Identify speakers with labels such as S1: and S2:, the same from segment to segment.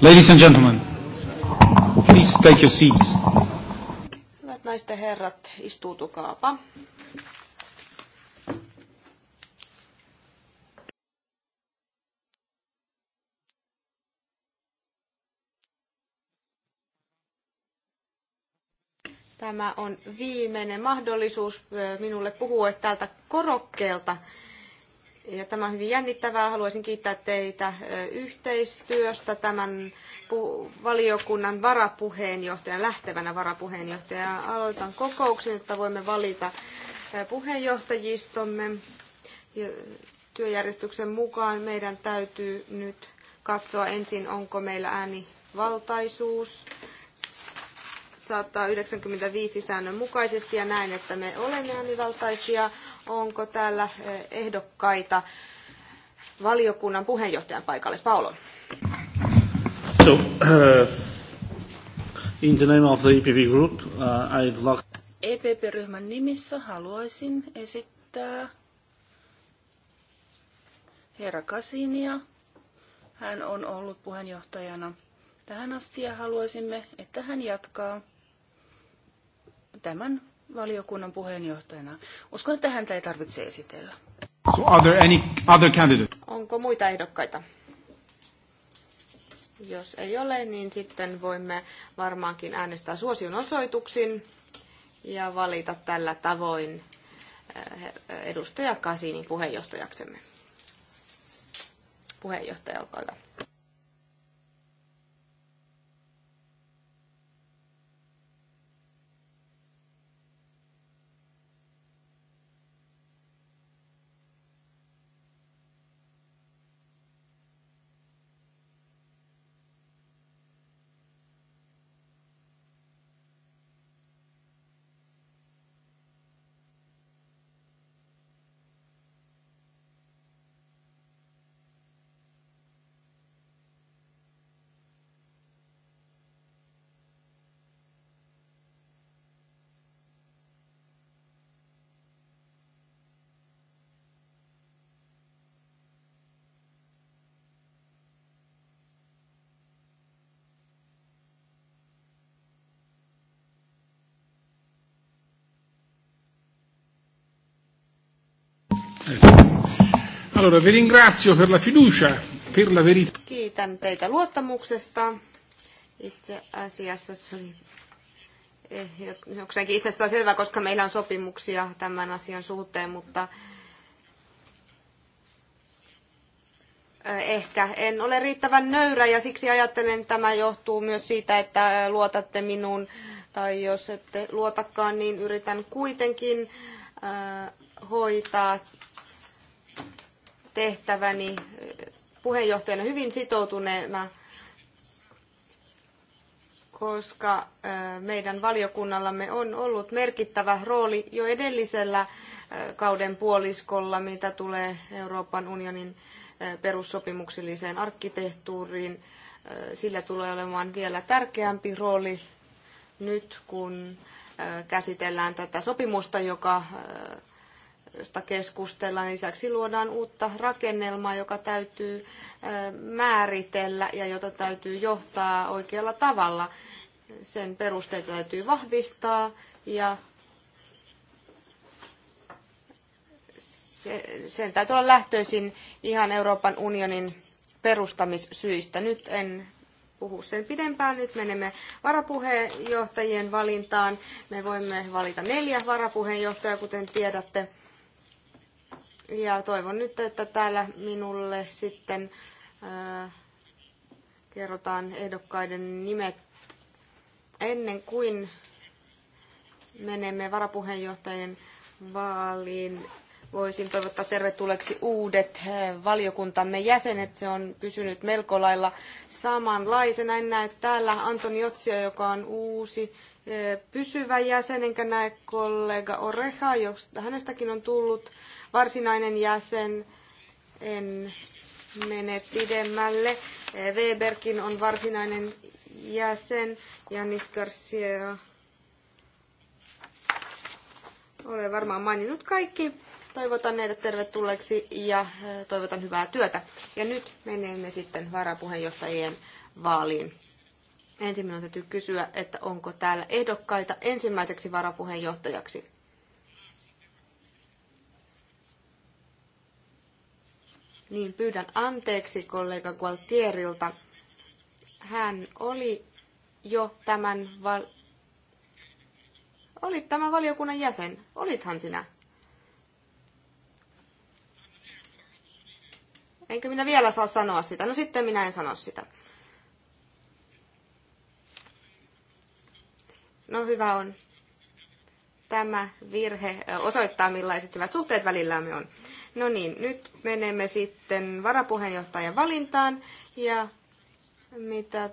S1: Ladies and gentlemen, please take your seats.
S2: Hyvät naiset ja herrat, istuutukaapa. Tämä on viimeinen mahdollisuus minulle puhua tältä korokkeelta ja tämä on hyvin jännittävää. Haluaisin kiittää teitä yhteistyöstä tämän valiokunnan varapuheenjohtajan, lähtevänä varapuheenjohtajana. Aloitan kokouksen, jotta voimme valita puheenjohtajistomme. Työjärjestyksen mukaan meidän täytyy nyt katsoa ensin, onko meillä äänivaltaisuus 195 säännön mukaisesti ja näin, että me olemme äänivaltaisia. Onko täällä eh, ehdokkaita valiokunnan puheenjohtajan paikalle? Paolo.
S1: So, uh, in the name of the EPP group, uh, I'd like...
S3: EPP-ryhmän nimissä haluaisin esittää herra Kasinia. Hän on ollut puheenjohtajana tähän asti ja haluaisimme, että hän jatkaa tämän valiokunnan puheenjohtajana. Uskon, että häntä ei tarvitse esitellä.
S1: So are there any other
S3: Onko muita ehdokkaita?
S2: Jos ei ole, niin sitten voimme varmaankin äänestää suosion osoituksin ja valita tällä tavoin eh, edustaja Kasinin puheenjohtajaksemme. Puheenjohtaja, olkaa hyvä.
S1: Allora, vi ringrazio per la fiducia, per la verità.
S2: Kiitän teitä luottamuksesta. Itse asiassa se oli eh, jokseenkin itsestään selvää, koska meillä on sopimuksia tämän asian suhteen, mutta eh, ehkä en ole riittävän nöyrä ja siksi ajattelen, että tämä johtuu myös siitä, että eh, luotatte minuun tai jos ette luotakaan, niin yritän kuitenkin hoitaa tehtäväni eh, puheenjohtajana hyvin sitoutuneena, koska eh, meidän valiokunnallamme on ollut merkittävä rooli jo edellisellä eh, kauden puoliskolla, mitä tulee Euroopan unionin perussopimukselliseen arkkitehtuuriin. Sillä tulee olemaan vielä tärkeämpi rooli nyt, kun käsitellään tätä sopimusta, joka josta keskustellaan. Lisäksi luodaan uutta rakennelmaa, joka täytyy määritellä ja jota täytyy johtaa oikealla tavalla. Sen perusteita täytyy vahvistaa ja sen täytyy olla lähtöisin ihan Euroopan unionin perustamissyistä. Nyt en puhu sen pidempään. Nyt menemme varapuheenjohtajien valintaan. Me voimme valita neljä varapuheenjohtajaa, kuten tiedätte. Ja toivon nyt, että täällä minulle sitten ää, äh, kerrotaan ehdokkaiden nimet ennen kuin menemme varapuheenjohtajien vaaliin. Voisin toivottaa tervetulleeksi uudet äh, valiokuntamme jäsenet. Se on pysynyt melko lailla samanlaisena. En näe täällä Antoni Otsio, joka on uusi pysyvä jäsen, enkä näe kollega Oreha, josta hänestäkin on tullut varsinainen jäsen. En mene pidemmälle. Weberkin on varsinainen jäsen. Janis Garcia olen varmaan maininnut kaikki. Toivotan heidät tervetulleeksi ja toivotan hyvää työtä. Ja nyt menemme sitten varapuheenjohtajien vaaliin. Ensimmäinen on täytyy kysyä, että onko täällä ehdokkaita ensimmäiseksi varapuheenjohtajaksi. Niin pyydän anteeksi kollega Gualtierilta. Hän oli jo tämän val... Olit tämä valiokunnan jäsen. Olithan sinä. Enkö minä vielä saa sanoa sitä? No sitten minä en sano sitä. No hyvä on. Tämä virhe osoittaa, millaiset hyvät suhteet välillämme on. No niin, nyt menemme sitten varapuheenjohtajan valintaan. Ja mitä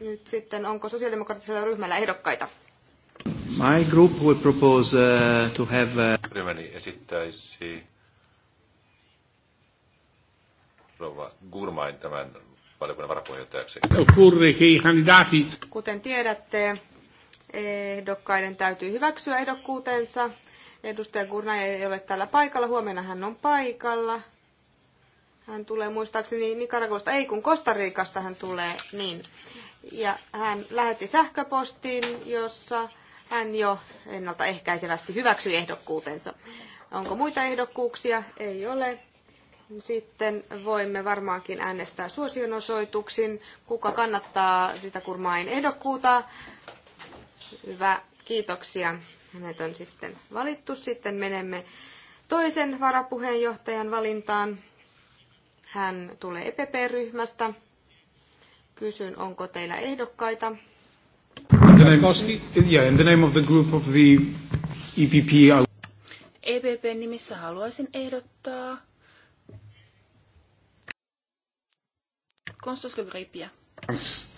S2: nyt sitten, onko sosiaalidemokraattisella ryhmällä ehdokkaita?
S4: My group would propose uh, to have... Uh... Ryhmäni esittäisi Rova Gurmain tämän valiokunnan varapuheenjohtajaksi.
S2: Kuten tiedätte, ehdokkaiden täytyy hyväksyä ehdokkuutensa. Edustaja Gurna ei ole täällä paikalla, huomenna hän on paikalla. Hän tulee muistaakseni Nikaragosta, ei kun Kostariikasta hän tulee, niin. Ja hän lähetti sähköpostin, jossa hän jo ennaltaehkäisevästi hyväksyi ehdokkuutensa. Onko muita ehdokkuuksia? Ei ole. Sitten voimme varmaankin äänestää suosionosoituksin, kuka kannattaa sitä kurmaain ehdokkuuta Hyvä, kiitoksia. Hänet on sitten valittu. Sitten menemme toisen varapuheenjohtajan valintaan. Hän tulee EPP-ryhmästä.
S3: Kysyn, onko teillä ehdokkaita? In
S1: the name of the group of the EPP,
S3: epp e nimissä haluaisin ehdottaa
S2: Konstas Le Grippiä.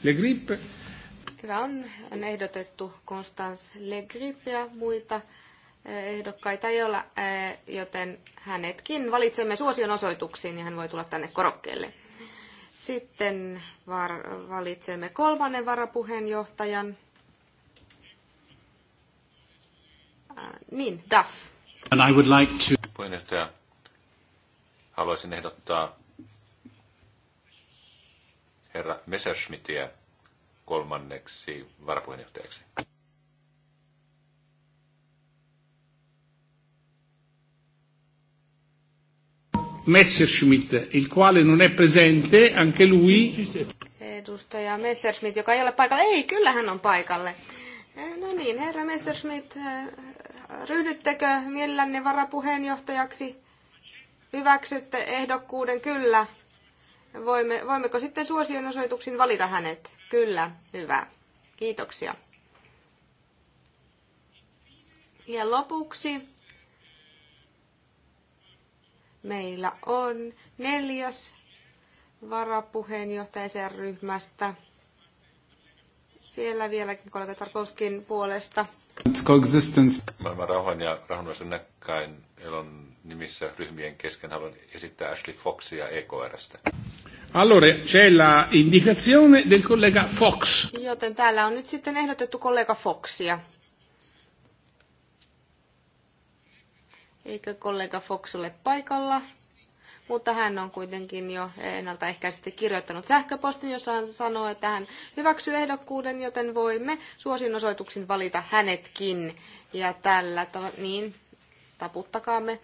S2: Le Hyvä on, on ehdotettu Constance Le Grip ja muita eh, ehdokkaita ei ole, eh, joten hänetkin valitsemme suosion osoituksiin ja hän voi tulla tänne korokkeelle. Sitten var- valitsemme kolmannen varapuheenjohtajan. Äh, niin, Duff.
S4: And I would like to... Puheenjohtaja, haluaisin ehdottaa herra Messerschmittiä kolmanneksi varapuheenjohtajaksi.
S1: Messerschmidt, il quale non è presente, anche lui.
S2: Edustaja Messerschmidt, joka ei ole paikalla. Ei, kyllä hän on paikalle. Eh, no niin, herra Messerschmidt, eh, ryhdyttekö mielellänne varapuheenjohtajaksi? Hyväksytte ehdokkuuden, kyllä. Voimme, voimmeko sitten suosion osoituksin valita hänet? Kyllä, hyvä. Kiitoksia. Ja lopuksi meillä on neljäs varapuheenjohtajaisen ryhmästä. Siellä vieläkin kollega Tarkovskin
S4: puolesta. Maailman rauhan ja rauhanvaisen näkkäin elon nimissä ryhmien kesken haluan esittää Ashley Foxia EKRstä.
S1: Allora, c'è la indicazione del collega Fox.
S2: Joten täällä on nyt sitten ehdotettu kollega Foxia. Eikö kollega Fox ole paikalla? mutta hän on kuitenkin jo ennaltaehkäisesti kirjoittanut sähköpostin, jossa hän sanoo, että hän hyväksyy ehdokkuuden, joten voimme suosin osoituksin valita hänetkin. Ja tällä, to, niin, taputtakaamme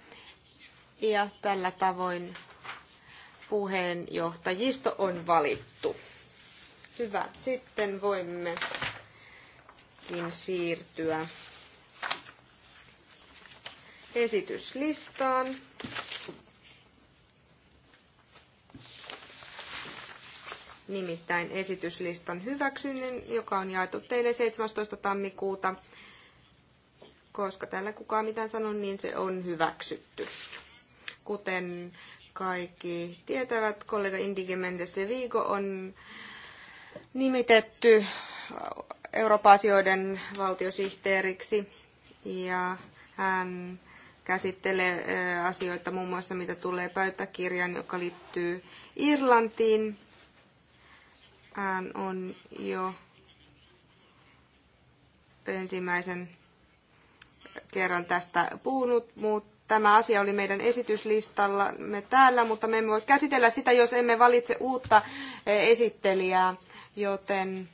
S2: ja tällä tavoin puheenjohtajisto on valittu. Hyvä. Sitten voimmekin siirtyä esityslistaan. Nimittäin esityslistan hyväksynnin, joka on jaettu teille 17. tammikuuta. Koska täällä kukaan mitään sanoo, niin se on hyväksytty. Kuten kaikki tietävät, kollega Indige Mendes de Vigo on nimitetty Euroopan asioiden valtiosihteeriksi ja hän käsittelee äh, asioita muun muassa, mitä tulee pöytäkirjaan, joka liittyy Irlantiin. Hän on jo ensimmäisen kerran tästä puhunut, mutta Tämä asia oli meidän esityslistallamme täällä, mutta me emme voi käsitellä sitä, jos emme valitse uutta eh, esittelijää, joten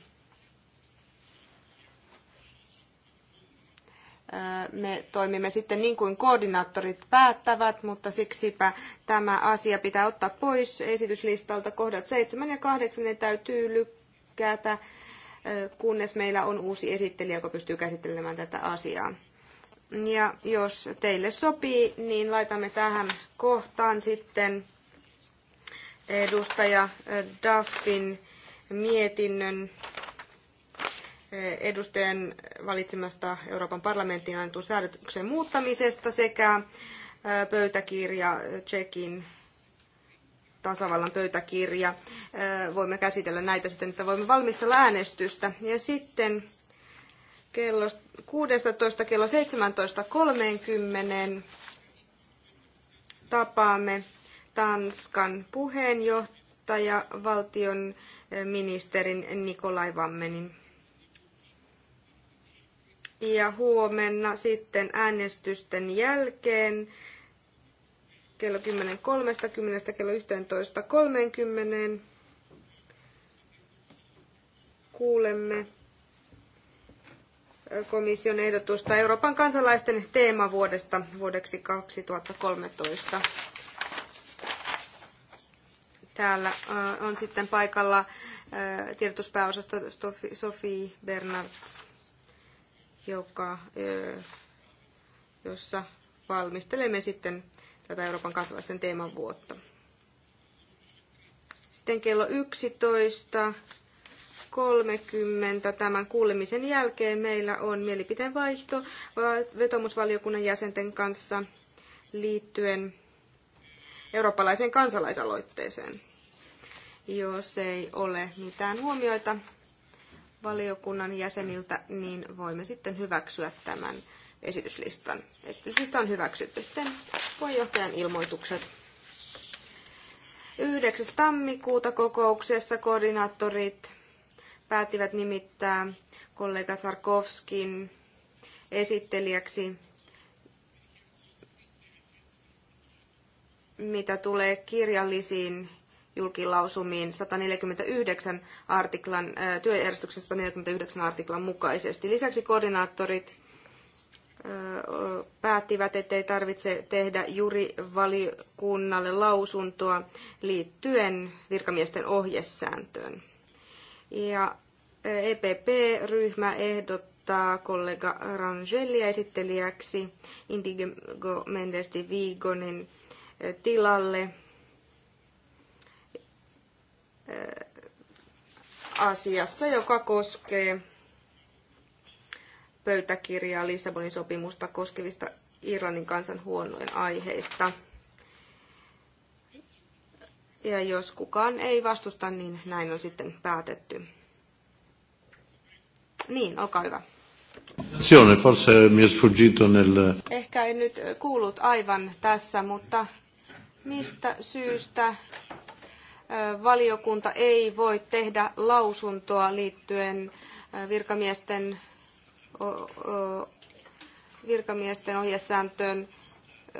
S2: eh, me toimimme sitten niin kuin koordinaattorit päättävät, mutta siksipä tämä asia pitää ottaa pois esityslistalta. Kohdat 7 ja 8 ne täytyy lykätä, eh, kunnes meillä on uusi esittelijä, joka pystyy käsittelemään tätä asiaa. Ja jos teille sopii, niin laitamme tähän kohtaan sitten edustaja Duffin mietinnön edustajan valitsemasta Euroopan parlamenttiin annetun säädöksen muuttamisesta sekä pöytäkirja Tsekin tasavallan pöytäkirja. Voimme käsitellä näitä sitten, että voimme valmistella äänestystä. Ja sitten kello 16 kello 17.30 tapaamme Tanskan puheenjohtaja valtion eh, ministerin Nikolai Vammenin. Ja huomenna sitten äänestysten jälkeen kello 10.30 kello 11.30 kuulemme komission ehdotusta Euroopan kansalaisten teemavuodesta vuodeksi 2013. Täällä äh, on sitten paikalla äh, tiedotuspääosasto Sophie Bernards, joka, äh, jossa valmistelemme sitten tätä Euroopan kansalaisten teemavuotta. vuotta. Sitten kello 11 30 tämän kuulemisen jälkeen meillä on mielipiteen vaihto vetomusvaliokunnan jäsenten kanssa liittyen eurooppalaiseen kansalaisaloitteeseen. Jos ei ole mitään huomioita valiokunnan jäseniltä, niin voimme sitten hyväksyä tämän esityslistan. Esityslista on hyväksytty. Sitten puheenjohtajan ilmoitukset. 9. tammikuuta kokouksessa koordinaattorit päättivät nimittää kollega Sarkovskin esittelijäksi, mitä tulee kirjallisiin julkilausumiin 149 artiklan, työjärjestyksen 149 artiklan mukaisesti. Lisäksi koordinaattorit päättivät, ettei tarvitse tehdä juurivalikunnalle lausuntoa liittyen virkamiesten ohjesääntöön. Ja EPP-ryhmä ehdottaa kollega Rangelia esittelijäksi Indigo de Vigonen tilalle asiassa, joka koskee pöytäkirjaa Lissabonin sopimusta koskevista Irlannin kansan huonojen aiheista. Ja jos kukaan ei vastusta, niin näin on sitten päätetty. Niin, olkaa hyvä. Ehkä en nyt kuullut aivan tässä, mutta mistä syystä valiokunta ei voi tehdä lausuntoa liittyen virkamiesten, virkamiesten ohjesääntöön.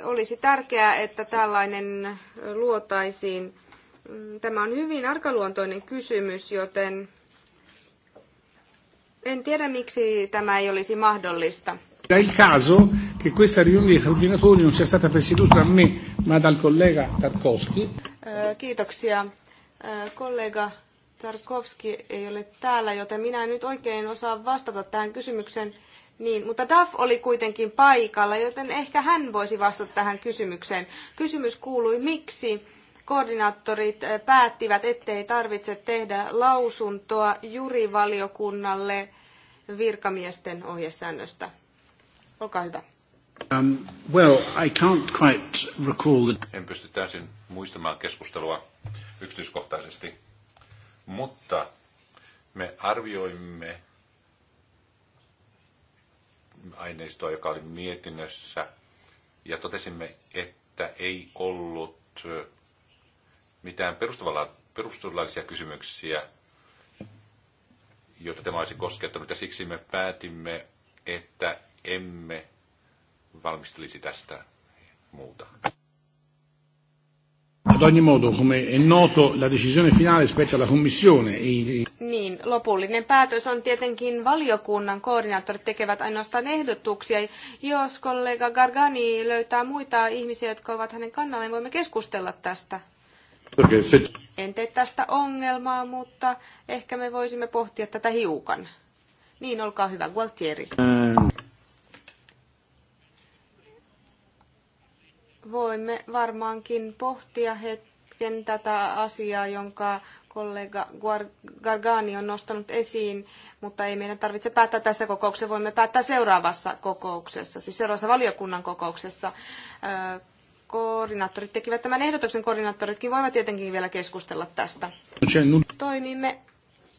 S2: Olisi tärkeää, että tällainen luotaisiin Mm, tämä on hyvin arkaluontoinen kysymys, joten en tiedä, miksi tämä ei olisi mahdollista.
S1: Era il caso che questa riunione dei coordinatori non sia stata presieduta da me, ma dal collega Tarkovsky.
S2: Kiitoksia. Kollega Tarkovski ei ole täällä, joten minä en nyt oikein osaa vastata tähän kysymykseen. Niin, mutta Daf oli kuitenkin paikalla, joten ehkä hän voisi vastata tähän kysymykseen. Kysymys kuului, miksi koordinaattorit eh, päättivät, ettei tarvitse tehdä lausuntoa jurivaliokunnalle virkamiesten ohjesäännöstä. Olkaa hyvä.
S1: Um, well, I can't quite recall
S4: the... En pysty täysin muistamaan keskustelua yksityiskohtaisesti, mutta me arvioimme aineistoa, joka oli mietinnössä, ja totesimme, että ei ollut mitään perustuslaillisia kysymyksiä, joita tämä olisi koskettanut, ja siksi me päätimme, että emme valmistelisi tästä muuta.
S1: Ad ogni modo, come è noto, la decisione finale spetta alla Commissione. E
S2: niin, lopullinen päätös on tietenkin valiokunnan koordinaattorit tekevät ainoastaan ehdotuksia. Jos kollega Gargani löytää muita ihmisiä, jotka ovat hänen kannalleen, voimme keskustella tästä. En tee tästä ongelmaa, mutta ehkä me voisimme pohtia tätä hiukan. Niin, olkaa hyvä, Gualtieri. Voimme varmaankin pohtia hetken tätä asiaa, jonka kollega Gargani on nostanut esiin, mutta ei meidän tarvitse päättää tässä kokouksessa, voimme päättää seuraavassa kokouksessa, siis seuraavassa valiokunnan kokouksessa koordinaattorit tekivät tämän ehdotuksen. Koordinaattoritkin voivat tietenkin vielä keskustella tästä. Toimimme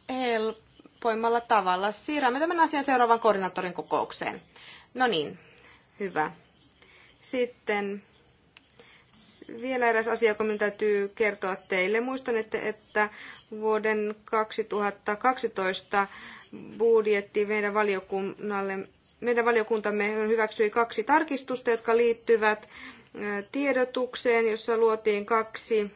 S2: helpoimmalla tavalla. Siirrämme tämän asian seuraavan koordinaattorin kokoukseen. No niin, hyvä. Sitten vielä eräs asia, joka minun täytyy kertoa teille. Muistan, että, että vuoden 2012 budjetti meidän valiokunnalle meidän valiokuntamme hyväksyi kaksi tarkistusta, jotka liittyvät tiedotukseen, jossa luotiin kaksi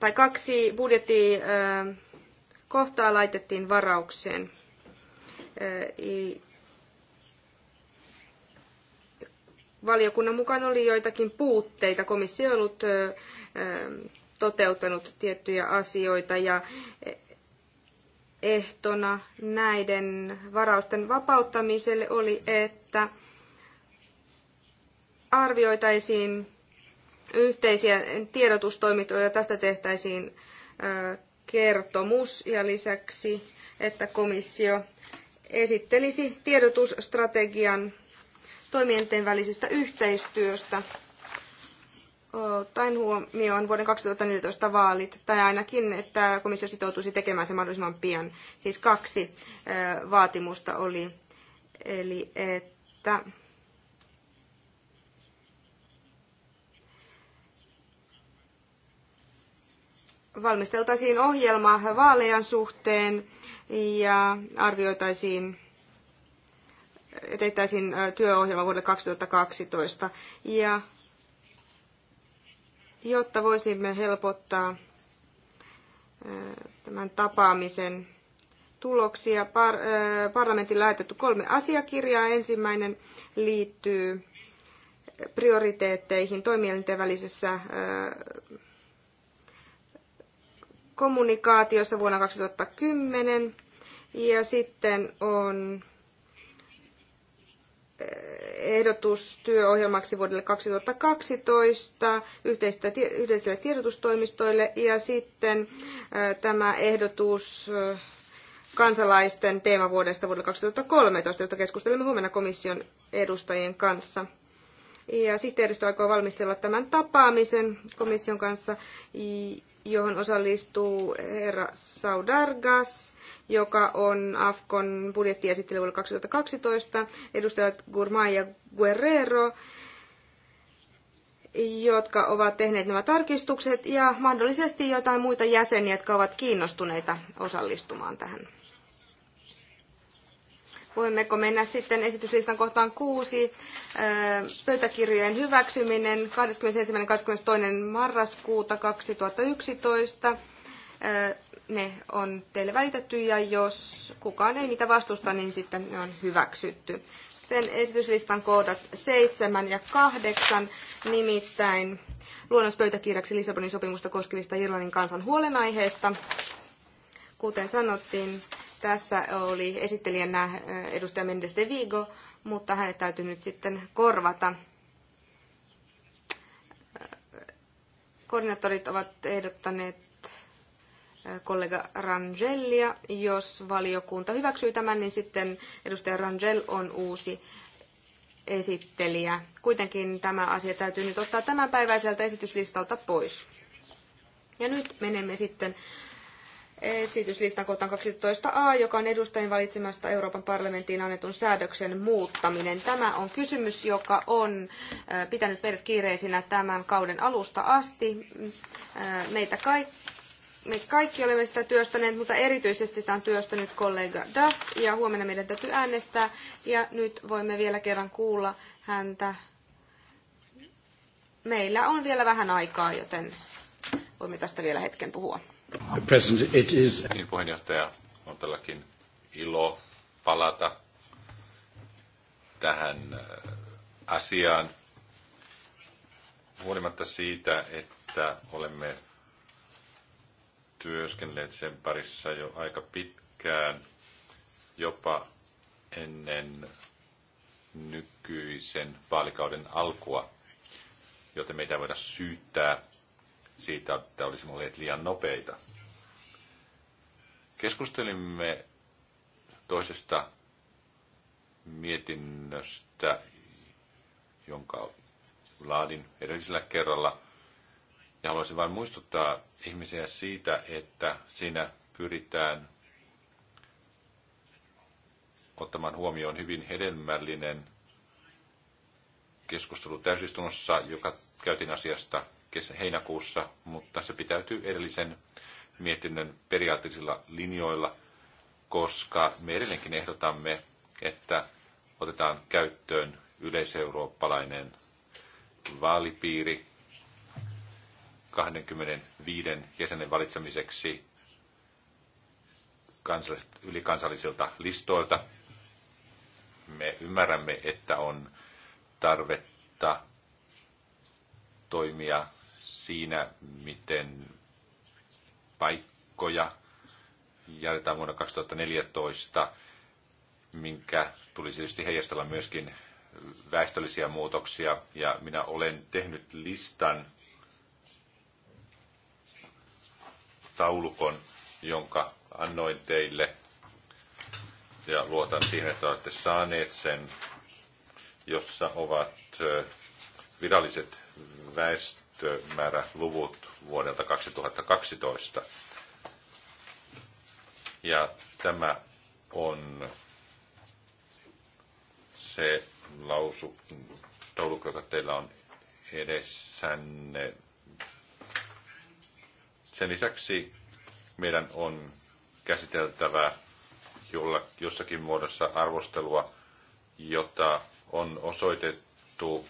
S2: tai kaksi budjettikohtaa laitettiin varaukseen. Valiokunnan mukaan oli joitakin puutteita. Komissio ei ollut toteuttanut tiettyjä asioita ja ehtona näiden varausten vapauttamiselle oli, että arvioitaisiin yhteisiä tiedotustoimintoja, tästä tehtäisiin kertomus ja lisäksi, että komissio esittelisi tiedotusstrategian toimijoiden välisestä yhteistyöstä ottaen huomioon vuoden 2014 vaalit, tai ainakin, että komissio sitoutuisi tekemään se mahdollisimman pian. Siis kaksi vaatimusta oli, eli että valmisteltaisiin ohjelma vaalejan suhteen ja arvioitaisiin tehtäisiin työohjelma vuodelle 2012. Ja jotta voisimme helpottaa tämän tapaamisen tuloksia, par, parlamentin lähetetty kolme asiakirjaa. Ensimmäinen liittyy prioriteetteihin toimielinten välisessä kommunikaatiosta vuonna 2010. Ja sitten on eh, ehdotus työohjelmaksi vuodelle 2012 yhteistä, yhteisille tiedotustoimistoille ja sitten eh, tämä ehdotus eh, kansalaisten teemavuodesta vuodelle 2013, josta keskustelemme huomenna komission edustajien kanssa. Ja sihteeristö aikoo valmistella tämän tapaamisen komission kanssa johon osallistuu herra Saudargas, joka on AFKon budjettiesittely vuonna 2012, edustajat Gurmai ja Guerrero, jotka ovat tehneet nämä tarkistukset, ja mahdollisesti jotain muita jäseniä, jotka ovat kiinnostuneita osallistumaan tähän. Voimmeko mennä sitten esityslistan kohtaan kuusi, pöytäkirjojen hyväksyminen 21. 22. marraskuuta 2011. Ne on teille välitetty ja jos kukaan ei niitä vastusta, niin sitten ne on hyväksytty. Sitten esityslistan kohdat 7 ja 8, nimittäin luonnospöytäkirjaksi Lissabonin sopimusta koskevista Irlannin kansan huolenaiheista. Kuten sanottiin, tässä oli esittelijänä eh, edustaja Mendes de Vigo, mutta hänet täytyy nyt sitten korvata. Eh, koordinaattorit ovat ehdottaneet eh, kollega Rangelia. Jos valiokunta hyväksyy tämän, niin sitten edustaja Rangel on uusi esittelijä. Kuitenkin tämä asia täytyy nyt ottaa tämänpäiväiseltä esityslistalta pois. Ja nyt menemme sitten esityslistan kohtaan 12a, joka on edustajien valitsemasta Euroopan parlamenttiin annetun säädöksen muuttaminen. Tämä on kysymys, joka on pitänyt meidät kiireisinä tämän kauden alusta asti. Meitä kaikki me kaikki olemme sitä työstäneet, mutta erityisesti sitä on työstänyt kollega Duff, ja huomenna meidän täytyy äänestää, ja nyt voimme vielä kerran kuulla häntä. Meillä on vielä vähän aikaa, joten voimme tästä vielä hetken puhua.
S4: President, it is... Niin, puheenjohtaja, on tälläkin ilo palata tähän äh, asiaan. Huolimatta siitä, että olemme työskennelleet sen parissa jo aika pitkään, jopa ennen nykyisen vaalikauden alkua, joten meitä voida syyttää siitä, että olisimme olleet liian nopeita. Keskustelimme toisesta mietinnöstä, jonka laadin edellisellä kerralla. Ja haluaisin vain muistuttaa ihmisiä siitä, että siinä pyritään ottamaan huomioon hyvin hedelmällinen keskustelu täysistunnossa, joka käytiin asiasta kesä, heinäkuussa, mutta se pitäytyy edellisen mietinnön periaatteellisilla linjoilla, koska me edelleenkin ehdotamme, että otetaan käyttöön yleiseurooppalainen vaalipiiri 25 jäsenen valitsemiseksi ylikansallisilta listoilta. Me ymmärrämme, että on tarvetta toimia siinä, miten paikkoja jaetaan vuonna 2014, minkä tulisi tietysti heijastella myöskin väestöllisiä muutoksia. Ja minä olen tehnyt listan taulukon, jonka annoin teille. Ja luotan siihen, että olette saaneet sen, jossa ovat viralliset väestö määräluvut vuodelta 2012. Ja tämä on se lausu, taulukko, joka teillä on edessänne. Sen lisäksi meidän on käsiteltävä jolla, jossakin muodossa arvostelua, jota on osoitettu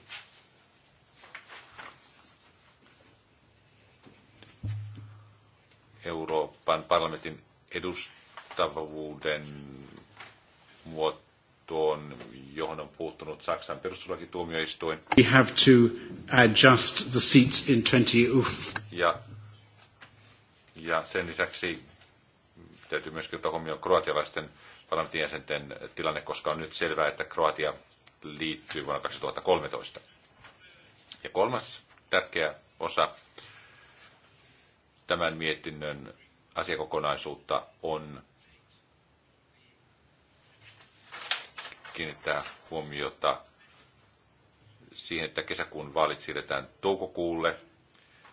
S4: Euroopan parlamentin edustavuuden muotoon, johon on puuttunut Saksan perustuslakituomioistuin.
S1: We have to adjust the seats in 20
S4: Ja, ja sen lisäksi täytyy myöskin ottaa huomioon kroatialaisten parlamentin jäsenten tilanne, koska on nyt selvää, että Kroatia liittyy vuonna 2013. Ja kolmas tärkeä osa tämän mietinnön asiakokonaisuutta on kiinnittää huomiota siihen, että kesäkuun vaalit siirretään toukokuulle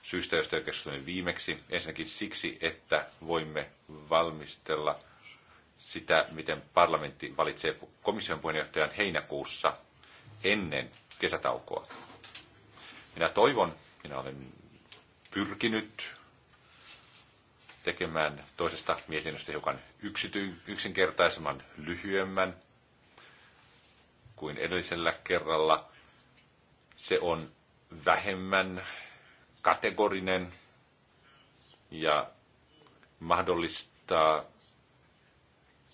S4: syystä, josta keskustelin viimeksi. Ensinnäkin siksi, että voimme valmistella sitä, miten parlamentti valitsee komission puheenjohtajan heinäkuussa ennen kesätaukoa. Minä toivon, minä olen pyrkinyt tekemään toisesta mietinnöstä hiukan yksity, yksinkertaisemman, lyhyemmän kuin edellisellä kerralla. Se on vähemmän kategorinen ja mahdollistaa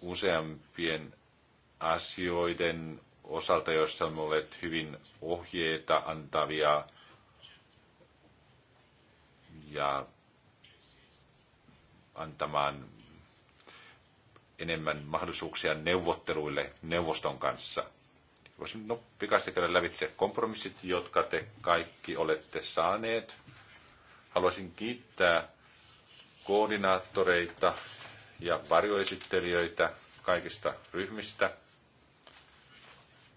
S4: useampien asioiden osalta, joissa on olleet hyvin ohjeita antavia ja antamaan enemmän mahdollisuuksia neuvotteluille neuvoston kanssa. Voisin no, pikaisesti käydä lävitse kompromissit, jotka te kaikki olette saaneet. Haluaisin kiittää koordinaattoreita ja varjoesittelijöitä kaikista ryhmistä.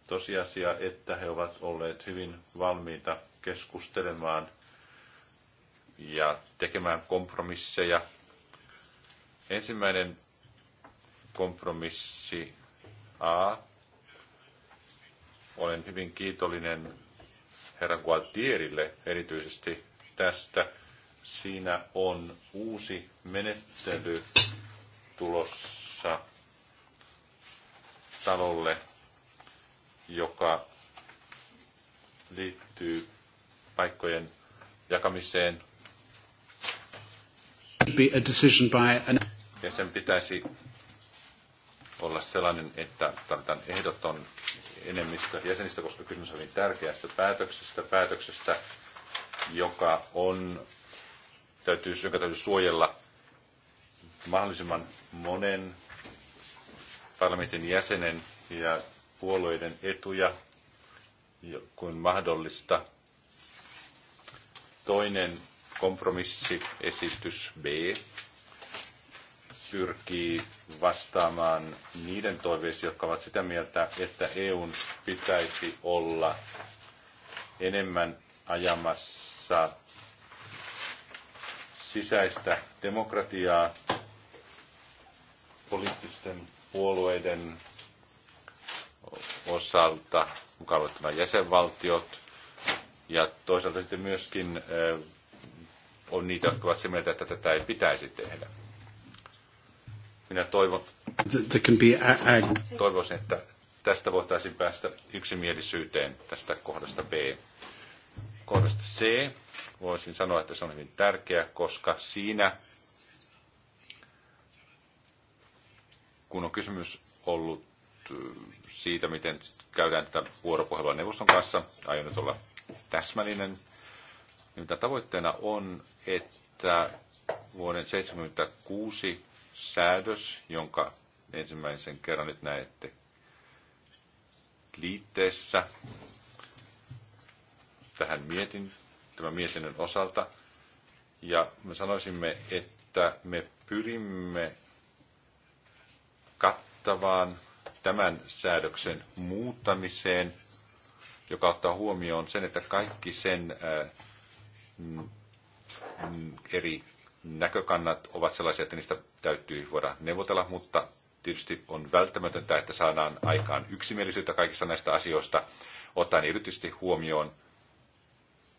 S4: Tosiasia, että he ovat olleet hyvin valmiita keskustelemaan ja tekemään kompromisseja Ensimmäinen kompromissi A. Olen hyvin kiitollinen herra Gualtierille erityisesti tästä. Siinä on uusi menettely tulossa talolle, joka liittyy paikkojen jakamiseen.
S1: Be a decision by an...
S4: Ja sen pitäisi olla sellainen, että tarvitaan ehdoton enemmistö jäsenistä, koska kysymys on hyvin tärkeästä päätöksestä, päätöksestä, joka on, täytyy, joka täytyy suojella mahdollisimman monen parlamentin jäsenen ja puolueiden etuja kuin mahdollista. Toinen kompromissiesitys B pyrkii vastaamaan niiden toiveisiin, jotka ovat sitä mieltä, että EUn pitäisi olla enemmän ajamassa sisäistä demokratiaa poliittisten puolueiden osalta, mukaan luettuna jäsenvaltiot, ja toisaalta sitten myöskin on niitä, jotka ovat sitä mieltä, että tätä ei pitäisi tehdä. Minä toivon, toivoisin, että tästä voitaisiin päästä yksimielisyyteen tästä kohdasta B. Kohdasta C voisin sanoa, että se on hyvin tärkeä, koska siinä, kun on kysymys ollut siitä, miten käydään tätä vuoropuhelua neuvoston kanssa, aion nyt olla täsmällinen, niin tavoitteena on, että vuoden 1976 säädös, jonka ensimmäisen kerran nyt näette liitteessä tähän mietin, tämän mietinnön osalta. Ja me sanoisimme, että me pyrimme kattavaan tämän säädöksen muuttamiseen, joka ottaa huomioon sen, että kaikki sen ää, äh, eri näkökannat ovat sellaisia, että niistä täytyy voida neuvotella, mutta tietysti on välttämätöntä, että saadaan aikaan yksimielisyyttä kaikista näistä asioista, ottaen erityisesti huomioon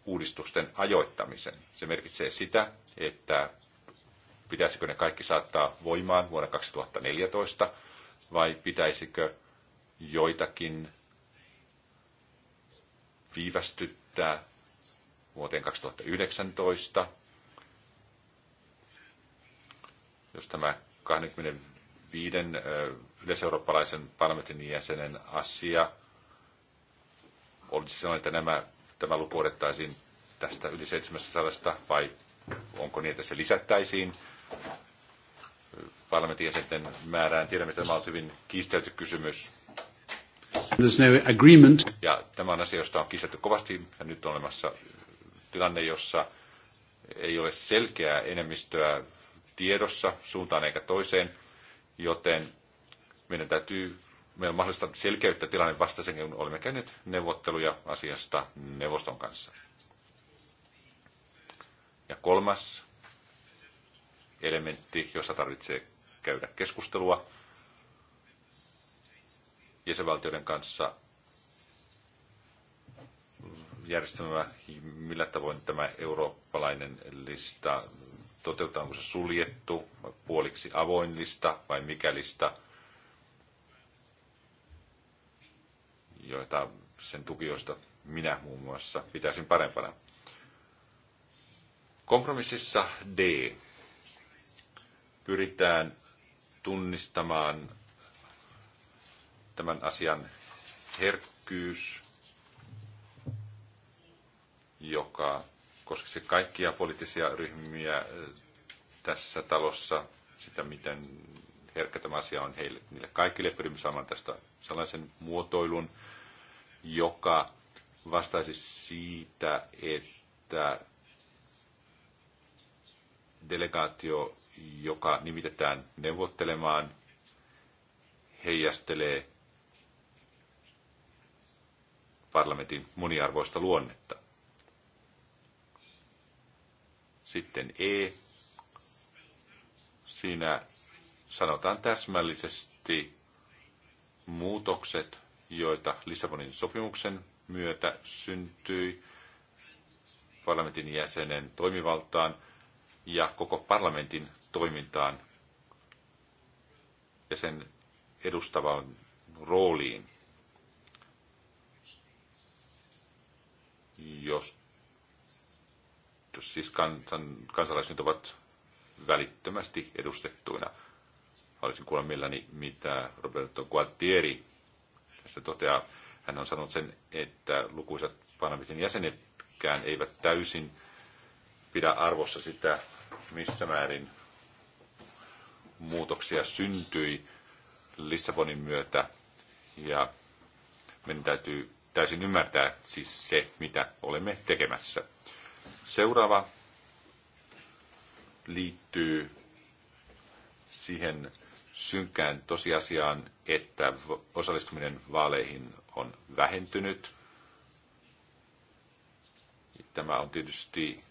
S4: uudistusten ajoittamisen. Se merkitsee sitä, että pitäisikö ne kaikki saattaa voimaan vuonna 2014 vai pitäisikö joitakin viivästyttää vuoteen 2019 – jos tämä 25 yleiseurooppalaisen parlamentin jäsenen asia olisi sellainen, että nämä, tämä luku odettaisiin tästä yli 700 vai onko niin, että se lisättäisiin parlamentin jäsenten määrään. Tiedämme, että tämä on hyvin kiistelty kysymys.
S1: There's no agreement.
S4: Ja tämä on asia, josta on kiistelty kovasti ja nyt on olemassa tilanne, jossa ei ole selkeää enemmistöä tiedossa suuntaan eikä toiseen, joten meidän täytyy meidän on mahdollista selkeyttää tilanne vasta sen, kun olemme käyneet neuvotteluja asiasta neuvoston kanssa. Ja kolmas elementti, jossa tarvitsee käydä keskustelua jäsenvaltioiden kanssa järjestelmä, millä tavoin tämä eurooppalainen lista toteutetaan, onko se suljettu, puoliksi avoinlista vai mikälistä, joita sen tukijoista minä muun muassa pitäisin parempana. Kompromississa D pyritään tunnistamaan tämän asian herkkyys, joka koskisi kaikkia poliittisia ryhmiä eh, tässä talossa, sitä miten herkkä tämä asia on heille, niille kaikille. Pyrimme saamaan tästä sellaisen muotoilun, joka vastaisi siitä, että delegaatio, joka nimitetään neuvottelemaan, heijastelee parlamentin moniarvoista luonnetta. Sitten E. Siinä sanotaan täsmällisesti muutokset, joita Lissabonin sopimuksen myötä syntyi parlamentin jäsenen toimivaltaan ja koko parlamentin toimintaan ja sen edustavaan rooliin, jos siis kansan, kansalaiset ovat välittömästi edustettuina. Haluaisin kuulla mielelläni, mitä Roberto Guattieri tässä toteaa. Hän on sanonut sen, että lukuisat parlamentin jäsenetkään eivät täysin pidä arvossa sitä, missä määrin muutoksia syntyi Lissabonin myötä. Ja meidän täytyy täysin ymmärtää siis se, mitä olemme tekemässä. Seuraava liittyy siihen synkään tosiasiaan, että osallistuminen vaaleihin on vähentynyt. Tämä on tietysti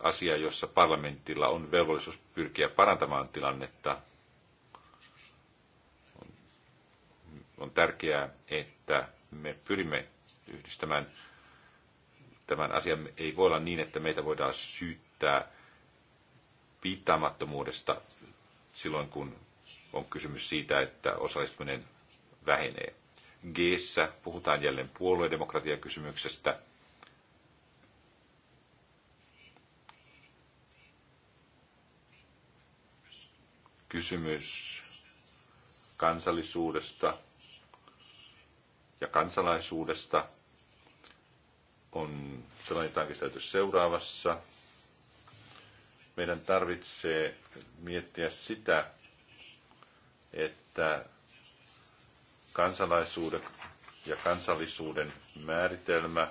S4: asia, jossa parlamentilla on velvollisuus pyrkiä parantamaan tilannetta. On tärkeää, että me pyrimme yhdistämään tämän asian. Ei voi olla niin, että meitä voidaan syyttää piittaamattomuudesta silloin, kun on kysymys siitä, että osallistuminen vähenee. g puhutaan jälleen puoluedemokratiakysymyksestä. Kysymys kansallisuudesta ja kansalaisuudesta – on sellainen tarkisteltu seuraavassa. Meidän tarvitsee miettiä sitä, että kansalaisuuden ja kansallisuuden määritelmä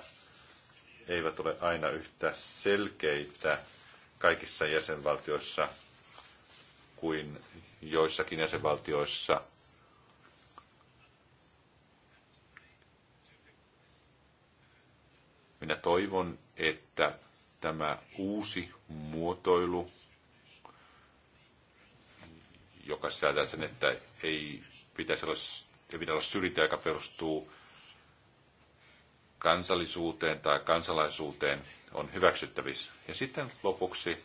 S4: eivät ole aina yhtä selkeitä kaikissa jäsenvaltioissa kuin joissakin jäsenvaltioissa – Minä toivon, että tämä uusi muotoilu, joka sisältää sen, että ei pitäisi olla, ei pitäisi olla syrjintä, joka perustuu kansallisuuteen tai kansalaisuuteen, on hyväksyttävissä. Ja sitten lopuksi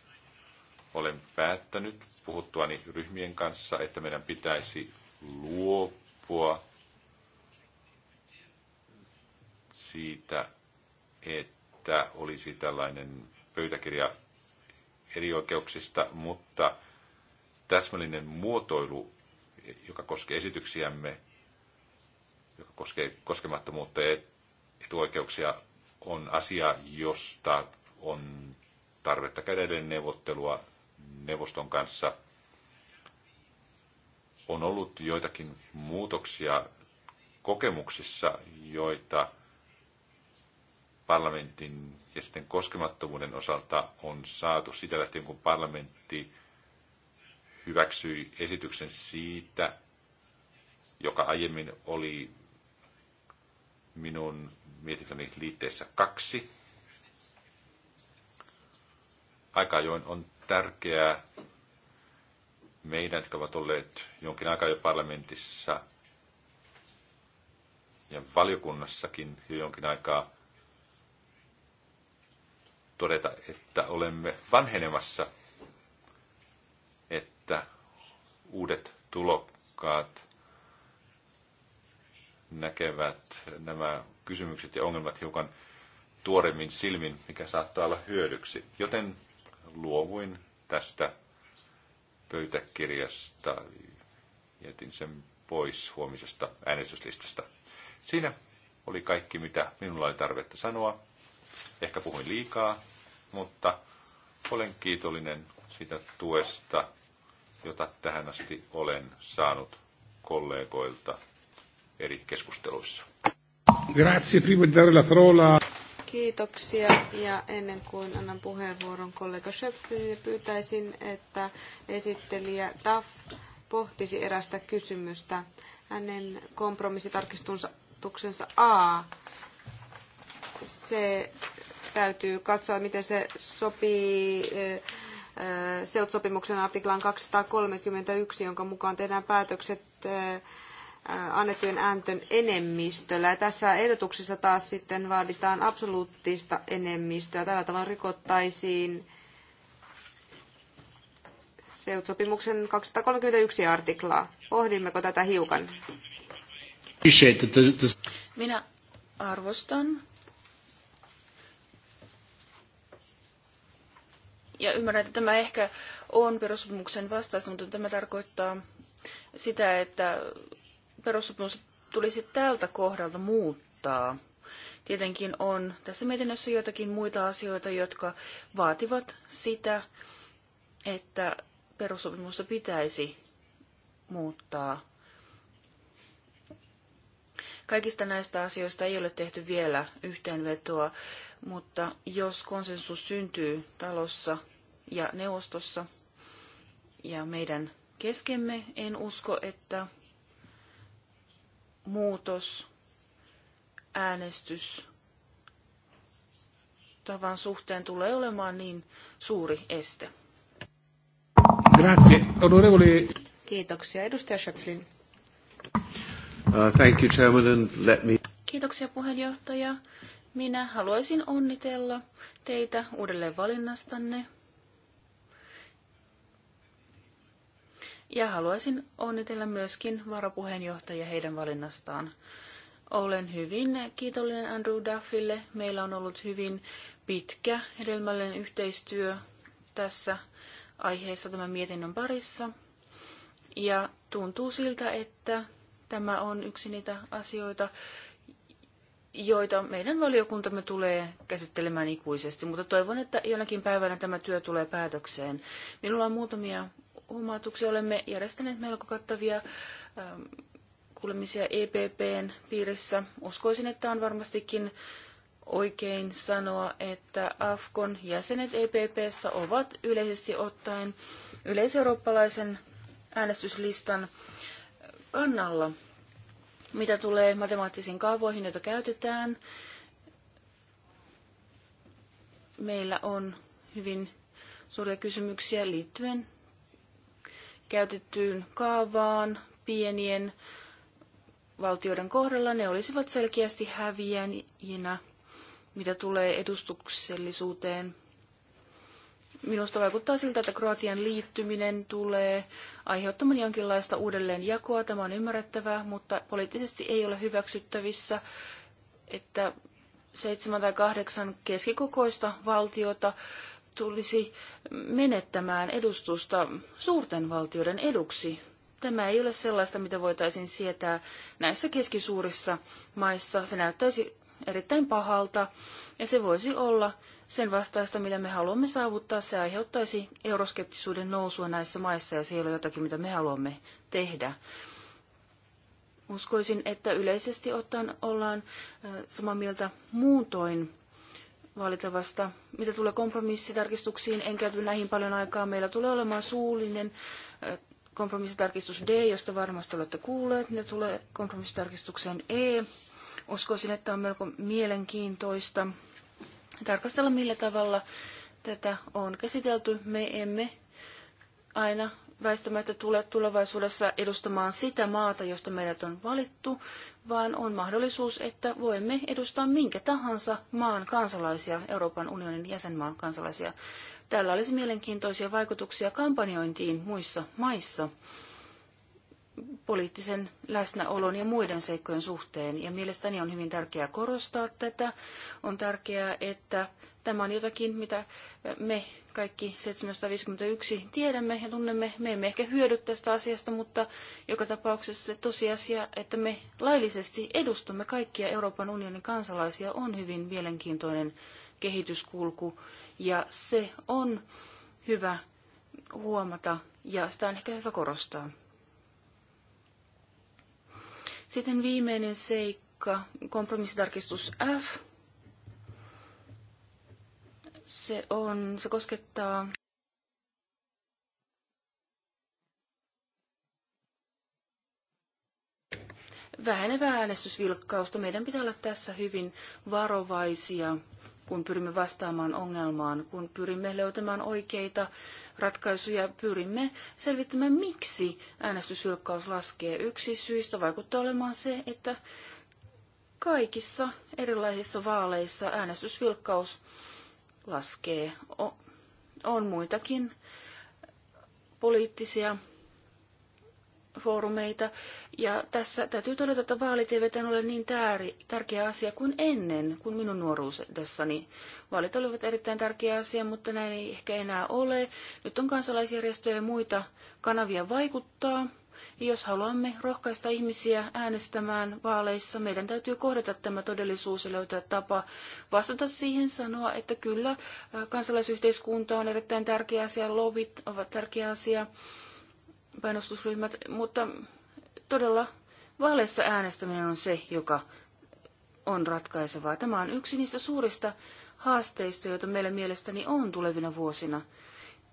S4: olen päättänyt puhuttuani ryhmien kanssa, että meidän pitäisi luopua siitä, että olisi tällainen pöytäkirja eri oikeuksista, mutta täsmällinen muotoilu, joka koskee esityksiämme, joka koskee koskemattomuutta ja etuoikeuksia, on asia, josta on tarvetta käydä neuvottelua neuvoston kanssa. On ollut joitakin muutoksia kokemuksissa, joita parlamentin ja sitten koskemattomuuden osalta on saatu sitä lähtien, kun parlamentti hyväksyi esityksen siitä, joka aiemmin oli minun mietintöni liitteessä kaksi. Aika ajoin on tärkeää meidän, jotka ovat olleet jonkin aikaa jo parlamentissa ja valiokunnassakin jo jonkin aikaa, todeta, että olemme vanhenemassa, että uudet tulokkaat näkevät nämä kysymykset ja ongelmat hiukan tuoremmin silmin, mikä saattaa olla hyödyksi. Joten luovuin tästä pöytäkirjasta, jätin sen pois huomisesta äänestyslistasta. Siinä oli kaikki, mitä minulla oli tarvetta sanoa. Ehkä puhuin liikaa, mutta olen kiitollinen sitä tuesta, jota tähän asti olen saanut kollegoilta eri keskusteluissa.
S1: Grazie, prima di dare la parola.
S2: Kiitoksia ja ennen kuin annan puheenvuoron kollega Schöpfille, pyytäisin, että esittelijä Duff pohtisi erästä kysymystä. Hänen kompromissitarkistuksensa A se täytyy katsoa, miten se sopii SEUT-sopimuksen artiklaan 231, jonka mukaan tehdään päätökset annettujen ääntön enemmistöllä. Ja tässä ehdotuksessa taas sitten vaaditaan absoluuttista enemmistöä. Tällä tavalla rikottaisiin SEUT-sopimuksen 231 artiklaa. Pohdimmeko tätä hiukan?
S3: Minä arvostan ja ymmärrän, että tämä ehkä on perussopimuksen vastaista, mutta tämä tarkoittaa sitä, että perussopimus tulisi tältä kohdalta muuttaa. Tietenkin on tässä mietinnössä joitakin muita asioita, jotka vaativat sitä, että perussopimusta pitäisi muuttaa. Kaikista näistä asioista ei ole tehty vielä yhteenvetoa. Mutta jos konsensus syntyy talossa ja neuvostossa ja meidän keskemme, en usko, että muutos, äänestys tavan suhteen tulee olemaan niin suuri este.
S1: Grazie. Onorevoli.
S3: Kiitoksia. Edustaja Schöpflin.
S1: Uh, thank you, Chairman, and let me...
S3: Kiitoksia puheenjohtaja. Minä haluaisin onnitella teitä uudelleen valinnastanne. Ja haluaisin onnitella myöskin varapuheenjohtajia heidän valinnastaan. Olen hyvin kiitollinen Andrew Duffille. Meillä on ollut hyvin pitkä hedelmällinen yhteistyö tässä aiheessa tämän mietinnön parissa. Ja tuntuu siltä, että tämä on yksi niitä asioita, joita meidän valiokuntamme tulee käsittelemään ikuisesti, mutta toivon, että jonakin päivänä tämä työ tulee päätökseen. Minulla on muutamia huomautuksia. Olemme järjestäneet melko kattavia ähm, kuulemisia EPPn piirissä. Uskoisin, että on varmastikin oikein sanoa, että AFKon jäsenet EPPssä ovat yleisesti ottaen yleiseurooppalaisen äänestyslistan kannalla. Mitä tulee matemaattisiin kaavoihin, joita käytetään, meillä on hyvin suuria kysymyksiä liittyen käytettyyn kaavaan pienien valtioiden kohdalla. Ne olisivat selkeästi häviäjinä, mitä tulee edustuksellisuuteen minusta vaikuttaa siltä, että Kroatian liittyminen tulee aiheuttamaan jonkinlaista uudelleenjakoa. Tämä on ymmärrettävää, mutta poliittisesti ei ole hyväksyttävissä, että seitsemän tai kahdeksan keskikokoista valtiota tulisi menettämään edustusta suurten valtioiden eduksi. Tämä ei ole sellaista, mitä voitaisiin sietää näissä keskisuurissa maissa. Se näyttäisi erittäin pahalta ja se voisi olla sen vastaista, millä me haluamme saavuttaa, se aiheuttaisi euroskeptisuuden nousua näissä maissa ja se ei ole jotakin, mitä me haluamme tehdä. Uskoisin, että yleisesti ottaen ollaan samaa mieltä muutoin valitavasta. Mitä tulee kompromissitarkistuksiin, en käyty näihin paljon aikaa. Meillä tulee olemaan suullinen kompromissitarkistus D, josta varmasti olette kuulleet. Ne tulee kompromissitarkistukseen E. Uskoisin, että on melko mielenkiintoista tarkastella, millä tavalla tätä on käsitelty. Me emme aina väistämättä tule tulevaisuudessa edustamaan sitä maata, josta meidät on valittu, vaan on mahdollisuus, että voimme edustaa minkä tahansa maan kansalaisia, Euroopan unionin jäsenmaan kansalaisia. Tällä olisi mielenkiintoisia vaikutuksia kampanjointiin muissa maissa poliittisen läsnäolon ja muiden seikkojen suhteen. Ja mielestäni on hyvin tärkeää korostaa tätä. On tärkeää, että tämä on jotakin, mitä me kaikki 751 tiedämme ja tunnemme. Me emme ehkä hyödy tästä asiasta, mutta joka tapauksessa se tosiasia, että me laillisesti edustamme kaikkia Euroopan unionin kansalaisia, on hyvin mielenkiintoinen kehityskulku. Ja se on hyvä huomata ja sitä on ehkä hyvä korostaa. Sitten viimeinen seikka, kompromissitarkistus F. Se, on, se koskettaa vähenevää äänestysvilkkausta. Meidän pitää olla tässä hyvin varovaisia kun pyrimme vastaamaan ongelmaan, kun pyrimme löytämään oikeita ratkaisuja, pyrimme selvittämään, miksi äänestysvilkkaus laskee. Yksi syistä vaikuttaa olemaan se, että kaikissa erilaisissa vaaleissa äänestysvilkkaus laskee. On muitakin poliittisia foorumeita, ja tässä täytyy todeta, että vaalit eivät ole niin tääri, tärkeä asia kuin ennen, kun minun nuoruudessani. Vaalit olivat erittäin tärkeä asia, mutta näin ei ehkä enää ole. Nyt on kansalaisjärjestöjä ja muita kanavia vaikuttaa. Ja jos haluamme rohkaista ihmisiä äänestämään vaaleissa, meidän täytyy kohdata tämä todellisuus ja löytää tapa vastata siihen, sanoa, että kyllä kansalaisyhteiskunta on erittäin tärkeä asia, lobit ovat tärkeä asia, painostusryhmät, mutta todella vaaleissa äänestäminen on se, joka on ratkaisevaa. Tämä on yksi niistä suurista haasteista, joita meillä mielestäni on tulevina vuosina.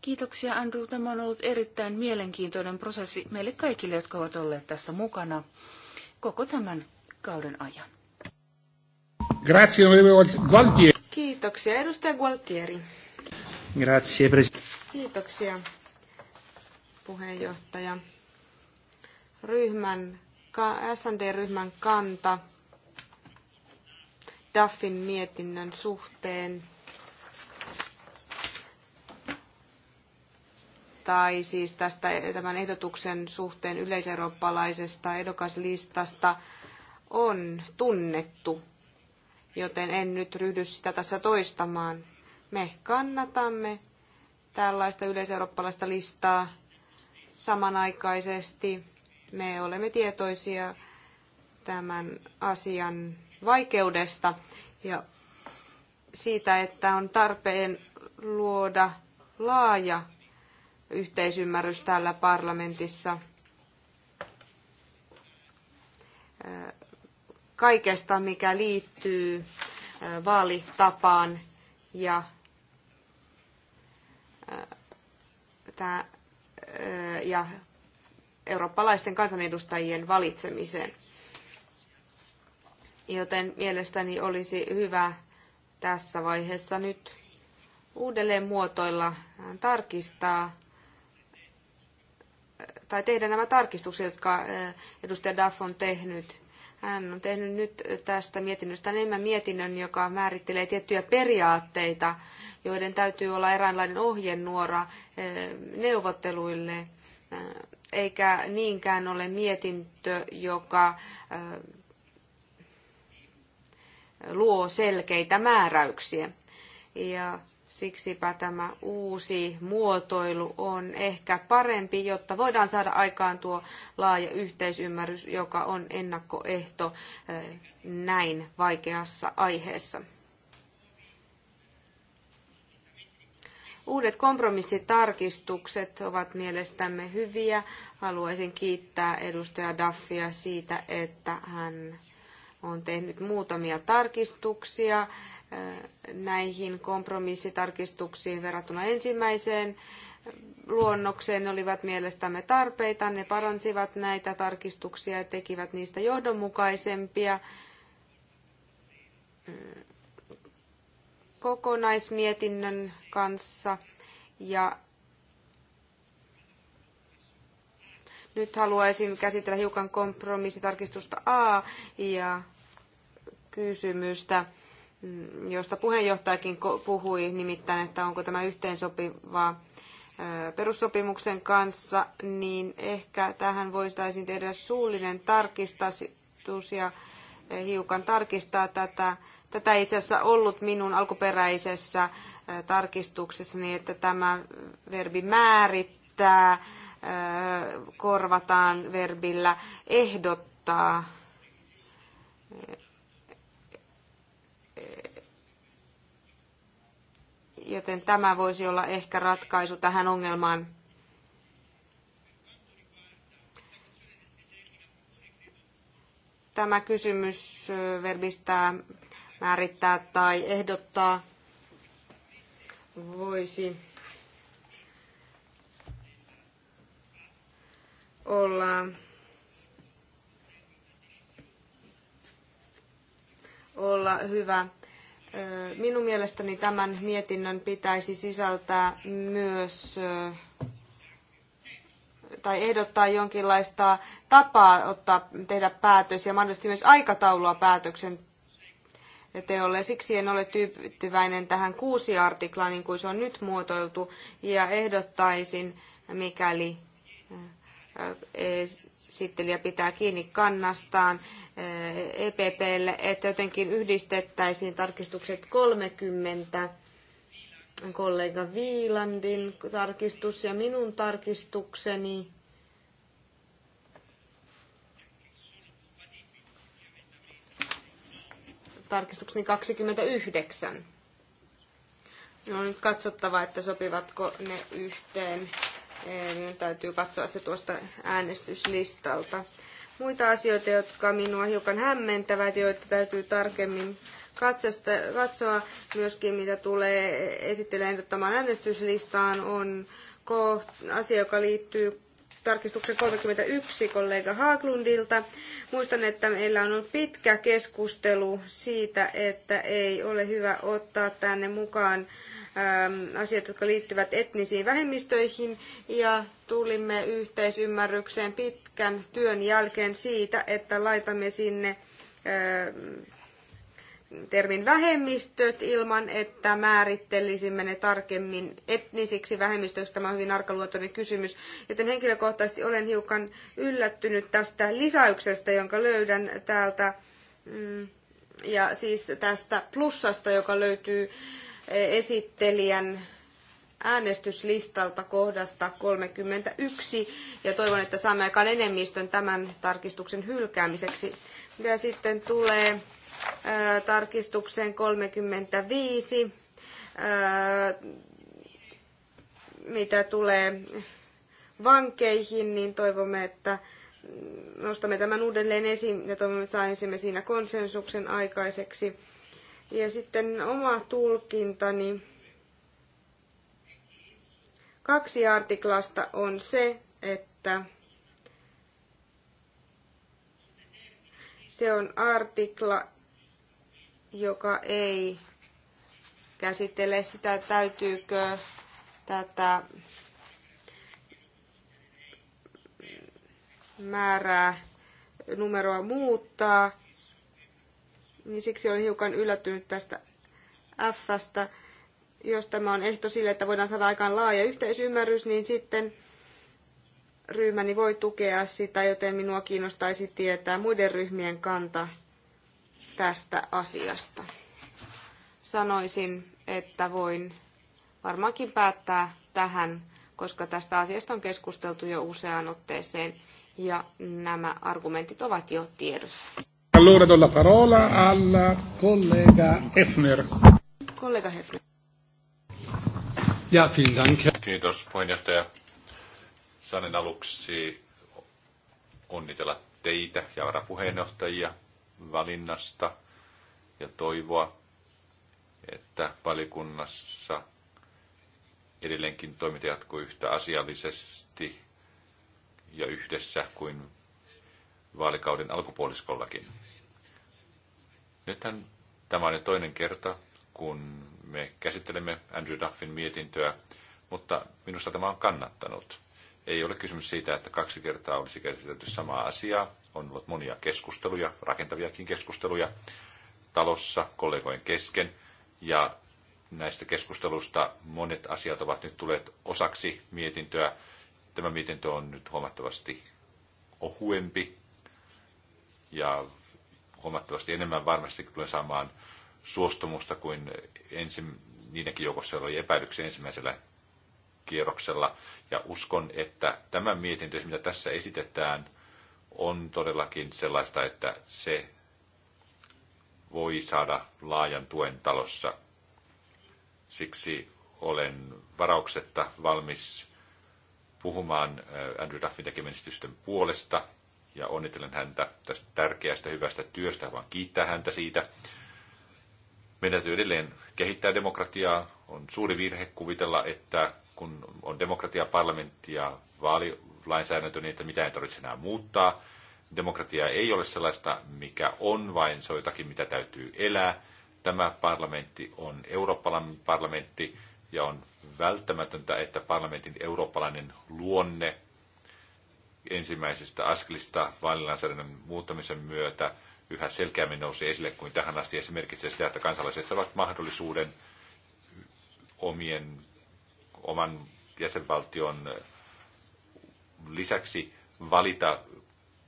S3: Kiitoksia Andrew, tämä on ollut erittäin mielenkiintoinen prosessi meille kaikille, jotka ovat olleet tässä mukana koko tämän kauden ajan.
S1: Grazie, Gualtieri.
S3: Kiitoksia, edustaja
S2: Gualtieri.
S1: Grazie, presidente.
S2: Kiitoksia, puheenjohtaja ryhmän, SND-ryhmän kanta Duffin mietinnön suhteen. tai siis tästä tämän ehdotuksen suhteen yleiseurooppalaisesta ehdokaslistasta on tunnettu, joten en nyt ryhdy sitä tässä toistamaan. Me kannatamme tällaista yleiseurooppalaista listaa samanaikaisesti me olemme tietoisia tämän asian vaikeudesta ja siitä, että on tarpeen luoda laaja yhteisymmärrys täällä parlamentissa kaikesta, mikä liittyy vaalitapaan ja, ja eurooppalaisten kansanedustajien valitsemiseen. Joten mielestäni olisi hyvä tässä vaiheessa nyt uudelleen muotoilla, äh, tarkistaa äh, tai tehdä nämä tarkistukset, jotka äh, edustaja Duff on tehnyt. Hän on tehnyt nyt tästä mietinnöstä enemmän mietinnön, joka määrittelee tiettyjä periaatteita, joiden täytyy olla eräänlainen ohjenuora neuvotteluille eikä niinkään ole mietintö, joka äh, luo selkeitä määräyksiä. Ja siksipä tämä uusi muotoilu on ehkä parempi, jotta voidaan saada aikaan tuo laaja yhteisymmärrys, joka on ennakkoehto äh, näin vaikeassa aiheessa. Uudet kompromissitarkistukset ovat mielestämme hyviä. Haluaisin kiittää edustaja Daffia siitä, että hän on tehnyt muutamia tarkistuksia eh, näihin kompromissitarkistuksiin verrattuna ensimmäiseen luonnokseen. Ne olivat mielestämme tarpeita. Ne paransivat näitä tarkistuksia ja tekivät niistä johdonmukaisempia mm kokonaismietinnön kanssa ja nyt haluaisin käsitellä hiukan kompromissitarkistusta A ja kysymystä, josta puheenjohtajakin puhui, nimittäin, että onko tämä yhteensopivaa perussopimuksen kanssa, niin ehkä tähän voitaisiin tehdä suullinen tarkistus ja hiukan tarkistaa tätä Tätä ei itse asiassa ollut minun alkuperäisessä tarkistuksessani, että tämä verbi määrittää korvataan verbillä ehdottaa. Joten tämä voisi olla ehkä ratkaisu tähän ongelmaan. Tämä kysymys verbistä määrittää tai ehdottaa, voisi olla olla hyvä. Minun mielestäni tämän mietinnön pitäisi sisältää myös tai ehdottaa jonkinlaista tapaa ottaa, tehdä päätös ja mahdollisesti myös aikataulua päätöksen teolle. Siksi en ole tyytyväinen tähän kuusi artiklaan, niin kuin se on nyt muotoiltu, ja ehdottaisin, mikäli eh, esittelijä pitää kiinni kannastaan EPPlle, eh, e että jotenkin yhdistettäisiin tarkistukset 30 kollega Viilandin tarkistus ja minun tarkistukseni tarkistukseni 29. On nyt katsottava, että sopivatko ne yhteen. Eli täytyy katsoa se tuosta äänestyslistalta. Muita asioita, jotka minua hiukan hämmentävät, joita täytyy tarkemmin katsasta, katsoa myöskin, mitä tulee esittelemään ehdottamaan äänestyslistaan, on koht, asia, joka liittyy tarkistuksen 31 kollega Haaglundilta. Muistan, että meillä on ollut pitkä keskustelu siitä, että ei ole hyvä ottaa tänne mukaan asiat, jotka liittyvät etnisiin vähemmistöihin, ja tulimme yhteisymmärrykseen pitkän työn jälkeen siitä, että laitamme sinne termin vähemmistöt ilman, että määrittelisimme ne tarkemmin etnisiksi vähemmistöiksi. Tämä on hyvin arkaluontoinen kysymys, joten henkilökohtaisesti olen hiukan yllättynyt tästä lisäyksestä, jonka löydän täältä, mm, ja siis tästä plussasta, joka löytyy e, esittelijän äänestyslistalta kohdasta 31 ja toivon, että saamme aikaan enemmistön tämän tarkistuksen hylkäämiseksi. Ja sitten tulee tarkistukseen 35, mitä tulee vankeihin, niin toivomme, että nostamme tämän uudelleen esiin ja toivomme saisimme siinä konsensuksen aikaiseksi. Ja sitten oma tulkintani kaksi artiklasta on se, että se on artikla, joka ei käsittele sitä, täytyykö tätä määrää numeroa muuttaa, niin siksi olen hiukan yllättynyt tästä Fstä. Jos tämä on ehto sille, että voidaan saada aikaan laaja yhteisymmärrys, niin sitten ryhmäni voi tukea sitä, joten minua kiinnostaisi tietää muiden ryhmien kanta tästä asiasta. Sanoisin, että voin varmaankin päättää tähän, koska tästä asiasta on keskusteltu jo useaan otteeseen ja nämä argumentit ovat jo tiedossa.
S1: Allora do la parola alla collega Hefner.
S3: Kollega Hefner.
S4: Ja, vielen Dank. Kiitos puheenjohtaja. Sanen aluksi onnitella teitä ja varapuheenjohtajia valinnasta ja toivoa, että valikunnassa edelleenkin toiminta jatkuu yhtä asiallisesti ja yhdessä kuin vaalikauden alkupuoliskollakin. Nythän tämä on jo toinen kerta, kun me käsittelemme Andrew Duffin mietintöä, mutta minusta tämä on kannattanut. Ei ole kysymys siitä, että kaksi kertaa olisi käsitelty samaa asiaa, on ollut monia keskusteluja, rakentaviakin keskusteluja talossa kollegojen kesken. Ja näistä keskusteluista monet asiat ovat nyt tulleet osaksi mietintöä. Tämä mietintö on nyt huomattavasti ohuempi ja huomattavasti enemmän varmasti tulee saamaan suostumusta kuin ensin niidenkin joukossa, joilla oli epäilyksiä ensimmäisellä kierroksella. Ja uskon, että tämä mietintö, mitä tässä esitetään, on todellakin sellaista, että se voi saada laajan tuen talossa. Siksi olen varauksetta valmis puhumaan äh, Andrew Duffin tekemistysten puolesta ja onnittelen häntä tästä tärkeästä hyvästä työstä, vaan kiittää häntä siitä. Meidän täytyy edelleen kehittää demokratiaa. On suuri virhe kuvitella, että kun on demokratia, parlamentti ja vaali, lainsäädäntö niin, että mitä ei tarvitse enää muuttaa. Demokratia ei ole sellaista, mikä on, vain se on jotakin, mitä täytyy elää. Tämä parlamentti on Euroopan parlamentti ja on välttämätöntä, että parlamentin eurooppalainen luonne ensimmäisestä askelista vaalilainsäädännön muuttamisen myötä yhä selkeämmin nousi esille kuin tähän asti. se merkitsee sitä, että kansalaiset saavat mahdollisuuden omien, oman jäsenvaltion lisäksi valita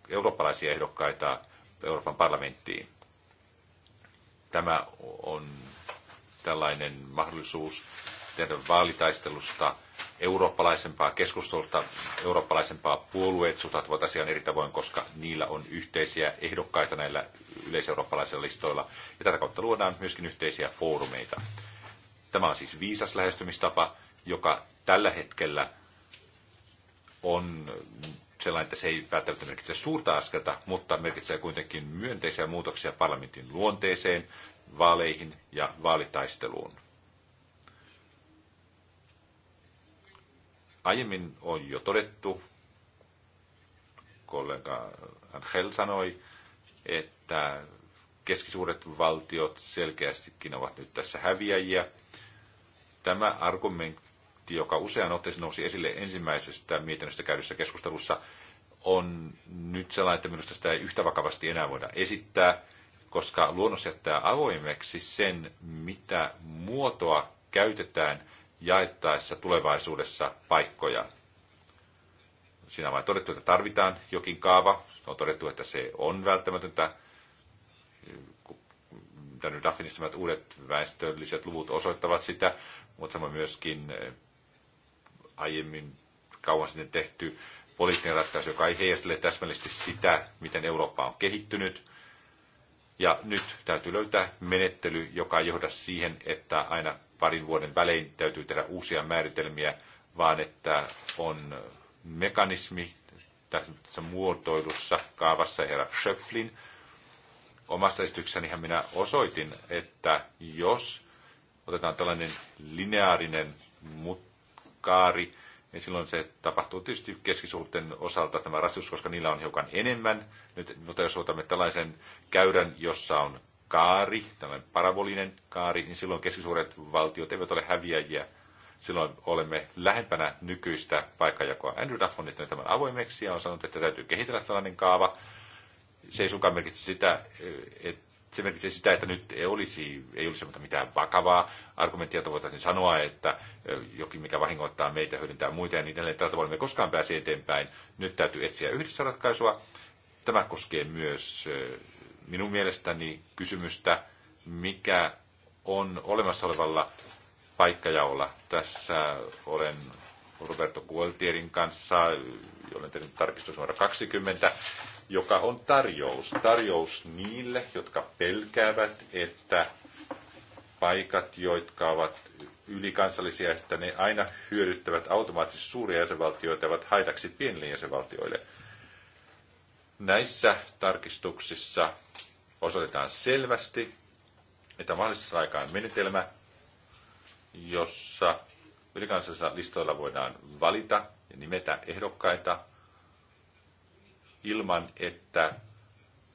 S4: eurooppalaisia ehdokkaita Euroopan parlamenttiin. Tämä on tällainen mahdollisuus tehdä vaalitaistelusta eurooppalaisempaa keskustelusta, eurooppalaisempaa puolueet suhtautuvat asiaan eri tavoin, koska niillä on yhteisiä ehdokkaita näillä yleiseurooppalaisilla listoilla, ja tätä kautta luodaan myöskin yhteisiä foorumeita. Tämä on siis viisas lähestymistapa, joka tällä hetkellä on sellainen, että se ei välttämättä merkitse suurta askelta, mutta merkitsee kuitenkin myönteisiä muutoksia parlamentin luonteeseen, vaaleihin ja vaalitaisteluun. Aiemmin on jo todettu, kollega Angel sanoi, että keskisuuret valtiot selkeästikin ovat nyt tässä häviäjiä. Tämä argumentti pointti, joka usean otteeseen nousi esille ensimmäisestä mietinnöstä käydyssä keskustelussa, on nyt sellainen, että minusta sitä ei yhtä vakavasti enää voida esittää, koska luonnos jättää avoimeksi sen, mitä muotoa käytetään jaettaessa tulevaisuudessa paikkoja. Siinä on vain todettu, että tarvitaan jokin kaava. On todettu, että se on välttämätöntä. Mitä nyt uudet väestölliset luvut osoittavat sitä, mutta samoin myöskin aiemmin kauan sitten tehty poliittinen ratkaisu, joka ei heijastele täsmällisesti sitä, miten Eurooppa on kehittynyt. Ja nyt täytyy löytää menettely, joka ei johda siihen, että aina parin vuoden välein täytyy tehdä uusia määritelmiä, vaan että on mekanismi tässä muotoilussa kaavassa herra Schöpflin. Omassa esityksessäni minä osoitin, että jos otetaan tällainen lineaarinen, mutta kaari. Ja niin silloin se tapahtuu tietysti keskisuurten osalta tämä rasitus, koska niillä on hiukan enemmän. Nyt, mutta jos otamme tällaisen käyrän, jossa on kaari, tällainen parabolinen kaari, niin silloin keskisuuret valtiot eivät ole häviäjiä. Silloin olemme lähempänä nykyistä paikkajakoa. Andrew Duff on tämän avoimeksi ja on sanonut, että täytyy kehitellä tällainen kaava. Se ei suinkaan merkitse sitä, että se merkitsee sitä, että nyt ei olisi, ei olisi mitään vakavaa argumenttia, että voitaisiin sanoa, että jokin, mikä vahingoittaa meitä, hyödyntää muita ja niin edelleen. Tällä tavalla me koskaan pääse eteenpäin. Nyt täytyy etsiä yhdessä ratkaisua. Tämä koskee myös minun mielestäni kysymystä, mikä on olemassa olevalla paikkajaolla. Tässä olen Roberto Gualtierin kanssa, olen tehnyt tarkistus 20, joka on tarjous. Tarjous niille, jotka pelkäävät, että paikat, jotka ovat ylikansallisia, että ne aina hyödyttävät automaattisesti suuria jäsenvaltioita ja ovat haitaksi pienille jäsenvaltioille. Näissä tarkistuksissa osoitetaan selvästi, että mahdollisessa aikaan menetelmä, jossa ylikansallisilla listoilla voidaan valita ja nimetä ehdokkaita – ilman, että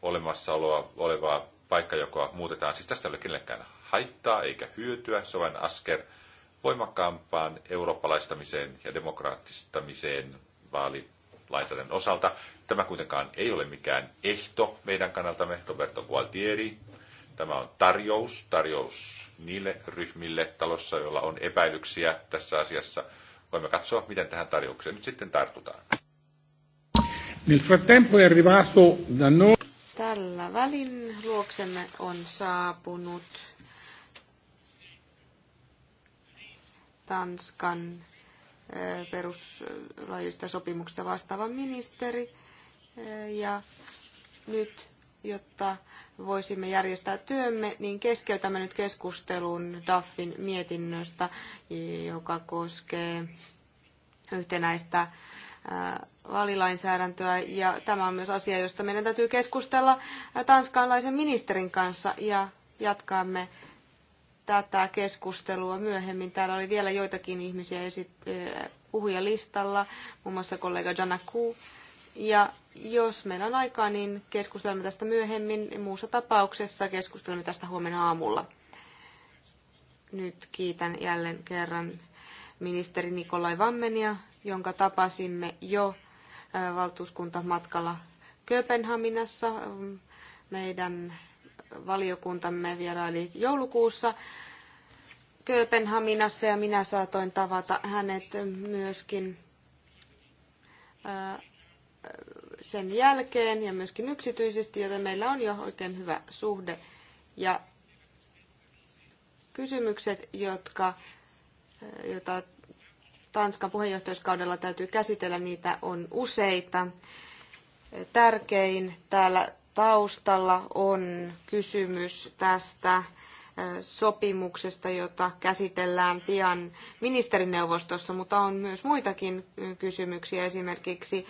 S4: olemassaoloa olevaa paikkajakoa muutetaan. Siis tästä ei ole kenellekään haittaa eikä hyötyä, se on vain asker voimakkaampaan eurooppalaistamiseen ja demokraattistamiseen vaalilainsäädännön osalta. Tämä kuitenkaan ei ole mikään ehto meidän kannaltamme, Roberto Gualtieri. Tämä on tarjous, tarjous niille ryhmille talossa, joilla on epäilyksiä tässä asiassa. Voimme katsoa, miten tähän tarjoukseen nyt sitten tartutaan.
S1: Nel frattempo è arrivato da noi...
S2: Tällä välin luoksemme on saapunut Tanskan eh, peruslaillisesta sopimuksesta vastaava ministeri. Eh, ja nyt, jotta voisimme järjestää työmme, niin keskeytämme nyt keskustelun DAFin mietinnöstä, joka koskee yhtenäistä vaalilainsäädäntöä. ja tämä on myös asia, josta meidän täytyy keskustella tanskanlaisen ministerin kanssa ja jatkaamme tätä keskustelua myöhemmin. Täällä oli vielä joitakin ihmisiä esit- puhujalistalla, muun muassa kollega Ku Ja jos meillä on aikaa, niin keskustelemme tästä myöhemmin. Muussa tapauksessa keskustelemme tästä huomenna aamulla. Nyt kiitän jälleen kerran ministeri Nikolai Vammenia jonka tapasimme jo valtuuskuntamatkalla Kööpenhaminassa. Meidän valiokuntamme vieraili joulukuussa Kööpenhaminassa ja minä saatoin tavata hänet myöskin sen jälkeen ja myöskin yksityisesti, joten meillä on jo oikein hyvä suhde. Ja kysymykset, jotka, joita Tanskan puheenjohtajuuskaudella täytyy käsitellä, niitä on useita. Tärkein täällä taustalla on kysymys tästä sopimuksesta, jota käsitellään pian ministerineuvostossa, mutta on myös muitakin kysymyksiä, esimerkiksi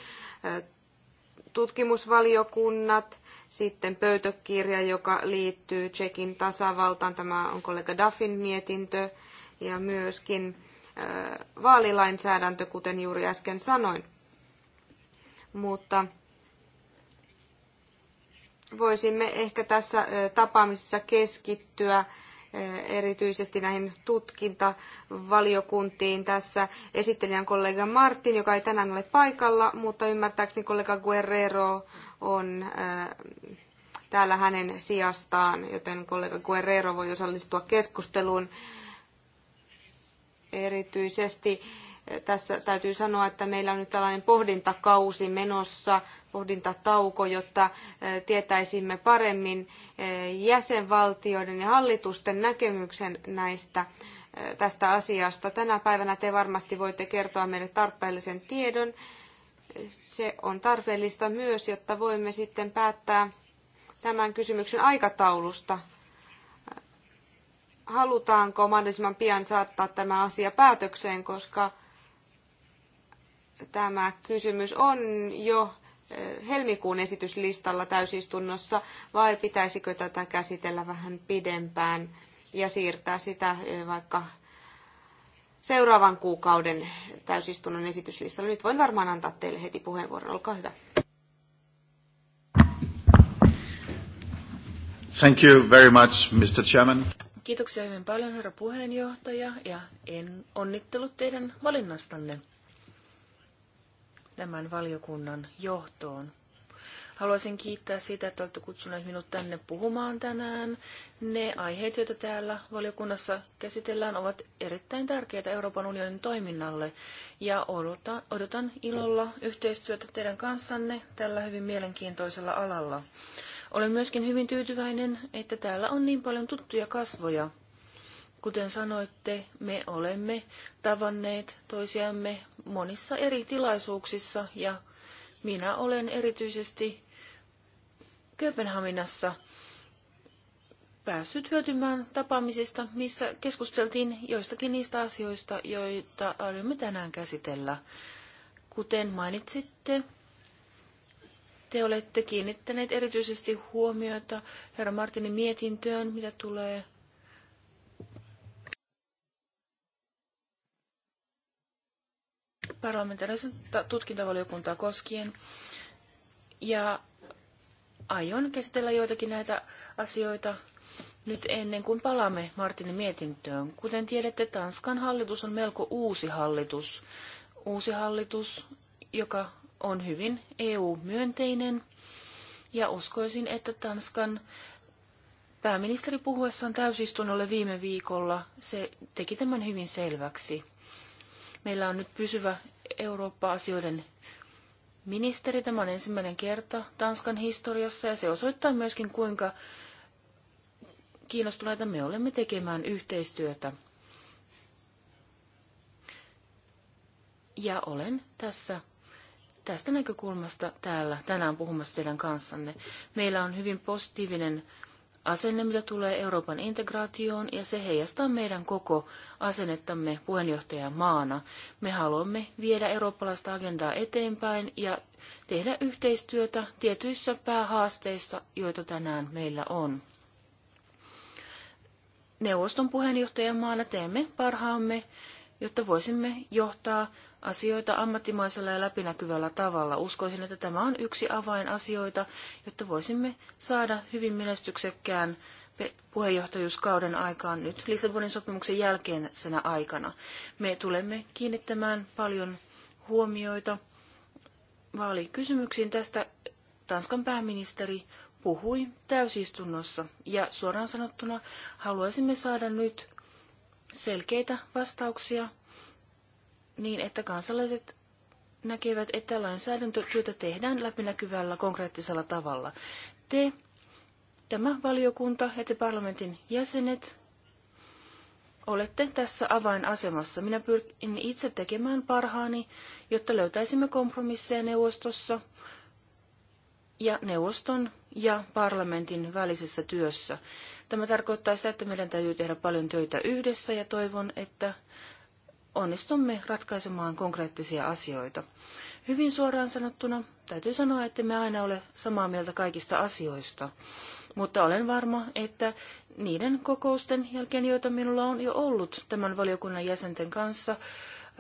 S2: tutkimusvaliokunnat, sitten pöytökirja, joka liittyy Tsekin tasavaltaan, tämä on kollega Duffin mietintö, ja myöskin vaalilainsäädäntö, kuten juuri äsken sanoin. Mutta voisimme ehkä tässä tapaamisessa keskittyä erityisesti näihin tutkintavaliokuntiin. Tässä esittelijän kollega Martin, joka ei tänään ole paikalla, mutta ymmärtääkseni kollega Guerrero on täällä hänen sijastaan, joten kollega Guerrero voi osallistua keskusteluun erityisesti tässä täytyy sanoa, että meillä on nyt tällainen pohdintakausi menossa, pohdintatauko, jotta eh, tietäisimme paremmin eh, jäsenvaltioiden ja hallitusten näkemyksen näistä eh, tästä asiasta. Tänä päivänä te varmasti voitte kertoa meille tarpeellisen tiedon. Se on tarpeellista myös, jotta voimme sitten päättää tämän kysymyksen aikataulusta halutaanko mahdollisimman pian saattaa tämä asia päätökseen, koska tämä kysymys on jo eh, helmikuun esityslistalla täysistunnossa, vai pitäisikö tätä käsitellä vähän pidempään ja siirtää sitä eh, vaikka seuraavan kuukauden täysistunnon esityslistalle. Nyt voin varmaan antaa teille heti puheenvuoron.
S1: Olkaa hyvä. Thank you very much, Mr. Chairman.
S3: Kiitoksia hyvin paljon, herra puheenjohtaja, ja en onnittelut teidän valinnastanne tämän valiokunnan johtoon. Haluaisin kiittää siitä, että olette kutsuneet minut tänne puhumaan tänään. Ne aiheet, joita täällä valiokunnassa käsitellään, ovat erittäin tärkeitä Euroopan unionin toiminnalle. Ja odotan, odotan ilolla yhteistyötä teidän kanssanne tällä hyvin mielenkiintoisella alalla. Olen myöskin hyvin tyytyväinen, että täällä on niin paljon tuttuja kasvoja. Kuten sanoitte, me olemme tavanneet toisiamme monissa eri tilaisuuksissa ja minä olen erityisesti Kööpenhaminassa päässyt hyötymään tapaamisista, missä keskusteltiin joistakin niistä asioista, joita aiomme tänään käsitellä. Kuten mainitsitte, te olette kiinnittäneet erityisesti huomiota herra Martinin mietintöön, mitä tulee parlamentaarisen tutkintavaliokuntaa koskien. Ja aion käsitellä joitakin näitä asioita nyt ennen kuin palaamme Martinin mietintöön. Kuten tiedätte, Tanskan hallitus on melko uusi hallitus. Uusi hallitus, joka on hyvin EU-myönteinen ja uskoisin, että Tanskan pääministeri puhuessaan täysistunnolle viime viikolla se teki tämän hyvin selväksi. Meillä on nyt pysyvä Eurooppa-asioiden ministeri. Tämä on ensimmäinen kerta Tanskan historiassa ja se osoittaa myöskin, kuinka kiinnostuneita me olemme tekemään yhteistyötä. Ja olen tässä tästä näkökulmasta täällä tänään puhumassa teidän kanssanne. Meillä on hyvin positiivinen asenne, mitä tulee Euroopan integraatioon, ja se heijastaa meidän koko asennettamme maana. Me haluamme viedä eurooppalaista agendaa eteenpäin ja tehdä yhteistyötä tietyissä päähaasteissa, joita tänään meillä on. Neuvoston maana teemme parhaamme, jotta voisimme johtaa asioita ammattimaisella ja läpinäkyvällä tavalla. Uskoisin, että tämä on yksi avain asioita, jotta voisimme saada hyvin menestyksekkään puheenjohtajuuskauden aikaan nyt Lissabonin sopimuksen jälkeen aikana. Me tulemme kiinnittämään paljon huomioita vaalikysymyksiin. Tästä Tanskan pääministeri puhui täysistunnossa ja suoraan sanottuna haluaisimme saada nyt selkeitä vastauksia niin, että kansalaiset näkevät, että lainsäädäntötyötä tehdään läpinäkyvällä konkreettisella tavalla. Te, tämä valiokunta ja te parlamentin jäsenet olette tässä avainasemassa. Minä pyrkin itse tekemään parhaani, jotta löytäisimme kompromisseja neuvostossa ja neuvoston ja parlamentin välisessä työssä. Tämä tarkoittaa sitä, että meidän täytyy tehdä paljon töitä yhdessä ja toivon, että onnistumme ratkaisemaan konkreettisia asioita. Hyvin suoraan sanottuna täytyy sanoa, että me aina ole samaa mieltä kaikista asioista, mutta olen varma, että niiden kokousten jälkeen, joita minulla on jo ollut tämän valiokunnan jäsenten kanssa,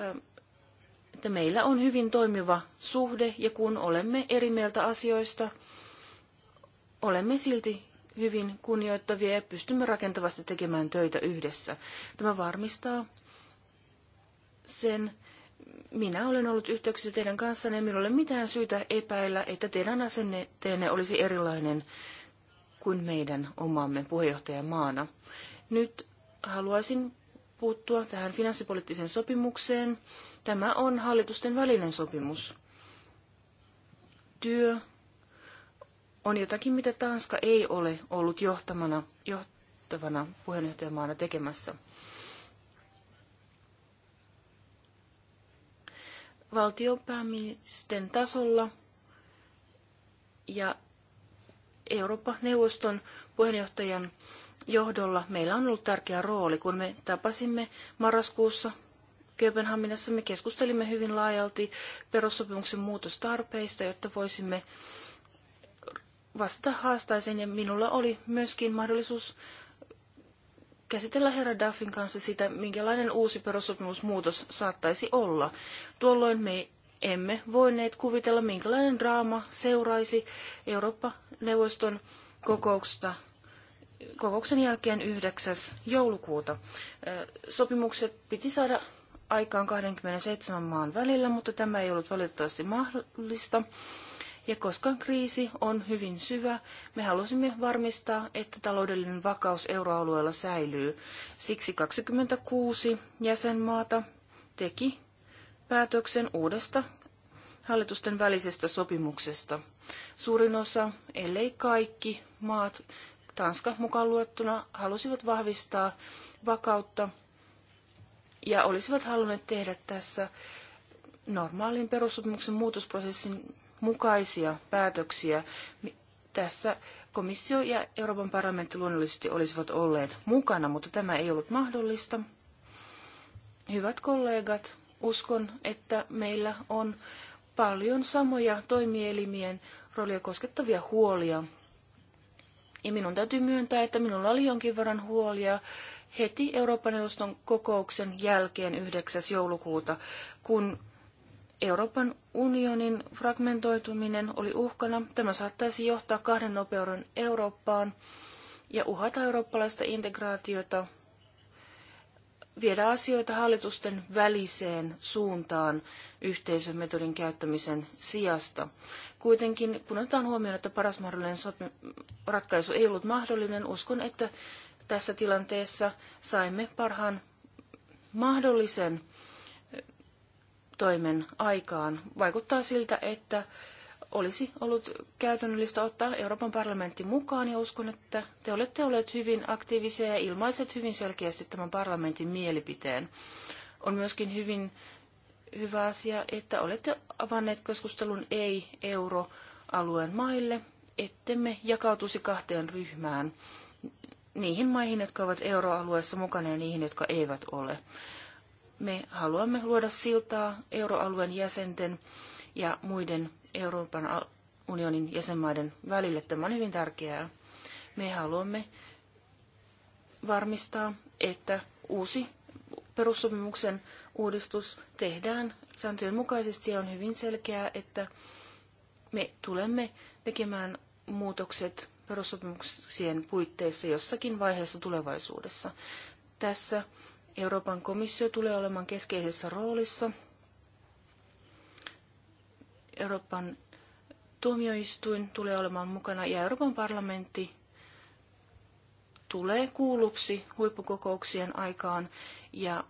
S3: ähm, että meillä on hyvin toimiva suhde ja kun olemme eri mieltä asioista, olemme silti hyvin kunnioittavia ja pystymme rakentavasti tekemään töitä yhdessä. Tämä varmistaa, sen. Minä olen ollut yhteyksissä teidän kanssanne ja minulla ei ole mitään syytä epäillä, että teidän asenteenne olisi erilainen kuin meidän omamme puheenjohtajamaana. Nyt haluaisin puuttua tähän finanssipoliittiseen sopimukseen. Tämä on hallitusten välinen sopimus. Työ on jotakin, mitä Tanska ei ole ollut johtamana, johtavana puheenjohtajamaana tekemässä. valtionpäämiesten tasolla ja Euroopan neuvoston puheenjohtajan johdolla meillä on ollut tärkeä rooli. Kun me tapasimme marraskuussa Kööpenhaminassa, me keskustelimme hyvin laajalti perussopimuksen muutostarpeista, jotta voisimme vastata haastaisen ja minulla oli myöskin mahdollisuus käsitellä herra Duffin kanssa sitä, minkälainen uusi perussopimusmuutos saattaisi olla. Tuolloin me emme voineet kuvitella, minkälainen draama seuraisi Eurooppa-neuvoston kokouksesta kokouksen jälkeen 9. joulukuuta. Sopimukset piti saada aikaan 27 maan välillä, mutta tämä ei ollut valitettavasti mahdollista. Ja koska kriisi on hyvin syvä, me halusimme varmistaa, että taloudellinen vakaus euroalueella säilyy. Siksi 26 jäsenmaata teki päätöksen uudesta hallitusten välisestä sopimuksesta. Suurin osa, ellei kaikki maat, Tanska mukaan luettuna, halusivat vahvistaa vakautta ja olisivat halunneet tehdä tässä normaalin perussopimuksen muutosprosessin mukaisia päätöksiä. Tässä komissio ja Euroopan parlamentti luonnollisesti olisivat olleet mukana, mutta tämä ei ollut mahdollista. Hyvät kollegat, uskon, että meillä on paljon samoja toimielimien roolia koskettavia huolia. Ja minun täytyy myöntää, että minulla oli jonkin verran huolia heti Euroopan neuvoston kokouksen jälkeen 9. joulukuuta, kun Euroopan unionin fragmentoituminen oli uhkana. Tämä saattaisi johtaa kahden nopeuden Eurooppaan ja uhata eurooppalaista integraatiota, viedä asioita hallitusten väliseen suuntaan yhteisömetodin käyttämisen sijasta. Kuitenkin, kun otetaan huomioon, että paras mahdollinen ratkaisu ei ollut mahdollinen, uskon, että tässä tilanteessa saimme parhaan mahdollisen toimen aikaan. Vaikuttaa siltä, että olisi ollut käytännöllistä ottaa Euroopan parlamentti mukaan ja uskon, että te olette olleet hyvin aktiivisia ja ilmaiset hyvin selkeästi tämän parlamentin mielipiteen. On myöskin hyvin hyvä asia, että olette avanneet keskustelun ei-euroalueen maille, ettemme jakautuisi kahteen ryhmään, niihin maihin, jotka ovat euroalueessa mukana ja niihin, jotka eivät ole. Me haluamme luoda siltaa euroalueen jäsenten ja muiden Euroopan unionin jäsenmaiden välille. Tämä on hyvin tärkeää. Me haluamme varmistaa, että uusi perussopimuksen uudistus tehdään sääntöjen mukaisesti ja on hyvin selkeää, että me tulemme tekemään muutokset perussopimuksien puitteissa jossakin vaiheessa tulevaisuudessa. Tässä Euroopan komissio tulee olemaan keskeisessä roolissa. Euroopan tuomioistuin tulee olemaan mukana ja Euroopan parlamentti tulee kuulluksi huippukokouksien aikaan ja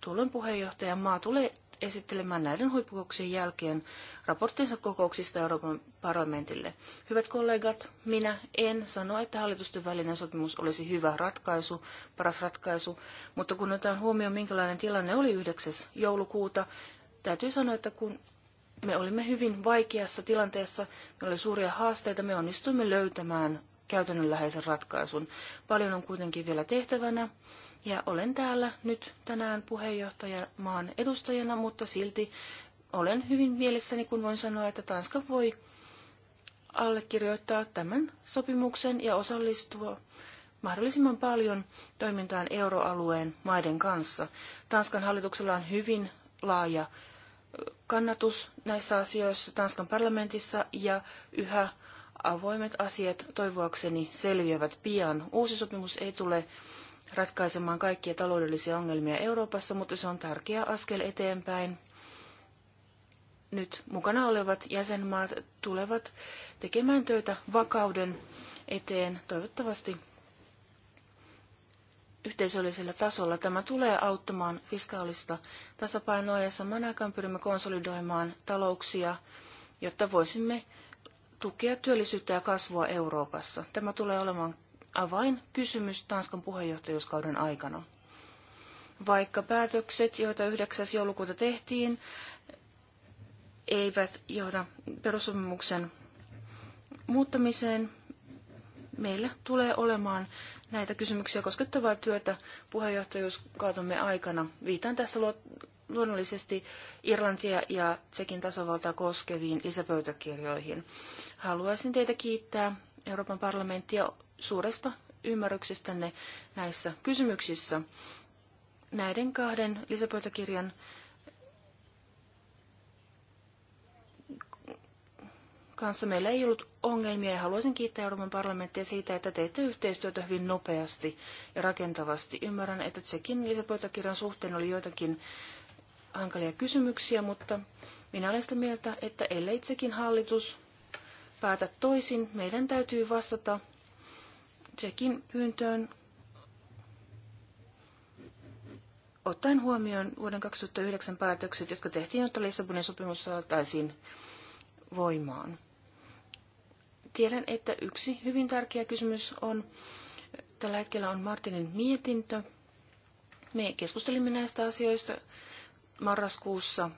S3: tuolloin puheenjohtajan maa tulee esittelemään näiden huippukokouksien jälkeen raporttinsa kokouksista Euroopan parlamentille. Hyvät kollegat, minä en sano, että hallitusten välinen sopimus olisi hyvä ratkaisu, paras ratkaisu, mutta kun otetaan huomioon, minkälainen tilanne oli 9. joulukuuta, täytyy sanoa, että kun me olimme hyvin vaikeassa tilanteessa, meillä oli suuria haasteita, me onnistuimme löytämään käytännönläheisen ratkaisun. Paljon on kuitenkin vielä tehtävänä ja olen täällä nyt tänään puheenjohtajamaan edustajana, mutta silti olen hyvin mielessäni, kun voin sanoa, että Tanska voi allekirjoittaa tämän sopimuksen ja osallistua mahdollisimman paljon toimintaan euroalueen maiden kanssa. Tanskan hallituksella on hyvin laaja kannatus näissä asioissa Tanskan parlamentissa ja yhä avoimet asiat toivoakseni selviävät pian. Uusi sopimus ei tule ratkaisemaan kaikkia taloudellisia ongelmia Euroopassa, mutta se on tärkeä askel eteenpäin. Nyt mukana olevat jäsenmaat tulevat tekemään töitä vakauden eteen toivottavasti yhteisöllisellä tasolla. Tämä tulee auttamaan fiskaalista tasapainoa ja saman aikaan pyrimme konsolidoimaan talouksia, jotta voisimme tukea työllisyyttä ja kasvua Euroopassa. Tämä tulee olemaan avainkysymys Tanskan puheenjohtajuuskauden aikana. Vaikka päätökset, joita 9. joulukuuta tehtiin, eivät johda perussopimuksen muuttamiseen, meillä tulee olemaan näitä kysymyksiä koskettavaa työtä puheenjohtajuuskautemme aikana. Viitan tässä luonnollisesti Irlantia ja Tsekin tasavaltaa koskeviin lisäpöytäkirjoihin. Haluaisin teitä kiittää Euroopan parlamenttia suuresta ymmärryksestänne näissä kysymyksissä. Näiden kahden lisäpöytäkirjan kanssa meillä ei ollut ongelmia ja haluaisin kiittää Euroopan parlamenttia siitä, että teitte yhteistyötä hyvin nopeasti ja rakentavasti. Ymmärrän, että sekin lisäpöytäkirjan suhteen oli joitakin hankalia kysymyksiä, mutta minä olen sitä mieltä, että ellei itsekin hallitus päätä toisin. Meidän täytyy vastata Tsekin pyyntöön ottaen huomioon vuoden 2009 päätökset, jotka tehtiin, jotta Lissabonin sopimus saataisiin voimaan. Tiedän, että yksi hyvin tärkeä kysymys on, tällä hetkellä on Martinin mietintö. Me keskustelimme näistä asioista marraskuussa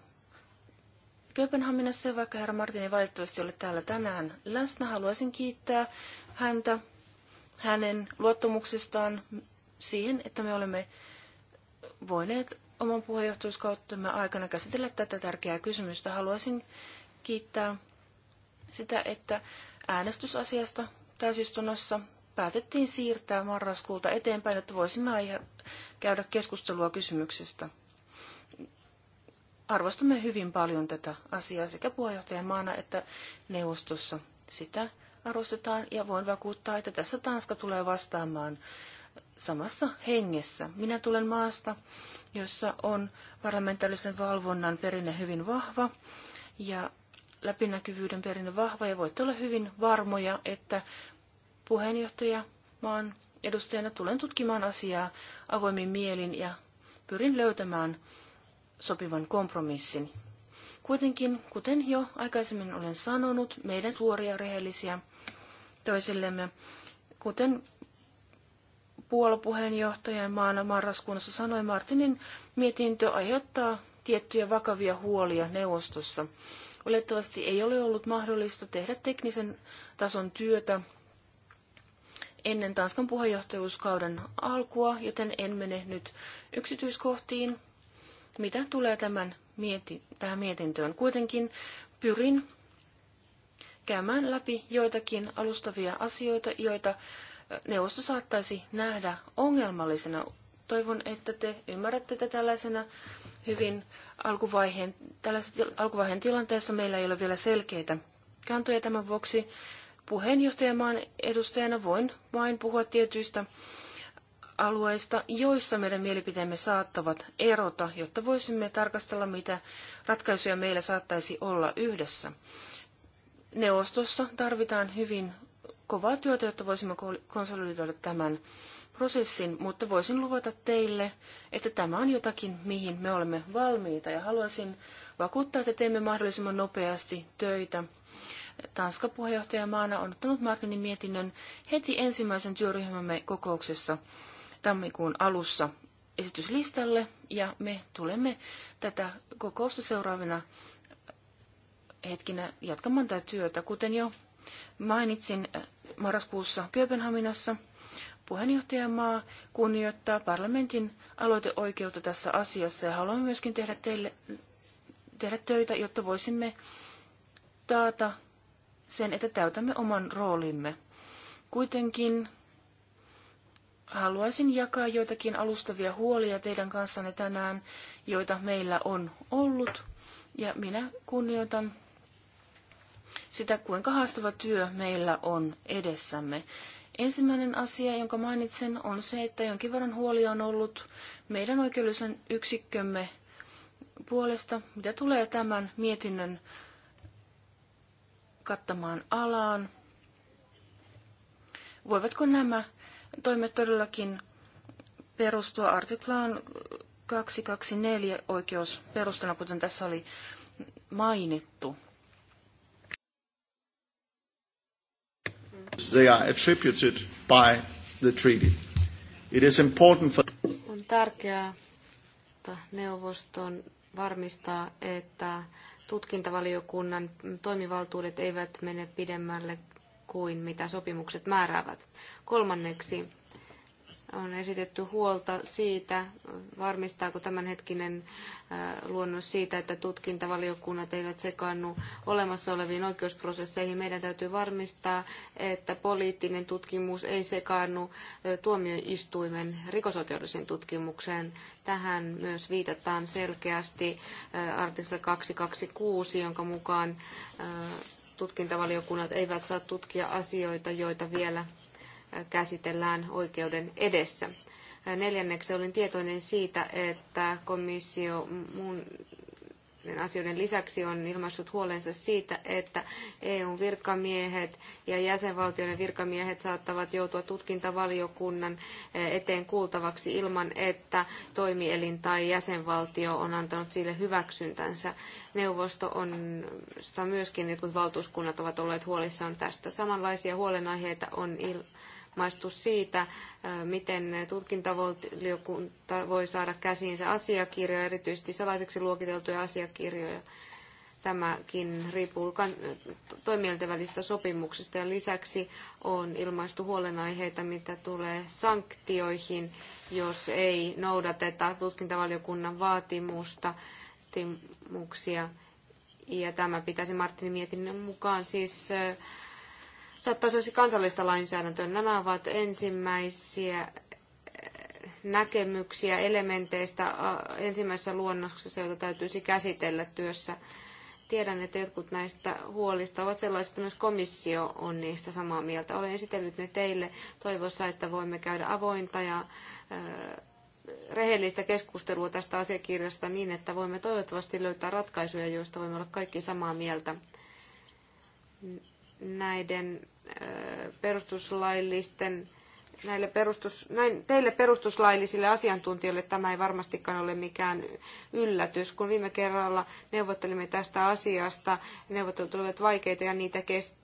S3: Kööpenhaminassa ja vaikka herra Martin ei valitettavasti ole täällä tänään läsnä, haluaisin kiittää häntä hänen luottamuksestaan siihen, että me olemme voineet oman puheenjohtajuuskauttamme aikana käsitellä tätä tärkeää kysymystä. Haluaisin kiittää sitä, että äänestysasiasta täysistunnossa päätettiin siirtää marraskuulta eteenpäin, että voisimme käydä keskustelua kysymyksestä arvostamme hyvin paljon tätä asiaa sekä puheenjohtajamaana että neuvostossa. Sitä arvostetaan ja voin vakuuttaa, että tässä Tanska tulee vastaamaan samassa hengessä. Minä tulen maasta, jossa on parlamentaarisen valvonnan perinne hyvin vahva ja läpinäkyvyyden perinne vahva ja voitte olla hyvin varmoja, että puheenjohtaja maan edustajana tulen tutkimaan asiaa avoimin mielin ja pyrin löytämään sopivan kompromissin. Kuitenkin, kuten jo aikaisemmin olen sanonut, meidän suoria rehellisiä toisillemme, kuten puolopuheenjohtajan maana marraskuunnassa sanoi, Martinin mietintö aiheuttaa tiettyjä vakavia huolia neuvostossa. Olettavasti ei ole ollut mahdollista tehdä teknisen tason työtä ennen Tanskan puheenjohtajuuskauden alkua, joten en mene nyt yksityiskohtiin mitä tulee tämän mieti, tähän mietintöön. Kuitenkin pyrin käymään läpi joitakin alustavia asioita, joita neuvosto saattaisi nähdä ongelmallisena. Toivon, että te ymmärrätte tätä tällaisena hyvin alkuvaiheen, tällaisessa alkuvaiheen tilanteessa. Meillä ei ole vielä selkeitä kantoja tämän vuoksi. Puheenjohtajamaan edustajana voin vain puhua tietyistä alueista, joissa meidän mielipiteemme saattavat erota, jotta voisimme tarkastella, mitä ratkaisuja meillä saattaisi olla yhdessä. Neuvostossa tarvitaan hyvin kovaa työtä, jotta voisimme konsolidoida tämän prosessin, mutta voisin luvata teille, että tämä on jotakin, mihin me olemme valmiita ja haluaisin vakuuttaa, että teemme mahdollisimman nopeasti töitä. Tanska puheenjohtajamaana on ottanut Martinin mietinnön heti ensimmäisen työryhmämme kokouksessa tammikuun alussa esityslistalle ja me tulemme tätä kokousta seuraavina hetkinä jatkamaan tätä työtä. Kuten jo mainitsin äh, marraskuussa Kööpenhaminassa, puheenjohtajamaa kunnioittaa parlamentin aloiteoikeutta tässä asiassa ja haluamme myöskin tehdä, teille, tehdä töitä, jotta voisimme taata sen, että täytämme oman roolimme. Kuitenkin haluaisin jakaa joitakin alustavia huolia teidän kanssanne tänään, joita meillä on ollut. Ja minä kunnioitan sitä, kuinka haastava työ meillä on edessämme. Ensimmäinen asia, jonka mainitsen, on se, että jonkin verran huolia on ollut meidän oikeudellisen yksikkömme puolesta, mitä tulee tämän mietinnön kattamaan alaan. Voivatko nämä toimet todellakin perustua artiklaan 224 oikeusperustana, kuten tässä oli mainittu.
S1: They are attributed by the treaty. It is important for...
S2: On tärkeää, että neuvoston varmistaa, että tutkintavaliokunnan toimivaltuudet eivät mene pidemmälle kuin mitä sopimukset määräävät. Kolmanneksi on esitetty huolta siitä, varmistaako tämänhetkinen luonnos siitä, että tutkintavaliokunnat eivät sekaannu olemassa oleviin oikeusprosesseihin. Meidän täytyy varmistaa, että poliittinen tutkimus ei sekaannu tuomioistuimen rikosoikeudelliseen tutkimukseen. Tähän myös viitataan selkeästi artikla 226, jonka mukaan tutkintavaliokunnat eivät saa tutkia asioita, joita vielä käsitellään oikeuden edessä. Neljänneksi olin tietoinen siitä, että komissio asioiden lisäksi on ilmaissut huolensa siitä, että EUn virkamiehet ja jäsenvaltioiden virkamiehet saattavat joutua tutkintavaliokunnan eh, eteen kuultavaksi ilman, että toimielin tai jäsenvaltio on antanut sille hyväksyntänsä. Neuvosto on, sitä myöskin jotkut valtuuskunnat ovat olleet huolissaan tästä. Samanlaisia huolenaiheita on il, rangaistus siitä, miten tutkintavaliokunta voi saada käsiinsä asiakirjoja, erityisesti salaiseksi luokiteltuja asiakirjoja. Tämäkin riippuu toimielten välisistä sopimuksista ja lisäksi on ilmaistu huolenaiheita, mitä tulee sanktioihin, jos ei noudateta tutkintavaliokunnan vaatimusta, vaatimuksia. Ja tämä pitäisi Martinin mietinnön mukaan siis saattaisi kansallista lainsäädäntöä. Nämä ovat ensimmäisiä eh, näkemyksiä elementeistä ensimmäisessä luonnoksessa, joita täytyisi käsitellä työssä. Tiedän, että jotkut näistä huolista ovat sellaiset, että myös komissio on niistä samaa mieltä. Olen esitellyt ne teille toivossa, että voimme käydä avointa ja eh, rehellistä keskustelua tästä asiakirjasta niin, että voimme toivottavasti löytää ratkaisuja, joista voimme olla kaikki samaa mieltä näiden Äh, perustuslaillisten näille perustus, näin, teille perustuslaillisille asiantuntijoille tämä ei varmastikaan ole mikään yllätys. Kun viime kerralla neuvottelimme tästä asiasta, neuvottelut olivat vaikeita ja niitä kes,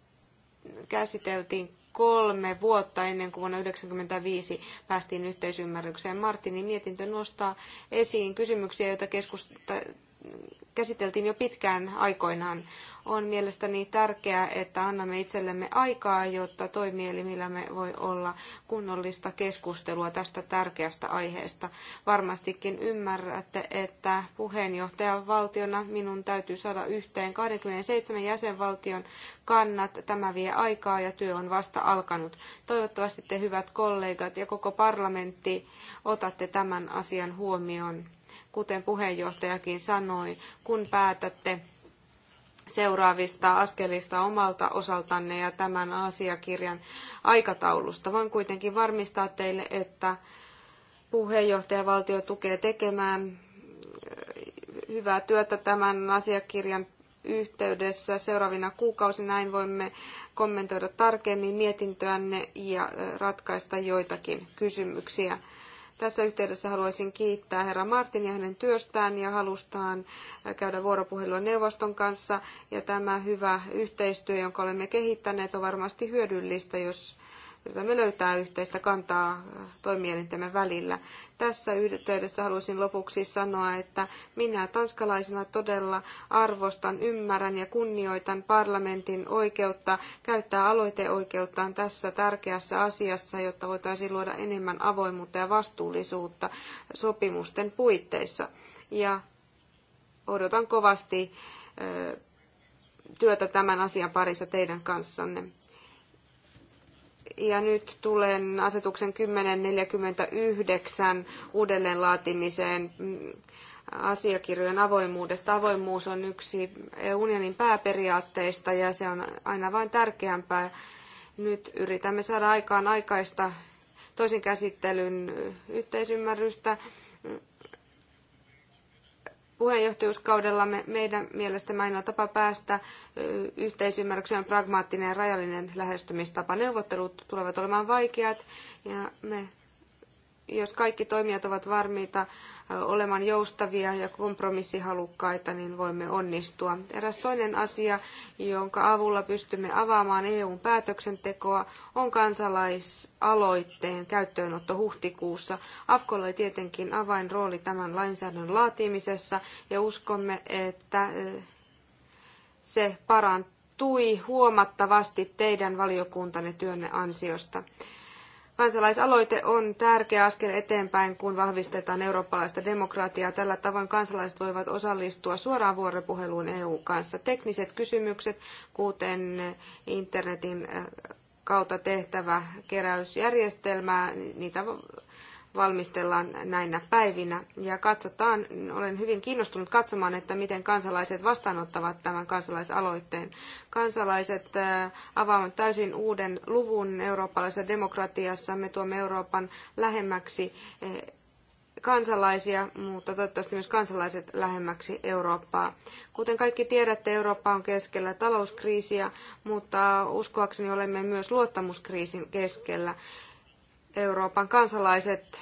S2: käsiteltiin kolme vuotta ennen kuin vuonna 1995 päästiin yhteisymmärrykseen. Martinin mietintö nostaa esiin kysymyksiä, joita keskusta, käsiteltiin jo pitkään aikoinaan on mielestäni tärkeää, että annamme itsellemme aikaa, jotta toimielimillämme voi olla kunnollista keskustelua tästä tärkeästä aiheesta. Varmastikin ymmärrätte, että puheenjohtajan valtiona minun täytyy saada yhteen 27 jäsenvaltion kannat. Tämä vie aikaa ja työ on vasta alkanut. Toivottavasti te hyvät kollegat ja koko parlamentti otatte tämän asian huomioon. Kuten puheenjohtajakin sanoi, kun päätätte seuraavista askelista omalta osaltanne ja tämän asiakirjan aikataulusta. Voin kuitenkin varmistaa teille, että puheenjohtajavaltio tukee tekemään eh, hyvää työtä tämän asiakirjan yhteydessä seuraavina kuukausina. Näin voimme kommentoida tarkemmin mietintöänne ja eh, ratkaista joitakin kysymyksiä. Tässä yhteydessä haluaisin kiittää herra Martinia hänen työstään ja halustaan äh, käydä vuoropuhelua neuvoston kanssa. Ja tämä hyvä yhteistyö, jonka olemme kehittäneet, on varmasti hyödyllistä, jos yritämme löytää yhteistä kantaa äh, toimielintemme välillä. Tässä yhteydessä haluaisin lopuksi sanoa, että minä tanskalaisena todella arvostan, ymmärrän ja kunnioitan parlamentin oikeutta käyttää aloiteoikeuttaan tässä tärkeässä asiassa, jotta voitaisiin luoda enemmän avoimuutta ja vastuullisuutta sopimusten puitteissa. Ja odotan kovasti äh, työtä tämän asian parissa teidän kanssanne ja nyt tulen asetuksen 1049 uudelleenlaatimiseen mm, asiakirjojen avoimuudesta. Avoimuus on yksi unionin pääperiaatteista ja se on aina vain tärkeämpää. Nyt yritämme saada aikaan aikaista toisen käsittelyn yhteisymmärrystä puheenjohtajuuskaudellamme meidän mielestämme ainoa tapa päästä yhteisymmärrykseen on pragmaattinen ja rajallinen lähestymistapa. Neuvottelut tulevat olemaan vaikeat ja me jos kaikki toimijat ovat varmiita olemaan joustavia ja kompromissihalukkaita, niin voimme onnistua. Eräs toinen asia, jonka avulla pystymme avaamaan EUn päätöksentekoa, on kansalaisaloitteen käyttöönotto huhtikuussa. Afkolla oli tietenkin avainrooli tämän lainsäädännön laatimisessa ja uskomme, että se parantui huomattavasti teidän valiokuntanne työnne ansiosta. Kansalaisaloite on tärkeä askel eteenpäin, kun vahvistetaan eurooppalaista demokratiaa. Tällä tavoin kansalaiset voivat osallistua suoraan vuoropuheluun EU kanssa. Tekniset kysymykset, kuten internetin äh, kautta tehtävä keräysjärjestelmä, niitä valmistellaan näinä päivinä. Ja katsotaan, olen hyvin kiinnostunut katsomaan, että miten kansalaiset vastaanottavat tämän kansalaisaloitteen. Kansalaiset äh, avaavat täysin uuden luvun eurooppalaisessa demokratiassa. Me tuomme Euroopan lähemmäksi äh, kansalaisia, mutta toivottavasti myös kansalaiset lähemmäksi Eurooppaa. Kuten kaikki tiedätte, Eurooppa on keskellä talouskriisiä, mutta uskoakseni olemme myös luottamuskriisin keskellä. Euroopan kansalaiset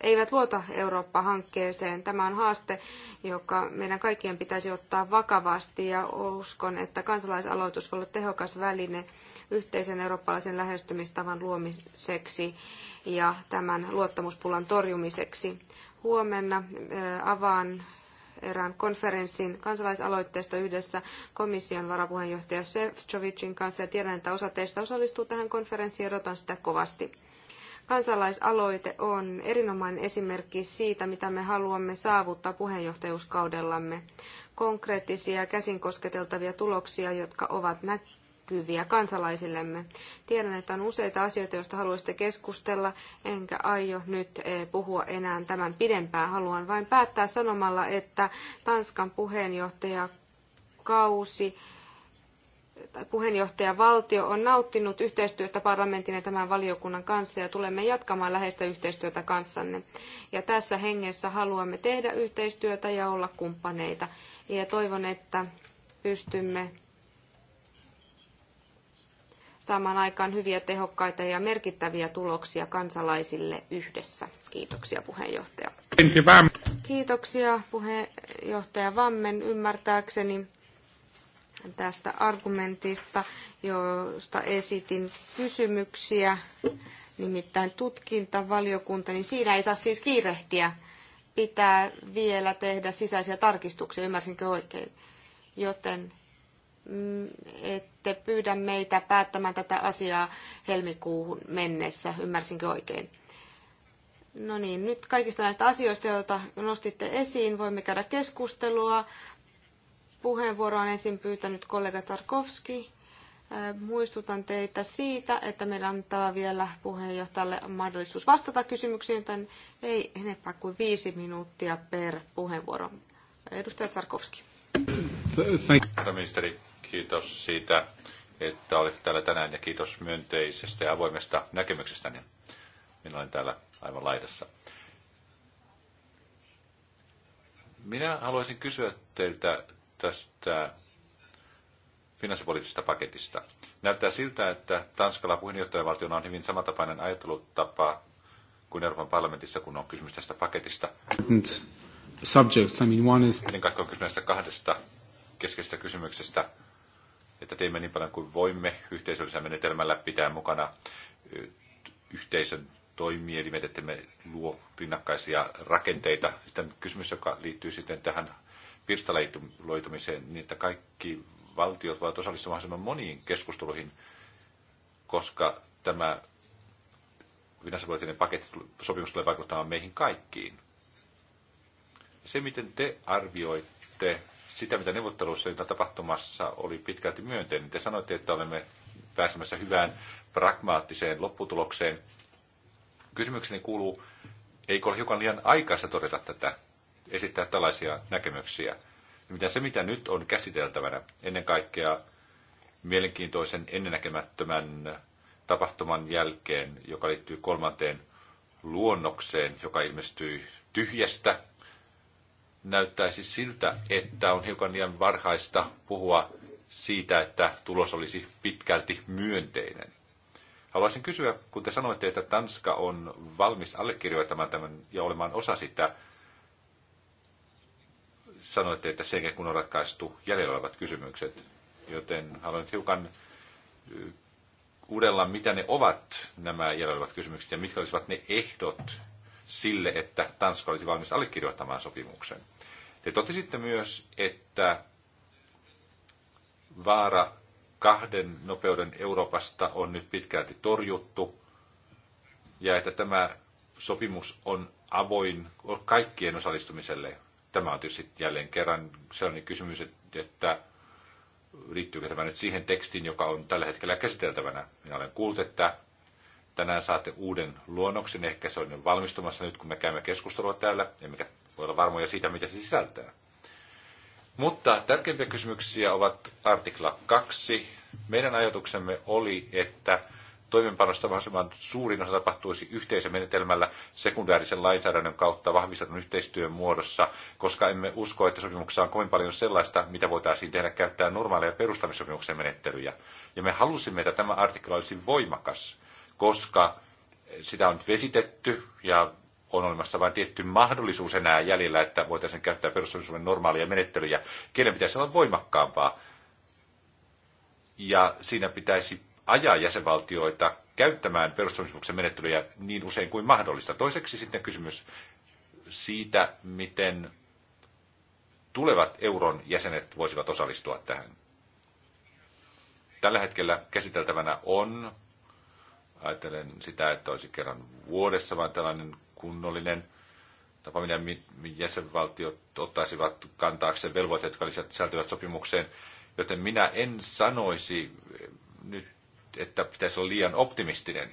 S2: eivät luota Eurooppa-hankkeeseen. Tämä on haaste, joka meidän kaikkien pitäisi ottaa vakavasti ja uskon, että kansalaisaloitus voi olla tehokas väline yhteisen eurooppalaisen lähestymistavan luomiseksi ja tämän luottamuspulan torjumiseksi. Huomenna avaan erään konferenssin kansalaisaloitteesta yhdessä komission varapuheenjohtaja Sefcovicin kanssa ja tiedän, että osa teistä osallistuu tähän konferenssiin ja odotan sitä kovasti. Kansalaisaloite on erinomainen esimerkki siitä, mitä me haluamme saavuttaa puheenjohtajuuskaudellamme. Konkreettisia käsin kosketeltavia tuloksia, jotka ovat näkyviä kansalaisillemme. Tiedän, että on useita asioita, joista haluaisitte keskustella, enkä aio nyt e, puhua enää tämän pidempään. Haluan vain päättää sanomalla, että Tanskan puheenjohtajakausi kausi tai puheenjohtaja valtio on nauttinut yhteistyöstä parlamentin ja tämän valiokunnan kanssa ja tulemme jatkamaan läheistä yhteistyötä kanssanne. Ja tässä hengessä haluamme tehdä yhteistyötä ja olla kumppaneita. Ja toivon, että pystymme saamaan aikaan hyviä, tehokkaita ja merkittäviä tuloksia kansalaisille yhdessä. Kiitoksia puheenjohtaja. Kiitoksia puheenjohtaja Vammen ymmärtääkseni tästä argumentista, josta esitin kysymyksiä, nimittäin tutkintavaliokunta, niin siinä ei saa siis kiirehtiä. Pitää vielä tehdä sisäisiä tarkistuksia, ymmärsinkö oikein? Joten mm, ette pyydä meitä päättämään tätä asiaa helmikuuhun mennessä, ymmärsinkö oikein? No niin, nyt kaikista näistä asioista, joita nostitte esiin, voimme käydä keskustelua. Puheenvuoroa on ensin pyytänyt kollega Tarkovski. Muistutan teitä siitä, että meidän annettava vielä puheenjohtajalle mahdollisuus vastata kysymyksiin, joten ei enempää kuin viisi minuuttia per puheenvuoro. Edustaja Tarkovski.
S4: Herra ministeri, kiitos siitä, että olette täällä tänään ja kiitos myönteisestä ja avoimesta näkemyksestäni. Minä olen täällä aivan laidassa. Minä haluaisin kysyä teiltä tästä finanssipoliittisesta paketista. Näyttää siltä, että Tanskalla puheenjohtajavaltiona on hyvin samantapainen ajattelutapa kuin Euroopan parlamentissa, kun on kysymys tästä paketista.
S1: Subjects, I mean one is...
S4: Ennen kaikkea on kysymys näistä kahdesta keskeisestä kysymyksestä, että teemme niin paljon kuin voimme yhteisöllisellä menetelmällä pitää mukana yhteisön toimielimet, että me luo rinnakkaisia rakenteita. Sitten kysymys, joka liittyy sitten tähän pirstaleitumiseen, niin että kaikki valtiot voivat osallistua mahdollisimman moniin keskusteluihin, koska tämä finanssipoliittinen paketti, sopimus tulee vaikuttamaan meihin kaikkiin. Se, miten te arvioitte sitä, mitä neuvotteluissa, jota tapahtumassa oli pitkälti myönteinen, niin te sanoitte, että olemme pääsemässä hyvään pragmaattiseen lopputulokseen. Kysymykseni kuuluu, eikö ole hiukan liian aikaista todeta tätä? esittää tällaisia näkemyksiä. Mitä se, mitä nyt on käsiteltävänä, ennen kaikkea mielenkiintoisen ennennäkemättömän tapahtuman jälkeen, joka liittyy kolmanteen luonnokseen, joka ilmestyi tyhjästä, näyttäisi siltä, että on hiukan liian varhaista puhua siitä, että tulos olisi pitkälti myönteinen. Haluaisin kysyä, kun te sanoitte, että Tanska on valmis allekirjoittamaan tämän ja olemaan osa sitä, sanoitte, että sen kun on ratkaistu jäljellä olevat kysymykset. Joten haluan nyt hiukan uudella, mitä ne ovat nämä jäljellä olevat kysymykset ja mitkä olisivat ne ehdot sille, että Tanska olisi valmis allekirjoittamaan sopimuksen. Te totesitte myös, että vaara kahden nopeuden Euroopasta on nyt pitkälti torjuttu ja että tämä sopimus on avoin kaikkien osallistumiselle. Tämä on tietysti jälleen kerran sellainen kysymys, että liittyykö tämä nyt siihen tekstiin, joka on tällä hetkellä käsiteltävänä. Minä olen kuullut, että tänään saatte uuden luonnoksen, ehkä se on valmistumassa nyt, kun me käymme keskustelua täällä, emmekä voi olla varmoja siitä, mitä se sisältää. Mutta tärkeimpiä kysymyksiä ovat artikla 2. Meidän ajatuksemme oli, että toimenpanosta mahdollisimman suurin osa tapahtuisi menetelmällä sekundäärisen lainsäädännön kautta vahvistetun yhteistyön muodossa, koska emme usko, että sopimuksessa on kovin paljon sellaista, mitä voitaisiin tehdä käyttää normaaleja perustamissopimuksen menettelyjä. Ja me halusimme, että tämä artikla olisi voimakas, koska sitä on nyt vesitetty ja on olemassa vain tietty mahdollisuus enää jäljellä, että voitaisiin käyttää perustamissopimuksen normaaleja menettelyjä. Kenen pitäisi olla voimakkaampaa? Ja siinä pitäisi ajaa jäsenvaltioita käyttämään perustamisen menettelyjä niin usein kuin mahdollista. Toiseksi sitten kysymys siitä, miten tulevat euron jäsenet voisivat osallistua tähän. Tällä hetkellä käsiteltävänä on, ajattelen sitä, että olisi kerran vuodessa vain tällainen kunnollinen tapa, tapaaminen, jäsenvaltiot ottaisivat kantaakseen velvoitteet, jotka sisältyvät sopimukseen, joten minä en sanoisi nyt että pitäisi olla liian optimistinen.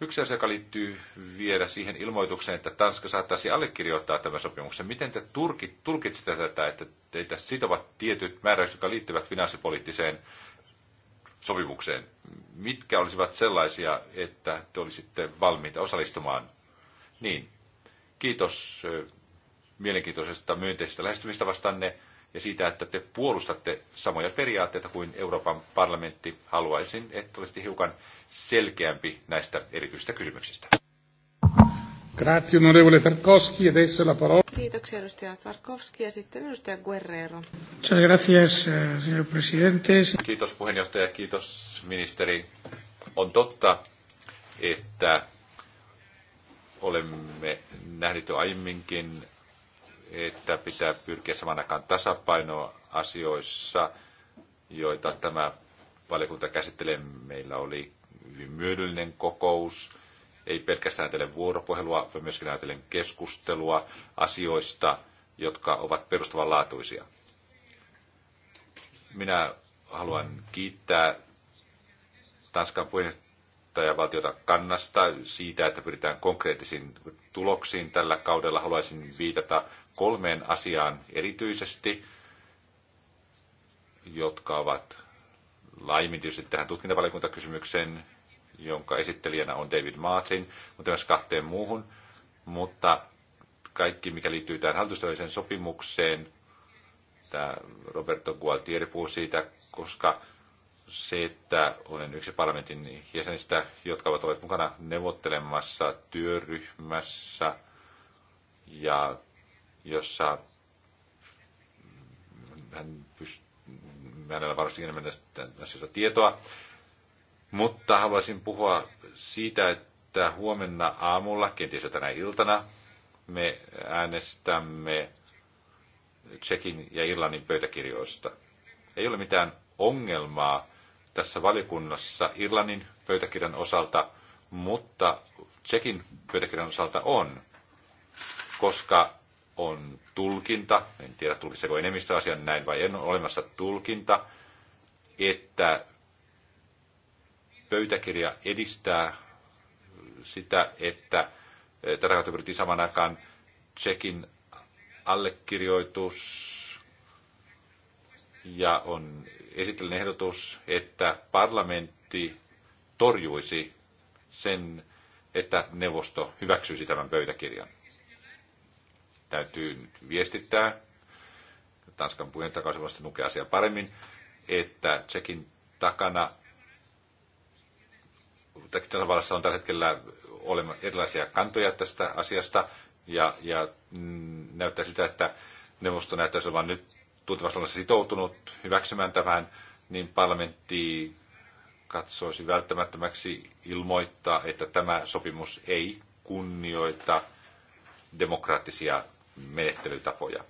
S4: Yksi asia, joka liittyy vielä siihen ilmoitukseen, että Tanska saattaisi allekirjoittaa tämän sopimuksen. Miten te turkit, tulkitsette tätä, että teitä sitovat tietyt määräykset, jotka liittyvät finanssipoliittiseen sopimukseen? Mitkä olisivat sellaisia, että te olisitte valmiita osallistumaan? Niin, kiitos mielenkiintoisesta myönteisestä vastanne ja siitä, että te puolustatte samoja periaatteita kuin Euroopan parlamentti. Haluaisin, että olisitte hiukan selkeämpi näistä erityisistä kysymyksistä.
S1: Grazie onorevole Tarkovski, adesso la parola.
S2: Kiitoksia edustaja Tarkovski ja sitten edustaja Guerrero.
S1: Gracias, eh, señor presidente.
S4: Kiitos puheenjohtaja, kiitos ministeri. On totta, että olemme nähneet jo aiemminkin että pitää pyrkiä saman aikaan tasapainoa asioissa, joita tämä valiokunta käsittelee. Meillä oli hyvin myödyllinen kokous, ei pelkästään ajatellen vuoropuhelua, vaan myöskin ajatellen keskustelua asioista, jotka ovat perustavanlaatuisia. Minä haluan kiittää Tanskan puheenjohtajavaltiota kannasta siitä, että pyritään konkreettisiin tuloksiin tällä kaudella. Haluaisin viitata kolmeen asiaan erityisesti, jotka ovat laajemmin tähän tutkintavaliokuntakysymykseen, jonka esittelijänä on David Martin, mutta myös kahteen muuhun. Mutta kaikki, mikä liittyy tähän hallitustavalliseen sopimukseen, tämä Roberto Gualtieri puhuu siitä, koska se, että olen yksi parlamentin jäsenistä, jotka ovat olleet mukana neuvottelemassa työryhmässä ja jossa hän pystyy, hänellä varsinkin enemmän tästä tietoa. Mutta haluaisin puhua siitä, että huomenna aamulla, kenties jo tänä iltana, me äänestämme Tsekin ja Irlannin pöytäkirjoista. Ei ole mitään ongelmaa tässä valiokunnassa Irlannin pöytäkirjan osalta, mutta Tsekin pöytäkirjan osalta on, koska on tulkinta, en tiedä tulkiseko enemmistö asian näin vai en, on olemassa tulkinta, että pöytäkirja edistää sitä, että eh, tätä kautta pyrittiin saman aikaan Tsekin allekirjoitus ja on esitellinen ehdotus, että parlamentti torjuisi sen, että neuvosto hyväksyisi tämän pöytäkirjan täytyy nyt viestittää, Tanskan puheenjohtajakausivasta lukee asia paremmin, että Tsekin takana tasavallassa on tällä hetkellä erilaisia kantoja tästä asiasta, ja, ja mm, näyttää sitä, että neuvosto näyttäisi olevan nyt tuntemassa sitoutunut hyväksymään tämän, niin parlamentti katsoisi välttämättömäksi ilmoittaa, että tämä sopimus ei kunnioita demokraattisia menettelytapoja.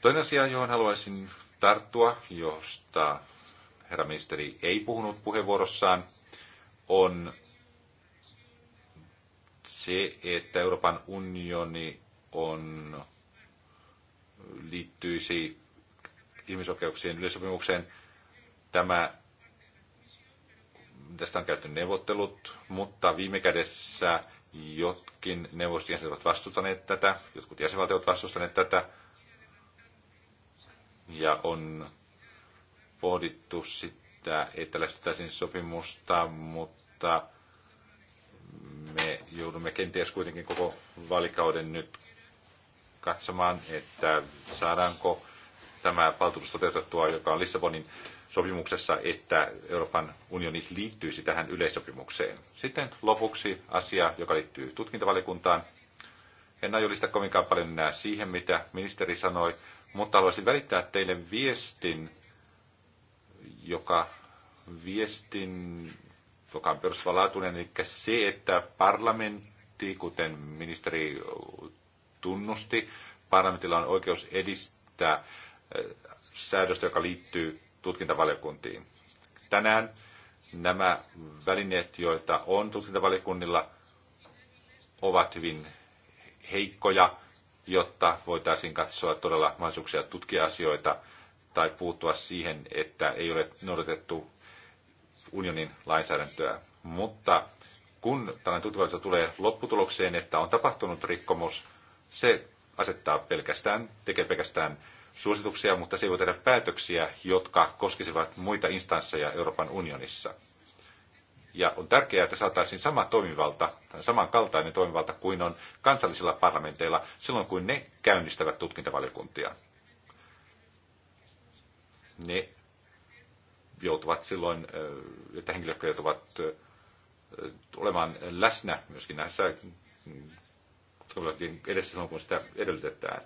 S4: Toinen asia, johon haluaisin tarttua, josta herra ministeri ei puhunut puheenvuorossaan, on se, että Euroopan unioni on, liittyisi ihmisoikeuksien yleisopimukseen. Tämä, tästä on käyty neuvottelut, mutta viime kädessä Jotkin neuvoston jäsenet ovat vastustaneet tätä, jotkut jäsenvaltiot ovat vastustaneet tätä. Ja on pohdittu sitä, että lähestyttäisiin sopimusta, mutta me joudumme kenties kuitenkin koko valikauden nyt katsomaan, että saadaanko tämä valtuutus toteutettua, joka on Lissabonin sopimuksessa, että Euroopan unioni liittyisi tähän yleissopimukseen. Sitten lopuksi asia, joka liittyy tutkintavaliokuntaan. En aio lisätä kovinkaan paljon enää siihen, mitä ministeri sanoi, mutta haluaisin välittää teille viestin, joka viestin, joka on perustavanlaatuinen, eli se, että parlamentti, kuten ministeri tunnusti, parlamentilla on oikeus edistää säädöstä, joka liittyy tutkintavaliokuntiin. Tänään nämä välineet, joita on tutkintavaliokunnilla, ovat hyvin heikkoja, jotta voitaisiin katsoa todella mahdollisuuksia tutkia asioita tai puuttua siihen, että ei ole noudatettu unionin lainsäädäntöä. Mutta kun tällainen tutkimuksesta tulee lopputulokseen, että on tapahtunut rikkomus, se asettaa pelkästään, tekee pelkästään suosituksia, mutta se ei voi tehdä päätöksiä, jotka koskisivat muita instansseja Euroopan unionissa. Ja on tärkeää, että saataisiin sama toimivalta, samankaltainen toimivalta kuin on kansallisilla parlamenteilla silloin, kun ne käynnistävät tutkintavaliokuntia. Ne joutuvat silloin, että henkilöt joutuvat olemaan läsnä myöskin näissä edessä silloin, kun sitä edellytetään.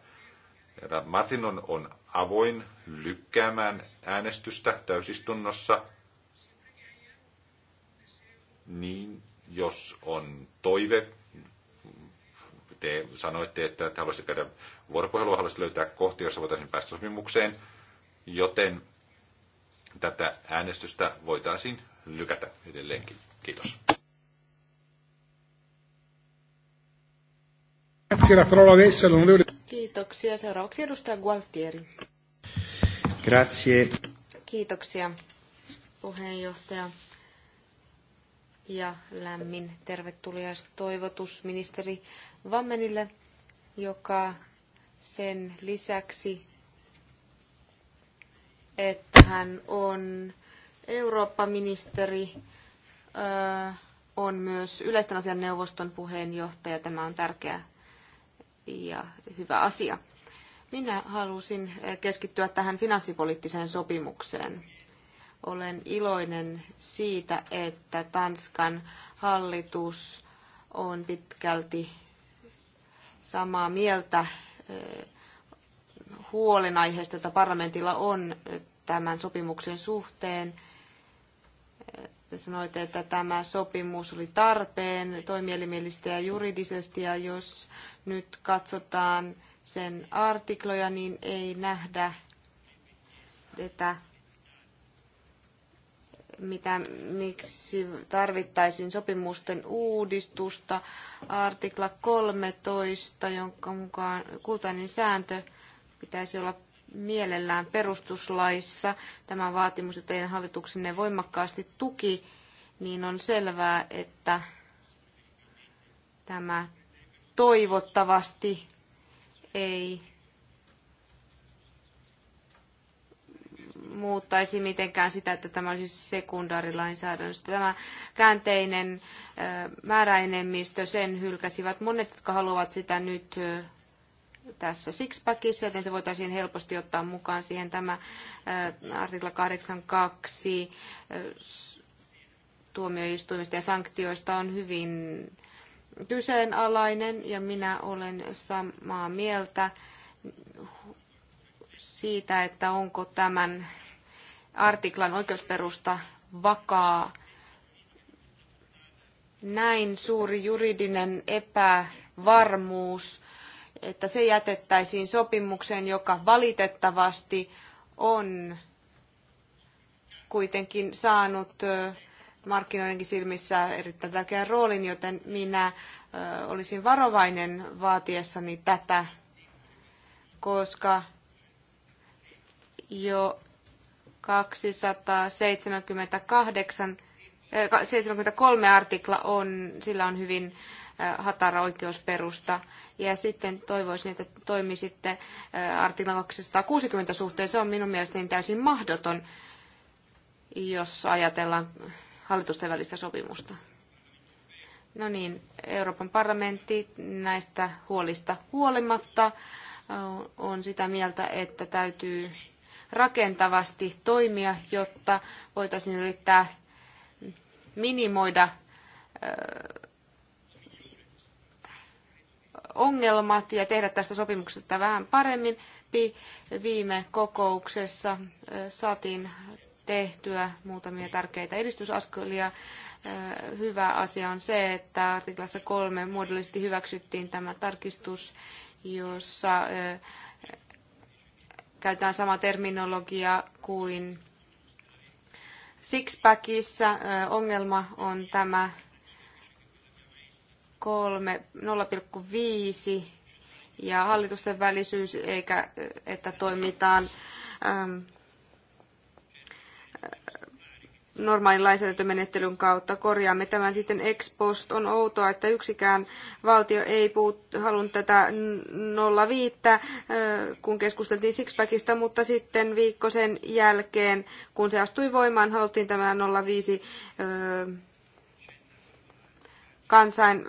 S4: Herra Martinon on avoin lykkäämään äänestystä täysistunnossa niin, jos on toive, te sanoitte, että te haluaisitte käydä vuoropuhelua, haluaisitte löytää kohti, jossa voitaisiin päästä sopimukseen, joten tätä äänestystä voitaisiin lykätä edelleenkin. Kiitos.
S1: Grazie, la parola adesso
S2: Kiitoksia. Seuraavaksi edustaja Gualtieri.
S1: Grazie.
S2: Kiitoksia puheenjohtaja. Ja lämmin tervetuliaistoivotus ministeri Vammenille, joka sen lisäksi, että hän on Eurooppa-ministeri, on myös yleisten asian neuvoston puheenjohtaja. Tämä on tärkeä ja hyvä asia. Minä halusin eh, keskittyä tähän finanssipoliittiseen sopimukseen. Olen iloinen siitä, että Tanskan hallitus on pitkälti samaa mieltä eh, huolenaiheesta, jota parlamentilla on eh, tämän sopimuksen suhteen. Te sanoitte, että tämä sopimus oli tarpeen toimielimellisesti ja juridisesti, ja jos nyt katsotaan sen artikloja, niin ei nähdä, että mitä, miksi tarvittaisiin sopimusten uudistusta. Artikla 13, jonka mukaan kultainen sääntö pitäisi olla mielellään perustuslaissa tämä vaatimus, että teidän hallituksenne voimakkaasti tuki, niin on selvää, että tämä toivottavasti ei muuttaisi mitenkään sitä, että tämä olisi siis sekundaarilainsäädännöstä. Tämä käänteinen määräenemmistö, sen hylkäsivät monet, jotka haluavat sitä nyt tässä sixpackissa, joten se voitaisiin helposti ottaa mukaan siihen tämä äh, artikla 82 äh, tuomioistuimista ja sanktioista on hyvin kyseenalainen ja minä olen samaa mieltä siitä, että onko tämän artiklan oikeusperusta vakaa. Näin suuri juridinen epävarmuus että se jätettäisiin sopimukseen, joka valitettavasti on kuitenkin saanut markkinoidenkin silmissä erittäin tärkeän roolin, joten minä olisin varovainen vaatiessani tätä, koska jo 278, 73 artikla on, sillä on hyvin hatara oikeusperusta. Ja sitten toivoisin, että toimisitte artiklan 260 suhteen. Se on minun mielestäni täysin mahdoton, jos ajatellaan hallitusten välistä sopimusta. No niin, Euroopan parlamentti näistä huolista huolimatta on sitä mieltä, että täytyy rakentavasti toimia, jotta voitaisiin yrittää minimoida ongelmat ja tehdä tästä sopimuksesta vähän paremmin. Viime kokouksessa saatiin tehtyä muutamia tärkeitä edistysaskelia. Hyvä asia on se, että artiklassa kolme muodollisesti hyväksyttiin tämä tarkistus, jossa käytetään sama terminologia kuin Sixpackissa. Ongelma on tämä 0,5 ja hallitusten välisyys, eikä että toimitaan ähm, normaalin lainsäädäntömenettelyn kautta. Korjaamme tämän sitten ex post. On outoa, että yksikään valtio ei puut, halunnut tätä 05, äh, kun keskusteltiin Sixpackista, mutta sitten viikko sen jälkeen, kun se astui voimaan, haluttiin tämä 05 kansain,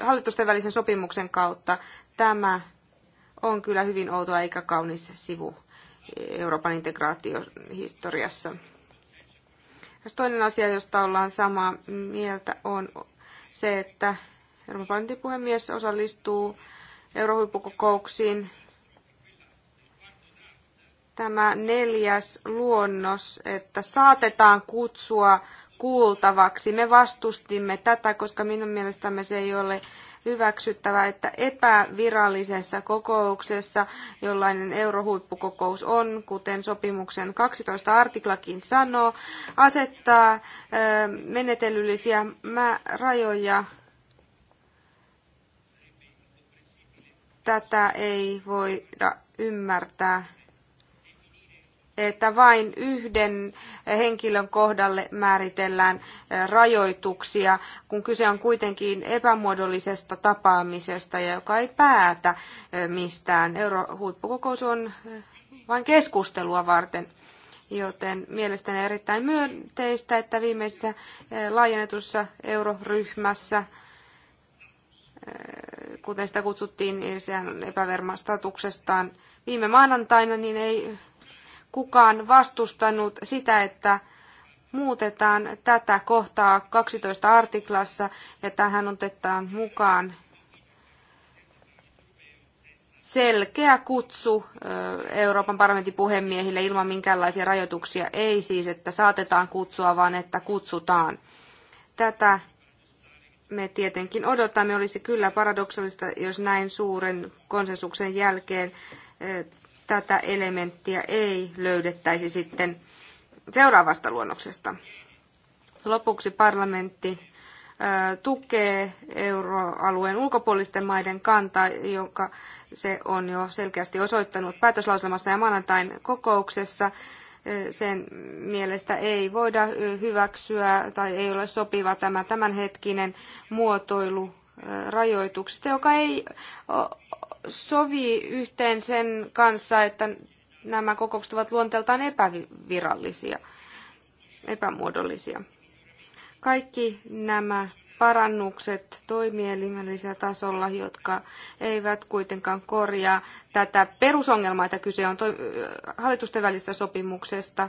S2: hallitusten välisen sopimuksen kautta. Tämä on kyllä hyvin outo eikä kaunis sivu Euroopan integraatiohistoriassa. Toinen asia, josta ollaan samaa mieltä, on se, että Euroopan parlamentin puhemies osallistuu eurohuippukokouksiin tämä neljäs luonnos, että saatetaan kutsua kuultavaksi. Me vastustimme tätä, koska minun mielestämme se ei ole hyväksyttävää, että epävirallisessa kokouksessa, jollainen eurohuippukokous on, kuten sopimuksen 12 artiklakin sanoo, asettaa menetelyllisiä rajoja. Tätä ei voida ymmärtää että vain yhden henkilön kohdalle määritellään eh, rajoituksia, kun kyse on kuitenkin epämuodollisesta tapaamisesta, joka ei päätä eh, mistään. Eurohuippukokous on eh, vain keskustelua varten. Joten mielestäni erittäin myönteistä, että viimeisessä laajennetussa euroryhmässä kuten sitä kutsuttiin, niin sehän on epäverma statuksestaan viime maanantaina, niin ei kukaan vastustanut sitä, että muutetaan tätä kohtaa 12 artiklassa ja tähän otetaan mukaan selkeä kutsu Euroopan parlamentin puhemiehille ilman minkäänlaisia rajoituksia. Ei siis, että saatetaan kutsua, vaan että kutsutaan. Tätä me tietenkin odotamme. Olisi kyllä paradoksaalista, jos näin suuren konsensuksen jälkeen tätä elementtiä ei löydettäisi sitten seuraavasta luonnoksesta. Lopuksi parlamentti tukee euroalueen ulkopuolisten maiden kantaa, jonka se on jo selkeästi osoittanut päätöslauselmassa ja maanantain kokouksessa. Sen mielestä ei voida hyväksyä tai ei ole sopiva tämä tämänhetkinen muotoilu rajoituksista, joka ei sovi yhteen sen kanssa, että nämä kokoukset ovat luonteeltaan epävirallisia, epämuodollisia. Kaikki nämä parannukset toimielimellisellä tasolla, jotka eivät kuitenkaan korjaa tätä perusongelmaa, että kyse on to- hallitusten välistä sopimuksesta.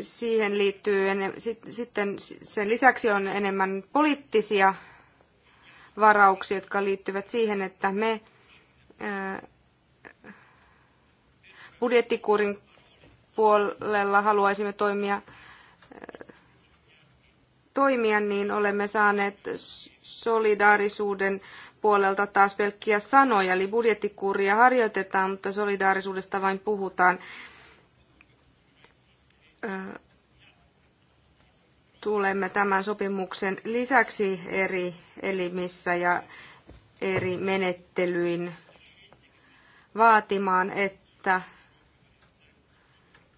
S2: Siihen liittyy, sitten sen lisäksi on enemmän poliittisia varauksia, jotka liittyvät siihen, että me budjettikurin puolella haluaisimme toimia, toimia, niin olemme saaneet solidaarisuuden puolelta taas pelkkiä sanoja, eli budjettikuria harjoitetaan, mutta solidaarisuudesta vain puhutaan tulemme tämän sopimuksen lisäksi eri elimissä ja eri menettelyin vaatimaan, että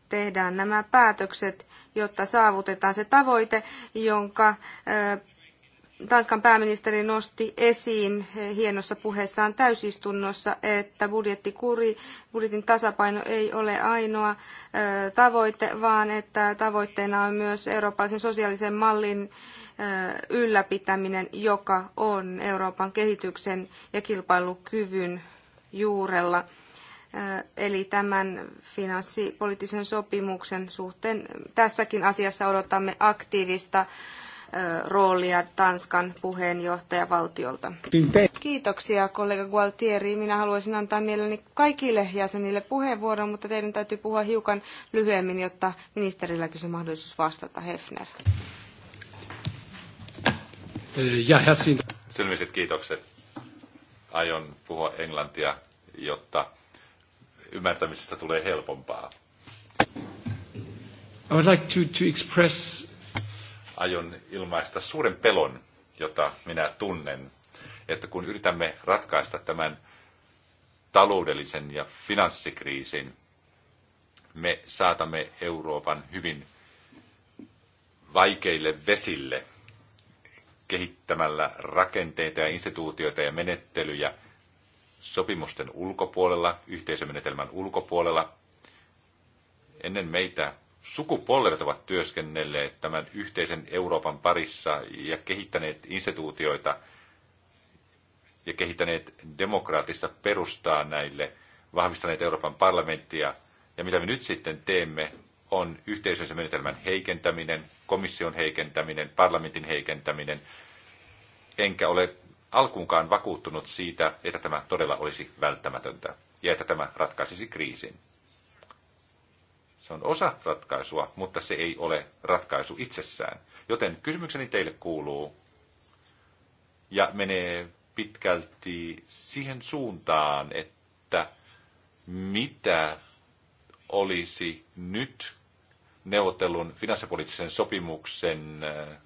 S2: tehdään nämä päätökset, jotta saavutetaan se tavoite, jonka Tanskan pääministeri nosti esiin hienossa puheessaan täysistunnossa, että budjettikuri, budjetin tasapaino ei ole ainoa tavoite, vaan että tavoitteena on myös eurooppalaisen sosiaalisen mallin ylläpitäminen, joka on Euroopan kehityksen ja kilpailukyvyn juurella. Eli tämän finanssipoliittisen sopimuksen suhteen tässäkin asiassa odotamme aktiivista roolia Tanskan puheenjohtajavaltiolta. Kiitoksia kollega Gualtieri. Minä haluaisin antaa mielelläni kaikille jäsenille puheenvuoron, mutta teidän täytyy puhua hiukan lyhyemmin, jotta ministerilläkin on mahdollisuus vastata. Hefner.
S4: Ja kiitokset. Aion puhua englantia, jotta ymmärtämisestä tulee helpompaa.
S1: I would like to, to express
S4: aion ilmaista suuren pelon, jota minä tunnen, että kun yritämme ratkaista tämän taloudellisen ja finanssikriisin, me saatamme Euroopan hyvin vaikeille vesille kehittämällä rakenteita ja instituutioita ja menettelyjä sopimusten ulkopuolella, yhteisömenetelmän ulkopuolella. Ennen meitä sukupolvet ovat työskennelleet tämän yhteisen Euroopan parissa ja kehittäneet instituutioita ja kehittäneet demokraattista perustaa näille, vahvistaneet Euroopan parlamenttia. Ja mitä me nyt sitten teemme, on yhteisönsä menetelmän heikentäminen, komission heikentäminen, parlamentin heikentäminen. Enkä ole alkuunkaan vakuuttunut siitä, että tämä todella olisi välttämätöntä ja että tämä ratkaisisi kriisin. Se on osa ratkaisua, mutta se ei ole ratkaisu itsessään. Joten kysymykseni teille kuuluu ja menee pitkälti siihen suuntaan, että mitä olisi nyt neuvotellun finanssipoliittisen sopimuksen äh,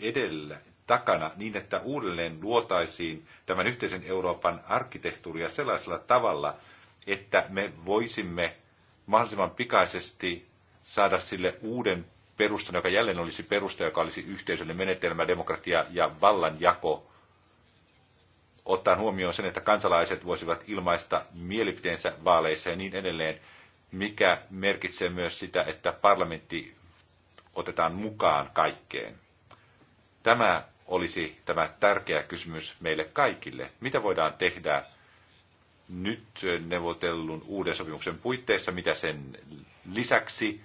S4: edellä takana niin, että uudelleen luotaisiin tämän yhteisen Euroopan arkkitehtuuria sellaisella tavalla, että me voisimme mahdollisimman pikaisesti saada sille uuden perustan, joka jälleen olisi perusta, joka olisi yhteisöllinen menetelmä, demokratia ja vallanjako, ottaen huomioon sen, että kansalaiset voisivat ilmaista mielipiteensä vaaleissa ja niin edelleen, mikä merkitsee myös sitä, että parlamentti otetaan mukaan kaikkeen. Tämä olisi tämä tärkeä kysymys meille kaikille. Mitä voidaan tehdä nyt neuvotellun uuden sopimuksen puitteissa, mitä sen lisäksi,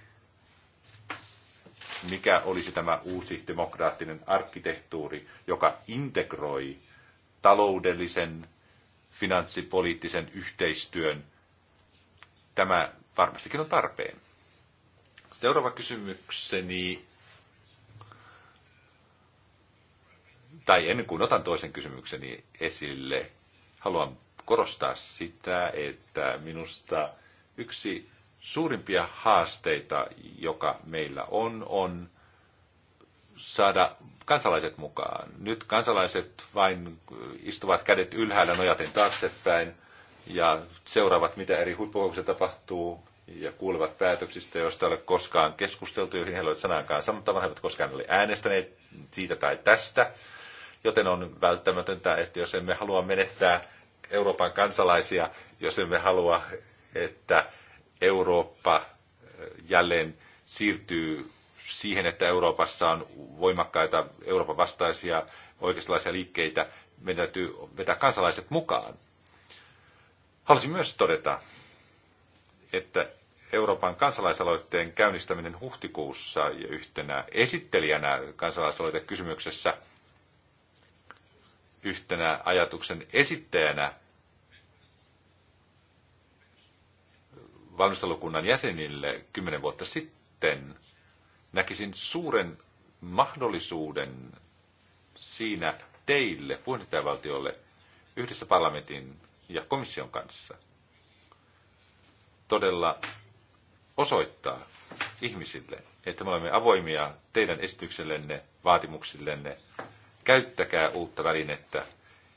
S4: mikä olisi tämä uusi demokraattinen arkkitehtuuri, joka integroi taloudellisen, finanssipoliittisen yhteistyön. Tämä varmastikin on tarpeen. Seuraava kysymykseni, tai ennen kuin otan toisen kysymykseni esille, haluan korostaa sitä, että minusta yksi suurimpia haasteita, joka meillä on, on saada kansalaiset mukaan. Nyt kansalaiset vain äh, istuvat kädet ylhäällä nojaten taaksepäin ja seuraavat, mitä eri huippukokouksissa tapahtuu ja kuulevat päätöksistä, joista ei ole koskaan keskusteltu, joihin he eivät sanankaan sanottavan, he eivät koskaan ole äänestäneet siitä tai tästä. Joten on välttämätöntä, että jos emme halua menettää Euroopan kansalaisia, jos emme halua, että Eurooppa eh, jälleen siirtyy siihen, että Euroopassa on voimakkaita Euroopan vastaisia oikeistolaisia liikkeitä. Meidän täytyy vetää kansalaiset mukaan. Haluaisin myös todeta, että Euroopan kansalaisaloitteen käynnistäminen huhtikuussa ja yhtenä esittelijänä kansalaisaloitekysymyksessä kysymyksessä yhtenä ajatuksen esittäjänä valmistelukunnan jäsenille kymmenen vuotta sitten, näkisin suuren mahdollisuuden siinä teille, puheenjohtajavaltiolle, yhdessä parlamentin ja komission kanssa todella osoittaa ihmisille, että me olemme avoimia teidän esityksellenne, vaatimuksillenne. Käyttäkää uutta välinettä,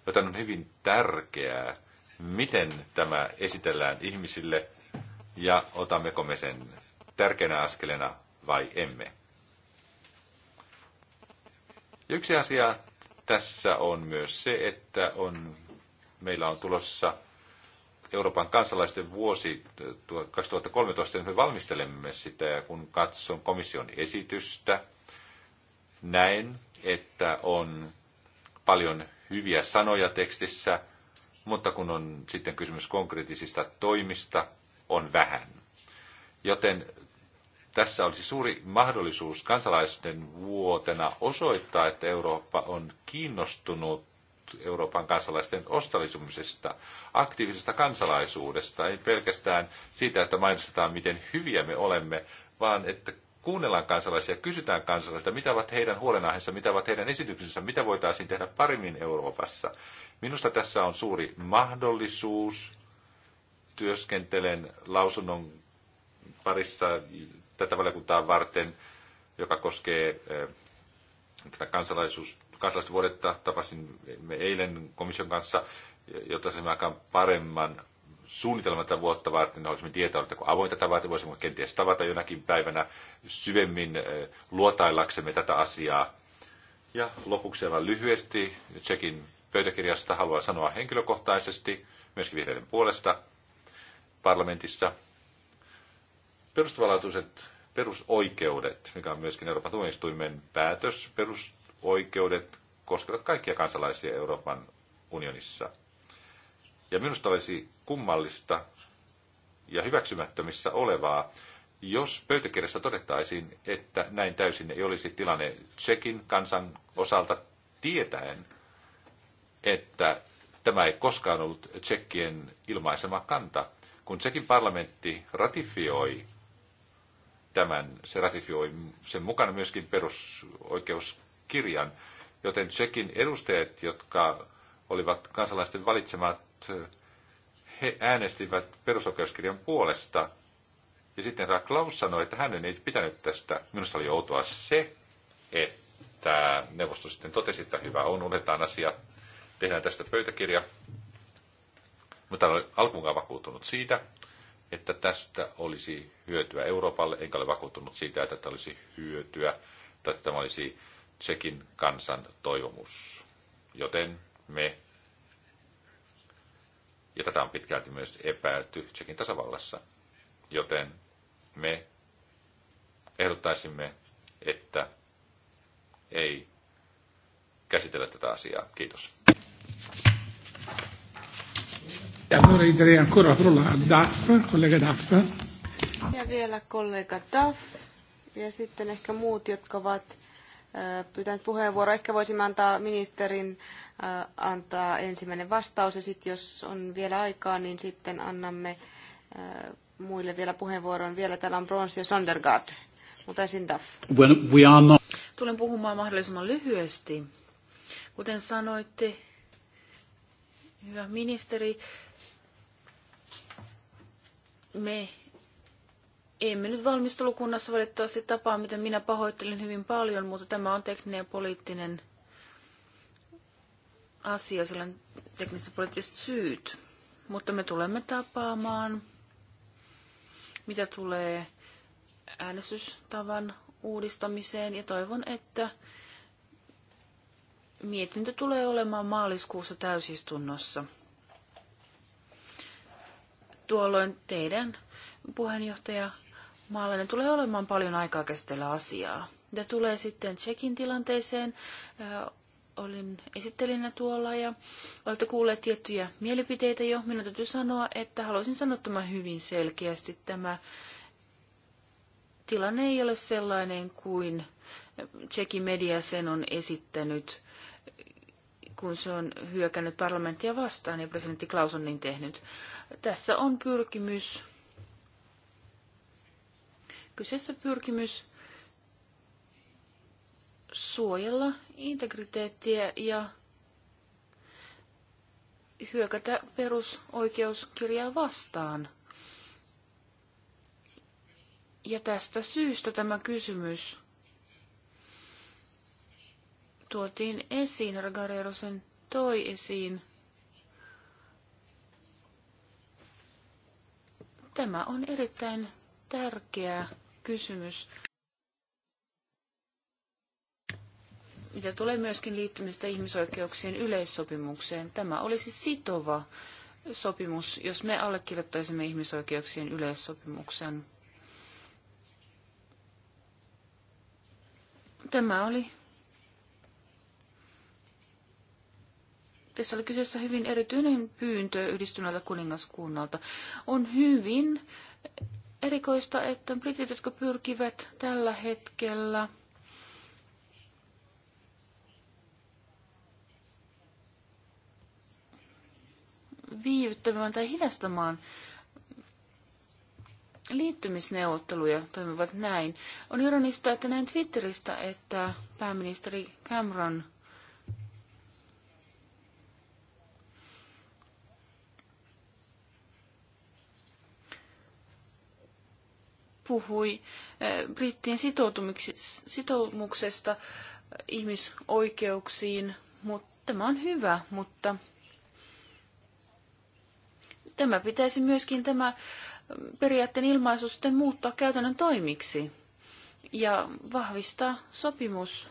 S4: joten on hyvin tärkeää, miten tämä esitellään ihmisille, ja otammeko me sen tärkeänä askelena vai emme. Yksi asia tässä on myös se, että on, meillä on tulossa Euroopan kansalaisten vuosi 2013, niin me valmistelemme sitä ja kun katson komission esitystä, näen, että on paljon hyviä sanoja tekstissä, mutta kun on sitten kysymys konkreettisista toimista, on vähän. Joten tässä olisi suuri mahdollisuus kansalaisten vuotena osoittaa, että Eurooppa on kiinnostunut Euroopan kansalaisten osallistumisesta, aktiivisesta kansalaisuudesta, ei pelkästään siitä, että mainostetaan, miten hyviä me olemme, vaan että kuunnellaan kansalaisia, kysytään kansalaisilta, mitä ovat heidän huolenaiheensa, mitä ovat heidän esityksensä, mitä voitaisiin tehdä paremmin Euroopassa. Minusta tässä on suuri mahdollisuus työskentelen lausunnon parissa tätä valiokuntaa varten, joka koskee eh, tätä kansalaisuus, kansalaisten vuodetta. Tapasin me eilen komission kanssa, jotta se aikaan paremman suunnitelman tätä vuotta varten. niin olisimme tietää, kun avoin tätä varten, voisimme kenties tavata jonakin päivänä syvemmin eh, luotaillaksemme tätä asiaa. Ja lopuksi aivan lyhyesti Tsekin pöytäkirjasta haluan sanoa henkilökohtaisesti, myöskin vihreiden puolesta, parlamentissa perustavanlaatuiset perusoikeudet, mikä on myöskin Euroopan tuomioistuimen päätös, perusoikeudet koskevat kaikkia kansalaisia Euroopan unionissa. Ja minusta olisi kummallista ja hyväksymättömissä olevaa, jos pöytäkirjassa todettaisiin, että näin täysin ei olisi tilanne Tsekin kansan osalta tietäen, että tämä ei koskaan ollut tsekkien ilmaisema kanta. Kun sekin parlamentti ratifioi tämän, se ratifioi sen mukana myöskin perusoikeuskirjan, joten sekin edustajat, jotka olivat kansalaisten valitsemat, he äänestivät perusoikeuskirjan puolesta. Ja sitten Raklaus sanoi, että hänen ei pitänyt tästä. Minusta oli outoa se, että neuvosto sitten totesi, että hyvä on, unetaan asia, tehdään tästä pöytäkirja mutta olen alkuunkaan vakuuttunut siitä, että tästä olisi hyötyä Euroopalle, enkä ole vakuuttunut siitä, että tästä olisi hyötyä, tai että tämä olisi Tsekin kansan toivomus. Joten me, ja tätä on pitkälti myös epäilty Tsekin tasavallassa, joten me ehdottaisimme, että ei käsitellä tätä asiaa. Kiitos.
S1: Allora darei ancora la parola a Duff, collega Duff.
S2: Ja vielä kollega Duff ja sitten ehkä muut, jotka ovat pyytäneet puheenvuoroa. Ehkä voisimme antaa ministerin antaa ensimmäinen vastaus ja sitten jos on vielä aikaa, niin sitten annamme
S3: muille vielä puheenvuoron. Vielä täällä on Brons ja Sondergaard, mutta ensin Duff. Not... Tulen puhumaan mahdollisimman lyhyesti. Kuten sanoitte, hyvä ministeri, me emme nyt valmistelukunnassa valitettavasti tapaa, miten minä pahoittelen hyvin paljon, mutta tämä on tekninen ja poliittinen asia, sellainen tekniset poliittiset syyt. Mutta me tulemme tapaamaan, mitä tulee äänestystavan uudistamiseen ja toivon, että mietintö tulee olemaan maaliskuussa täysistunnossa. Tuolloin teidän puheenjohtaja Maalainen tulee olemaan paljon aikaa käsitellä asiaa. Ja tulee sitten Tsekin tilanteeseen. Olin esittelinä tuolla ja olette kuulleet tiettyjä mielipiteitä jo. Minun täytyy sanoa, että haluaisin sanoa tämän hyvin selkeästi. Tämä tilanne ei ole sellainen kuin Tsekin media sen on esittänyt kun se on hyökännyt parlamenttia vastaan ja presidentti Klaus on niin tehnyt. Tässä on pyrkimys, kyseessä pyrkimys suojella integriteettiä ja hyökätä perusoikeuskirjaa vastaan. Ja tästä syystä tämä kysymys tuotiin esiin, Ragarero sen toi esiin. Tämä on erittäin tärkeä kysymys. mitä tulee myöskin liittymistä ihmisoikeuksien yleissopimukseen, tämä olisi sitova sopimus, jos me allekirjoittaisimme ihmisoikeuksien yleissopimuksen. Tämä oli Tässä oli kyseessä hyvin erityinen pyyntö yhdistyneeltä kuningaskunnalta. On hyvin erikoista, että britit, jotka pyrkivät tällä hetkellä viivyttämään tai hidastamaan liittymisneuvotteluja toimivat näin. On ironista, että näin Twitteristä, että pääministeri Cameron puhui eh, brittien sitoumuksesta eh, ihmisoikeuksiin, mutta tämä on hyvä, mutta tämä pitäisi myöskin tämä eh, periaatteen ilmaisu sitten muuttaa käytännön toimiksi ja vahvistaa sopimus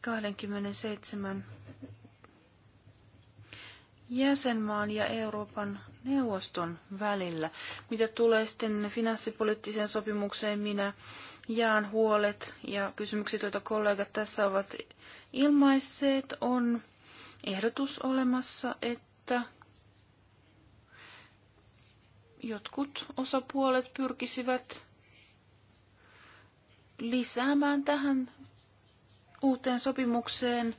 S3: 27 jäsenmaan ja Euroopan neuvoston välillä. Mitä tulee sitten finanssipoliittiseen sopimukseen, minä jaan huolet ja kysymykset, joita kollegat tässä ovat ilmaisseet, on ehdotus olemassa, että jotkut osapuolet pyrkisivät lisäämään tähän uuteen sopimukseen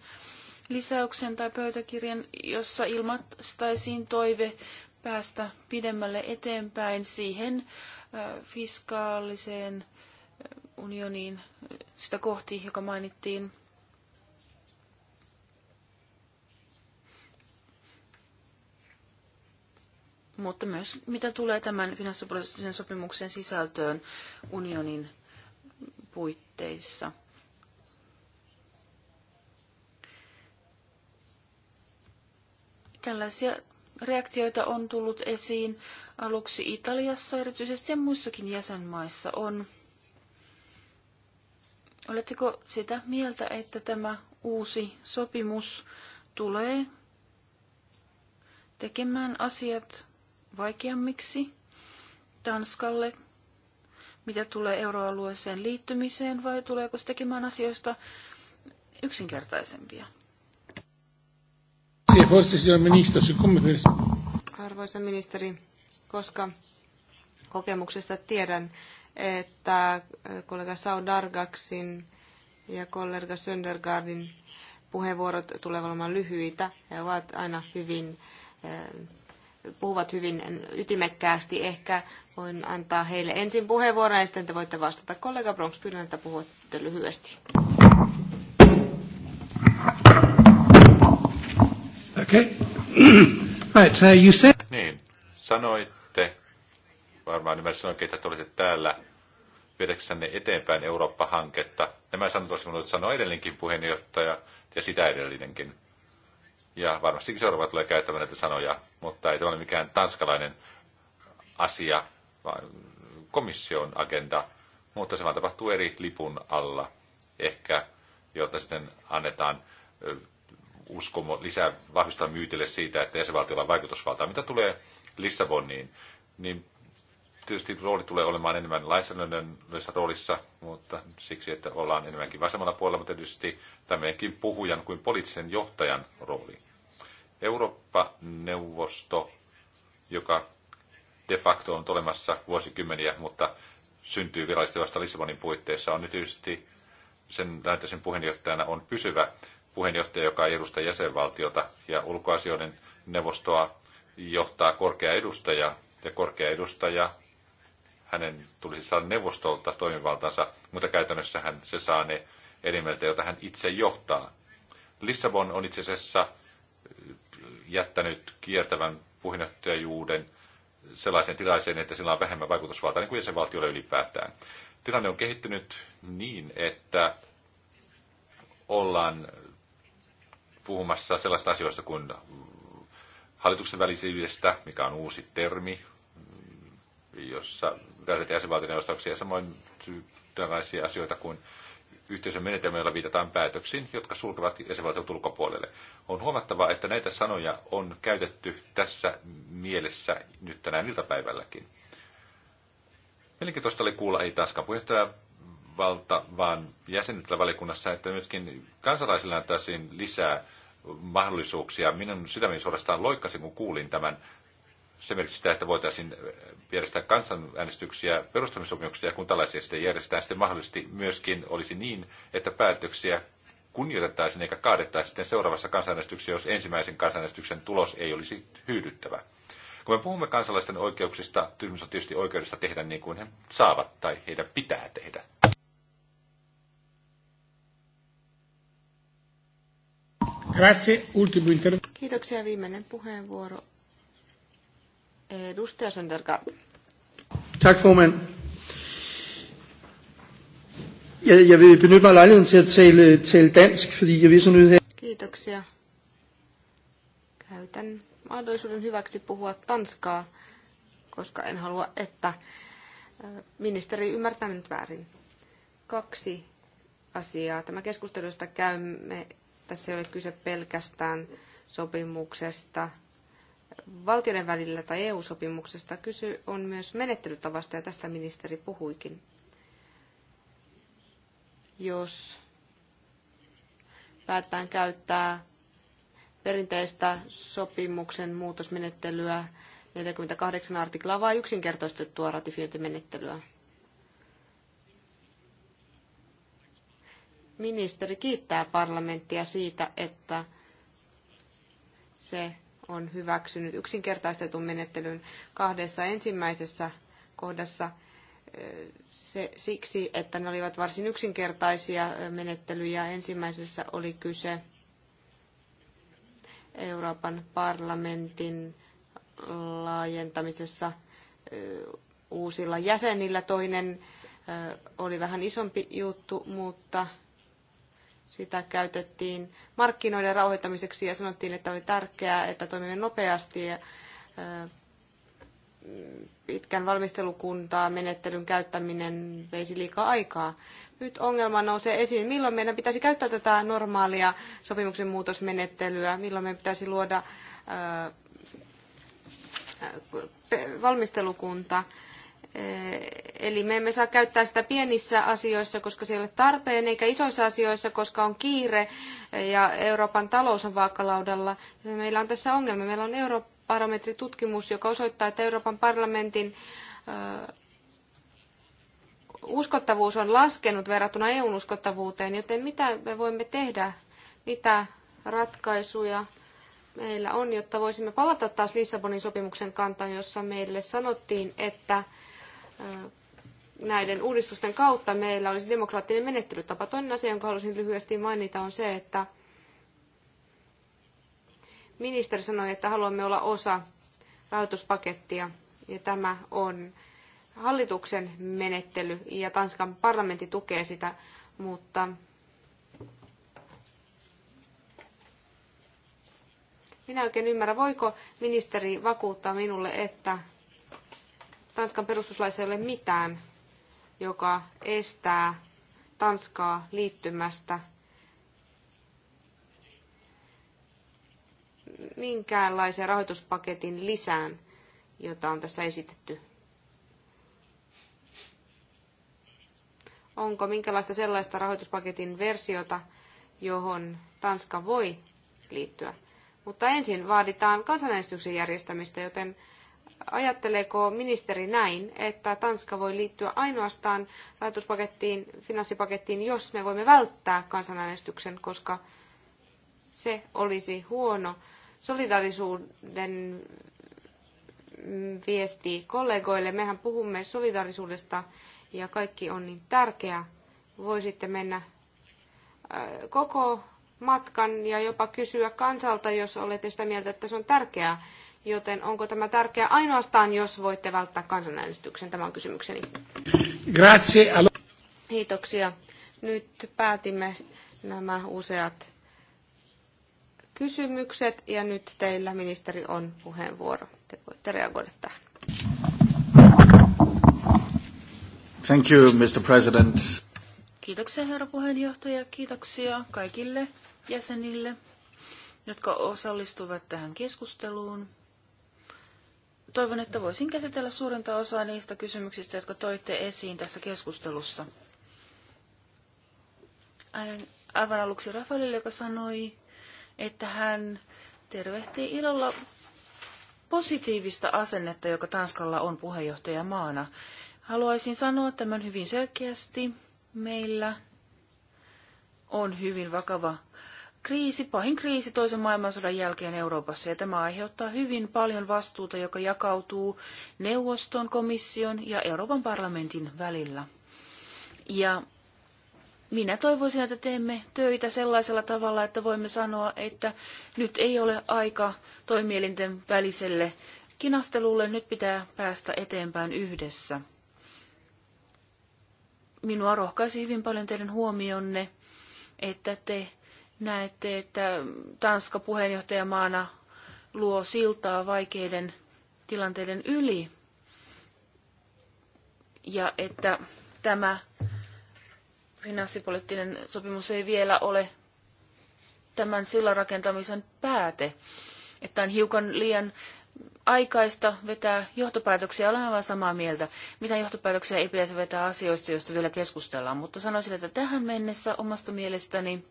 S3: lisäyksen tai pöytäkirjan, jossa ilmaistaisiin toive päästä pidemmälle eteenpäin siihen fiskaaliseen unioniin, sitä kohti, joka mainittiin mutta myös mitä tulee tämän finanssipoliittisen sopimuksen sisältöön unionin puitteissa. Tällaisia reaktioita on tullut esiin aluksi Italiassa erityisesti ja muissakin jäsenmaissa on. Oletteko sitä mieltä, että tämä uusi sopimus tulee tekemään asiat vaikeammiksi Tanskalle, mitä tulee euroalueeseen liittymiseen, vai tuleeko se tekemään asioista yksinkertaisempia? Arvoisa ministeri, koska
S2: kokemuksesta tiedän, että eh, kollega Dargaksin ja kollega Söndergaardin puheenvuorot tulevat olemaan lyhyitä. He ovat aina hyvin, eh, puhuvat hyvin ytimekkäästi. Ehkä voin antaa heille ensin puheenvuoron ja sitten te voitte vastata. Kollega Bronx, pyydän, että
S4: puhutte lyhyesti.
S1: Okay. right, so you said...
S4: Niin, sanoitte, varmaan ymmärsin oikein, että te olette täällä viedäksenne eteenpäin Eurooppa-hanketta. Nämä sanot olisi voinut sanoa edellinenkin puheenjohtaja ja sitä edellinenkin. Ja varmastikin seuraava tulee käyttämään näitä sanoja, mutta ei tämä ole mikään tanskalainen asia, vaan komission agenda. Mutta se vaan tapahtuu eri lipun alla, ehkä, jotta sitten annetaan uskomo lisää vahvistaa myytille siitä, että jäsenvaltiolla on vaikutusvaltaa. Mitä tulee Lissaboniin, niin tietysti rooli tulee olemaan enemmän lainsäädännöllisessä roolissa, mutta siksi, että ollaan enemmänkin vasemmalla puolella, mutta tietysti tämänkin puhujan kuin poliittisen johtajan rooli. Eurooppa-neuvosto, joka de facto on olemassa vuosikymmeniä, mutta syntyy virallisesti vasta Lissabonin puitteissa, on nyt tietysti sen, sen puheenjohtajana on pysyvä puheenjohtaja, joka ei edusta jäsenvaltiota, ja ulkoasioiden neuvostoa johtaa korkea edustaja, ja korkea edustaja, hänen tulisi saada neuvostolta toimivaltansa, mutta käytännössä hän se saa ne elimeltä, joita hän itse johtaa. Lissabon on itse asiassa äh, jättänyt kiertävän puheenjohtajuuden sellaisen tilaiseen, että sillä on vähemmän vaikutusvaltaa niin kuin jäsenvaltiolle ylipäätään. Tilanne on kehittynyt niin, että ollaan puhumassa sellaista asioista kuin hallituksen välisyydestä, mikä on uusi termi, jossa käytetään jäsenvaltioiden ja samoin tällaisia asioita kuin yhteisön menetelmällä viitataan päätöksiin, jotka sulkevat jäsenvaltiot ulkopuolelle. On huomattava, että näitä sanoja on käytetty tässä mielessä nyt tänään iltapäivälläkin. Mielenkiintoista oli kuulla ei taaskaan puheenjohtaja valta vaan jäsenillä valikunnassa, että myöskin kansalaisilla antaisiin lisää mahdollisuuksia. Minun sydämeni suorastaan loikkasi, kun kuulin tämän se merkitsi sitä, että voitaisiin eh, järjestää kansanäänestyksiä perustamisopimuksia ja kun tällaisia sitten järjestetään, sitten mahdollisesti myöskin olisi niin, että päätöksiä kunnioitettaisiin eikä kaadettaisiin. sitten seuraavassa kansanäänestyksessä, jos ensimmäisen kansanäänestyksen tulos ei olisi hyödyttävä. Kun me puhumme kansalaisten oikeuksista, kysymys on tietysti oikeudesta tehdä niin kuin he saavat tai heidän pitää tehdä.
S1: Grazie, ultimo inter...
S2: Kiitoksia. Viimeinen puheenvuoro. Edustaja Söndergaard.
S1: Tack, formand. Jeg, jag vill benytta mig af till att tala, tale, dansk, fordi jag vill så nyde her.
S2: Kiitoksia. Käytän mahdollisuuden hyväksi puhua tanskaa, koska en halua, että ministeri ymmärtää minut väärin. Kaksi asiaa. Tämä keskustelu, josta käymme tässä ei ole kyse pelkästään sopimuksesta valtioiden välillä tai EU-sopimuksesta. Kysy on myös menettelytavasta ja tästä ministeri puhuikin. Jos päätetään käyttää perinteistä sopimuksen muutosmenettelyä 48 artiklaa vai yksinkertaistettua ratifiointimenettelyä? ministeri kiittää parlamenttia siitä, että se on hyväksynyt yksinkertaistetun menettelyn kahdessa ensimmäisessä kohdassa se, siksi, että ne olivat varsin yksinkertaisia menettelyjä. Ensimmäisessä oli kyse Euroopan parlamentin laajentamisessa uusilla jäsenillä. Toinen oli vähän isompi juttu, mutta sitä käytettiin markkinoiden rauhoittamiseksi ja sanottiin, että oli tärkeää, että toimimme nopeasti ja pitkän valmistelukuntaa menettelyn käyttäminen veisi liikaa aikaa. Nyt ongelma nousee esiin. Milloin meidän pitäisi käyttää tätä normaalia sopimuksen muutosmenettelyä? Milloin meidän pitäisi luoda valmistelukunta? Eh, eli me emme saa käyttää sitä pienissä asioissa, koska se ei ole tarpeen, eikä isoissa asioissa, koska on kiire ja Euroopan talous on vaakalaudalla. Meillä on tässä ongelma. Meillä on Eurobarometritutkimus, joka osoittaa, että Euroopan parlamentin uskottavuus on laskenut verrattuna EUn uskottavuuteen, joten mitä me voimme tehdä, mitä ratkaisuja meillä on, jotta voisimme palata taas Lissabonin sopimuksen kantaan, jossa meille sanottiin, että näiden uudistusten kautta meillä olisi demokraattinen menettelytapa. Toinen asia, jonka halusin lyhyesti mainita, on se, että ministeri sanoi, että haluamme olla osa rahoituspakettia, ja tämä on hallituksen menettely, ja Tanskan parlamentti tukee sitä, mutta minä oikein ymmärrän, voiko ministeri vakuuttaa minulle, että Tanskan perustuslaissa ei ole mitään, joka estää Tanskaa liittymästä minkäänlaisen rahoituspaketin lisään, jota on tässä esitetty. Onko minkälaista sellaista rahoituspaketin versiota, johon Tanska voi liittyä? Mutta ensin vaaditaan kansanäänestyksen järjestämistä, joten Ajatteleeko ministeri näin, että Tanska voi liittyä ainoastaan rahoituspakettiin, finanssipakettiin, jos me voimme välttää kansanäänestyksen, koska se olisi huono solidaarisuuden viesti kollegoille. Mehän puhumme solidaarisuudesta ja kaikki on niin tärkeää. Voisitte mennä äh, koko matkan ja jopa kysyä kansalta, jos olette sitä mieltä, että se on tärkeää joten onko tämä tärkeää ainoastaan, jos voitte välttää kansanäänestyksen? Tämä on kysymykseni.
S1: Grazie.
S2: Kiitoksia. Nyt päätimme nämä useat kysymykset ja nyt teillä ministeri on puheenvuoro. Te voitte reagoida tähän.
S1: Thank you, Mr. President.
S3: Kiitoksia herra puheenjohtaja, kiitoksia kaikille jäsenille, jotka osallistuvat tähän keskusteluun toivon, että voisin käsitellä suurinta osaa niistä kysymyksistä, jotka toitte esiin tässä keskustelussa. Aivan aluksi Rafaelille, joka sanoi, että hän tervehtii ilolla positiivista asennetta, joka Tanskalla on puheenjohtajamaana. Haluaisin sanoa tämän hyvin selkeästi. Meillä on hyvin vakava kriisi, pahin kriisi toisen maailmansodan jälkeen Euroopassa, ja tämä aiheuttaa hyvin paljon vastuuta, joka jakautuu neuvoston, komission ja Euroopan parlamentin välillä. Ja minä toivoisin, että teemme töitä sellaisella tavalla, että voimme sanoa, että nyt ei ole aika toimielinten väliselle kinastelulle, nyt pitää päästä eteenpäin yhdessä. Minua rohkaisi hyvin paljon teidän huomionne, että te näette, että Tanska puheenjohtajamaana luo siltaa vaikeiden tilanteiden yli ja että tämä finanssipoliittinen sopimus ei vielä ole tämän sillan rakentamisen pääte. Että on hiukan liian aikaista vetää johtopäätöksiä, olen aivan samaa mieltä. Mitä johtopäätöksiä ei pitäisi vetää asioista, joista vielä keskustellaan, mutta sanoisin, että tähän mennessä omasta mielestäni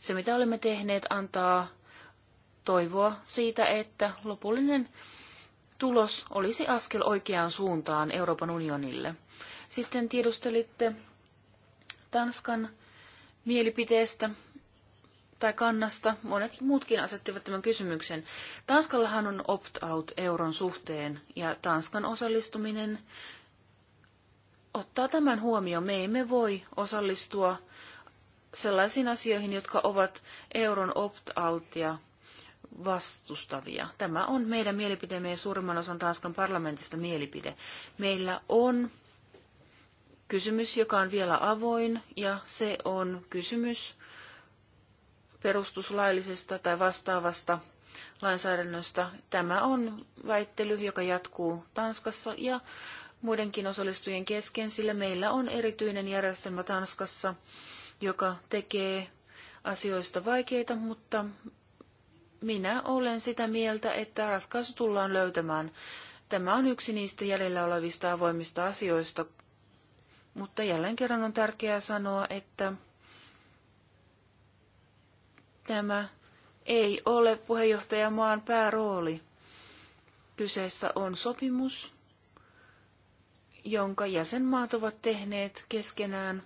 S3: se, mitä olemme tehneet, antaa toivoa siitä, että lopullinen tulos olisi askel oikeaan suuntaan Euroopan unionille. Sitten tiedustelitte Tanskan mielipiteestä tai kannasta. Monet muutkin asettivat tämän kysymyksen. Tanskallahan on opt-out euron suhteen ja Tanskan osallistuminen ottaa tämän huomioon. Me emme voi osallistua sellaisiin asioihin, jotka ovat euron opt-outia vastustavia. Tämä on meidän mielipiteemme ja suurimman osan Tanskan parlamentista mielipide. Meillä on kysymys, joka on vielä avoin, ja se on kysymys perustuslaillisesta tai vastaavasta lainsäädännöstä. Tämä on väittely, joka jatkuu Tanskassa ja muidenkin osallistujien kesken, sillä meillä on erityinen järjestelmä Tanskassa, joka tekee asioista vaikeita, mutta minä olen sitä mieltä, että ratkaisu tullaan löytämään. Tämä on yksi niistä jäljellä olevista avoimista asioista, mutta jälleen kerran on tärkeää sanoa, että tämä ei ole puheenjohtajamaan päärooli. Kyseessä on sopimus, jonka jäsenmaat ovat tehneet keskenään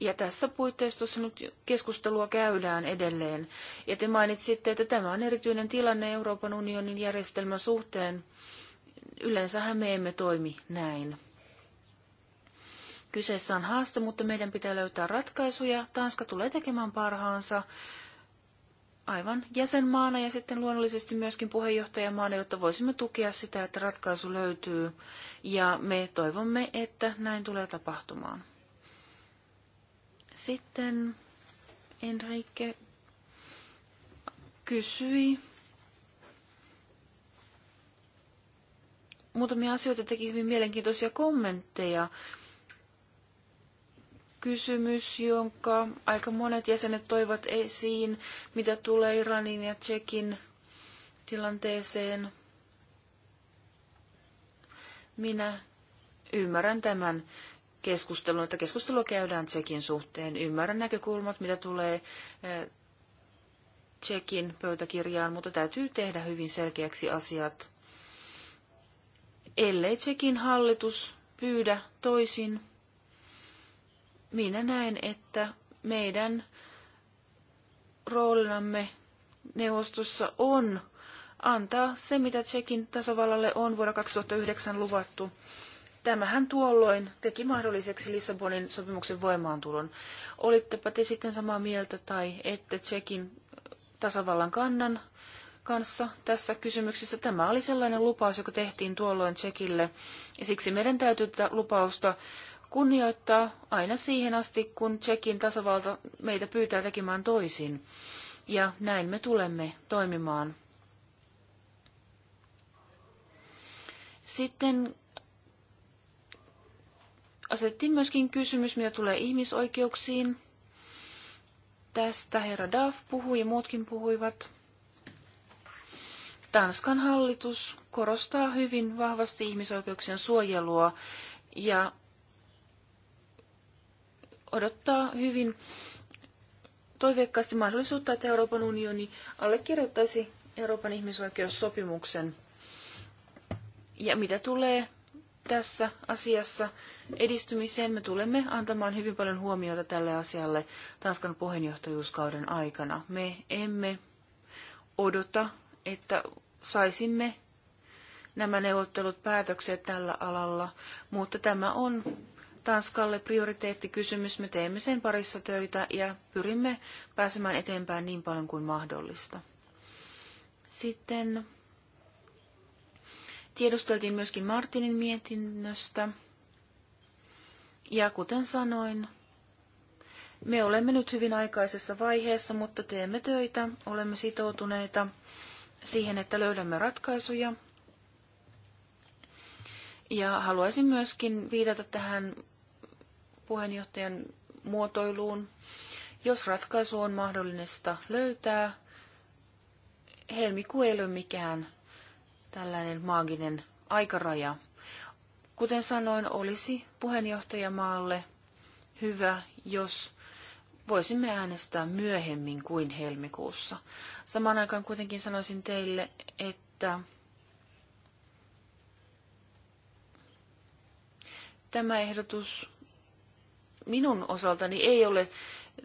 S3: ja tässä puitteistossa nyt keskustelua käydään edelleen. Ja te mainitsitte, että tämä on erityinen tilanne Euroopan unionin järjestelmän suhteen. Yleensähän me emme toimi näin. Kyseessä on haaste, mutta meidän pitää löytää ratkaisuja. Tanska tulee tekemään parhaansa aivan jäsenmaana ja sitten luonnollisesti myöskin puheenjohtajamaana, jotta voisimme tukea sitä, että ratkaisu löytyy. Ja me toivomme, että näin tulee tapahtumaan. Sitten Enrique kysyi muutamia asioita, teki hyvin mielenkiintoisia kommentteja. Kysymys, jonka aika monet jäsenet toivat esiin, mitä tulee Iranin ja Tsekin tilanteeseen. Minä ymmärrän tämän keskustelun että keskustelua käydään Tsekin suhteen. Ymmärrän näkökulmat, mitä tulee eh, Tsekin pöytäkirjaan, mutta täytyy tehdä hyvin selkeäksi asiat. Ellei Tsekin hallitus pyydä toisin, minä näen, että meidän roolinamme neuvostossa on antaa se, mitä Tsekin tasavallalle on vuonna 2009 luvattu. Tämähän tuolloin teki mahdolliseksi Lissabonin sopimuksen voimaantulon. Olittepa te sitten samaa mieltä tai ette Tsekin äh, tasavallan kannan kanssa tässä kysymyksessä. Tämä oli sellainen lupaus, joka tehtiin tuolloin Tsekille, ja siksi meidän täytyy tätä lupausta kunnioittaa aina siihen asti, kun Tsekin tasavalta meitä pyytää tekemään toisin. Ja näin me tulemme toimimaan. Sitten Asettiin myöskin kysymys, mitä tulee ihmisoikeuksiin. Tästä herra Duff puhui ja muutkin puhuivat. Tanskan hallitus korostaa hyvin vahvasti ihmisoikeuksien suojelua ja odottaa hyvin toiveikkaasti mahdollisuutta, että Euroopan unioni allekirjoittaisi Euroopan ihmisoikeussopimuksen. Ja mitä tulee tässä asiassa edistymiseen. Me tulemme antamaan hyvin paljon huomiota tälle asialle Tanskan puheenjohtajuuskauden aikana. Me emme odota, että saisimme nämä neuvottelut päätökset tällä alalla, mutta tämä on Tanskalle prioriteettikysymys. Me teemme sen parissa töitä ja pyrimme pääsemään eteenpäin niin paljon kuin mahdollista. Sitten tiedusteltiin myöskin Martinin mietinnöstä. Ja kuten sanoin, me olemme nyt hyvin aikaisessa vaiheessa, mutta teemme töitä, olemme sitoutuneita siihen, että löydämme ratkaisuja. Ja haluaisin myöskin viitata tähän puheenjohtajan muotoiluun. Jos ratkaisu on mahdollista löytää, helmikuu ei ole mikään tällainen maaginen aikaraja. Kuten sanoin, olisi puheenjohtajamaalle hyvä, jos voisimme äänestää myöhemmin kuin helmikuussa. Samaan aikaan kuitenkin sanoisin teille, että tämä ehdotus minun osaltani ei ole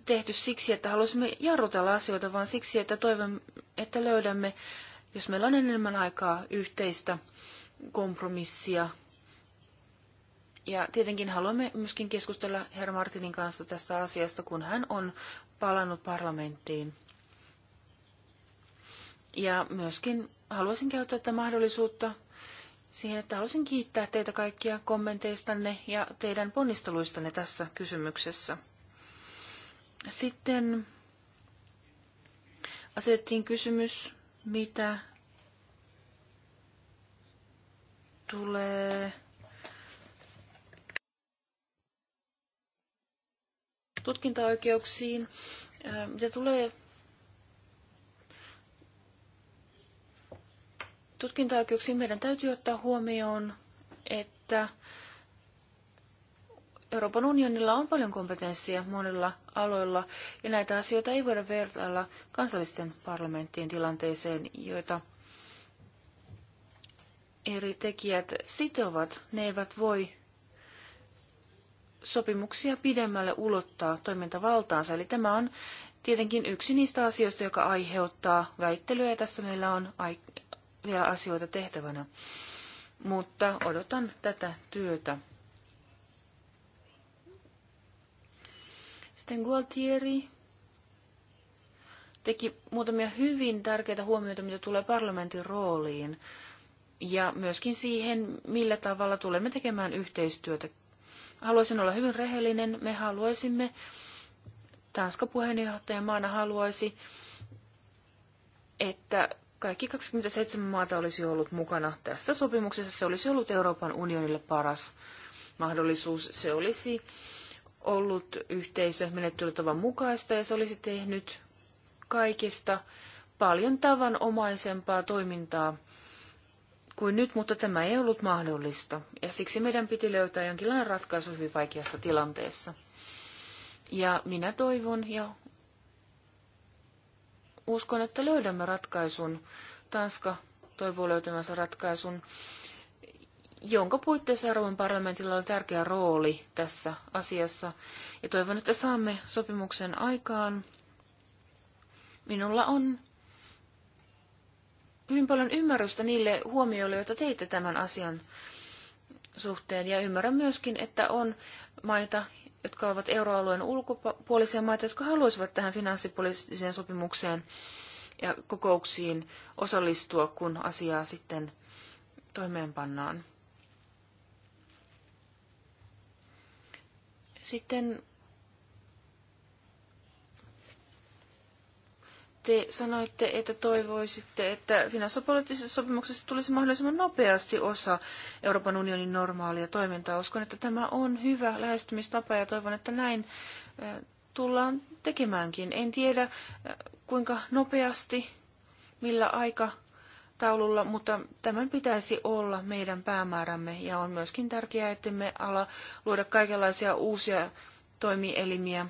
S3: tehty siksi, että haluaisimme jarrutella asioita, vaan siksi, että toivon, että löydämme, jos meillä on enemmän aikaa, yhteistä kompromissia ja tietenkin haluamme myöskin keskustella herra Martinin kanssa tästä asiasta, kun hän on palannut parlamenttiin. Ja myöskin haluaisin käyttää tätä mahdollisuutta siihen, että haluaisin kiittää teitä kaikkia kommenteistanne ja teidän ponnisteluistanne tässä kysymyksessä. Sitten asetettiin kysymys, mitä tulee tutkintaoikeuksiin. Mitä tulee tutkintaoikeuksiin, meidän täytyy ottaa huomioon, että Euroopan unionilla on paljon kompetenssia monilla aloilla, ja näitä asioita ei voida vertailla kansallisten parlamenttien tilanteeseen, joita eri tekijät sitovat. Ne eivät voi sopimuksia pidemmälle ulottaa toimintavaltaansa. Eli tämä on tietenkin yksi niistä asioista, joka aiheuttaa väittelyä, ja tässä meillä on vielä asioita tehtävänä. Mutta odotan tätä työtä. Sitten Gualtieri teki muutamia hyvin tärkeitä huomioita, mitä tulee parlamentin rooliin ja myöskin siihen, millä tavalla tulemme tekemään yhteistyötä haluaisin olla hyvin rehellinen. Me haluaisimme, Tanska Maana haluaisi, että kaikki 27 maata olisi ollut mukana tässä sopimuksessa. Se olisi ollut Euroopan unionille paras mahdollisuus. Se olisi ollut menettelytavan mukaista ja se olisi tehnyt kaikista paljon tavanomaisempaa toimintaa kuin nyt, mutta tämä ei ollut mahdollista. Ja siksi meidän piti löytää jonkinlainen ratkaisu hyvin vaikeassa tilanteessa. Ja minä toivon ja uskon, että löydämme ratkaisun. Tanska toivoo löytämänsä ratkaisun, jonka puitteissa Euroopan parlamentilla on tärkeä rooli tässä asiassa. Ja toivon, että saamme sopimuksen aikaan. Minulla on hyvin paljon ymmärrystä niille huomioille, joita teitte tämän asian suhteen. Ja ymmärrän myöskin, että on maita, jotka ovat euroalueen ulkopuolisia maita, jotka haluaisivat tähän finanssipoliittiseen sopimukseen ja kokouksiin osallistua, kun asiaa sitten toimeenpannaan. Sitten Te sanoitte, että toivoisitte, että finanssipoliittisessa sopimuksessa tulisi mahdollisimman nopeasti osa Euroopan unionin normaalia toimintaa. Uskon, että tämä on hyvä lähestymistapa ja toivon, että näin eh, tullaan tekemäänkin. En tiedä, eh, kuinka nopeasti, millä aika taululla, mutta tämän pitäisi olla meidän päämäärämme ja on myöskin tärkeää, että me ala luoda kaikenlaisia uusia toimielimiä,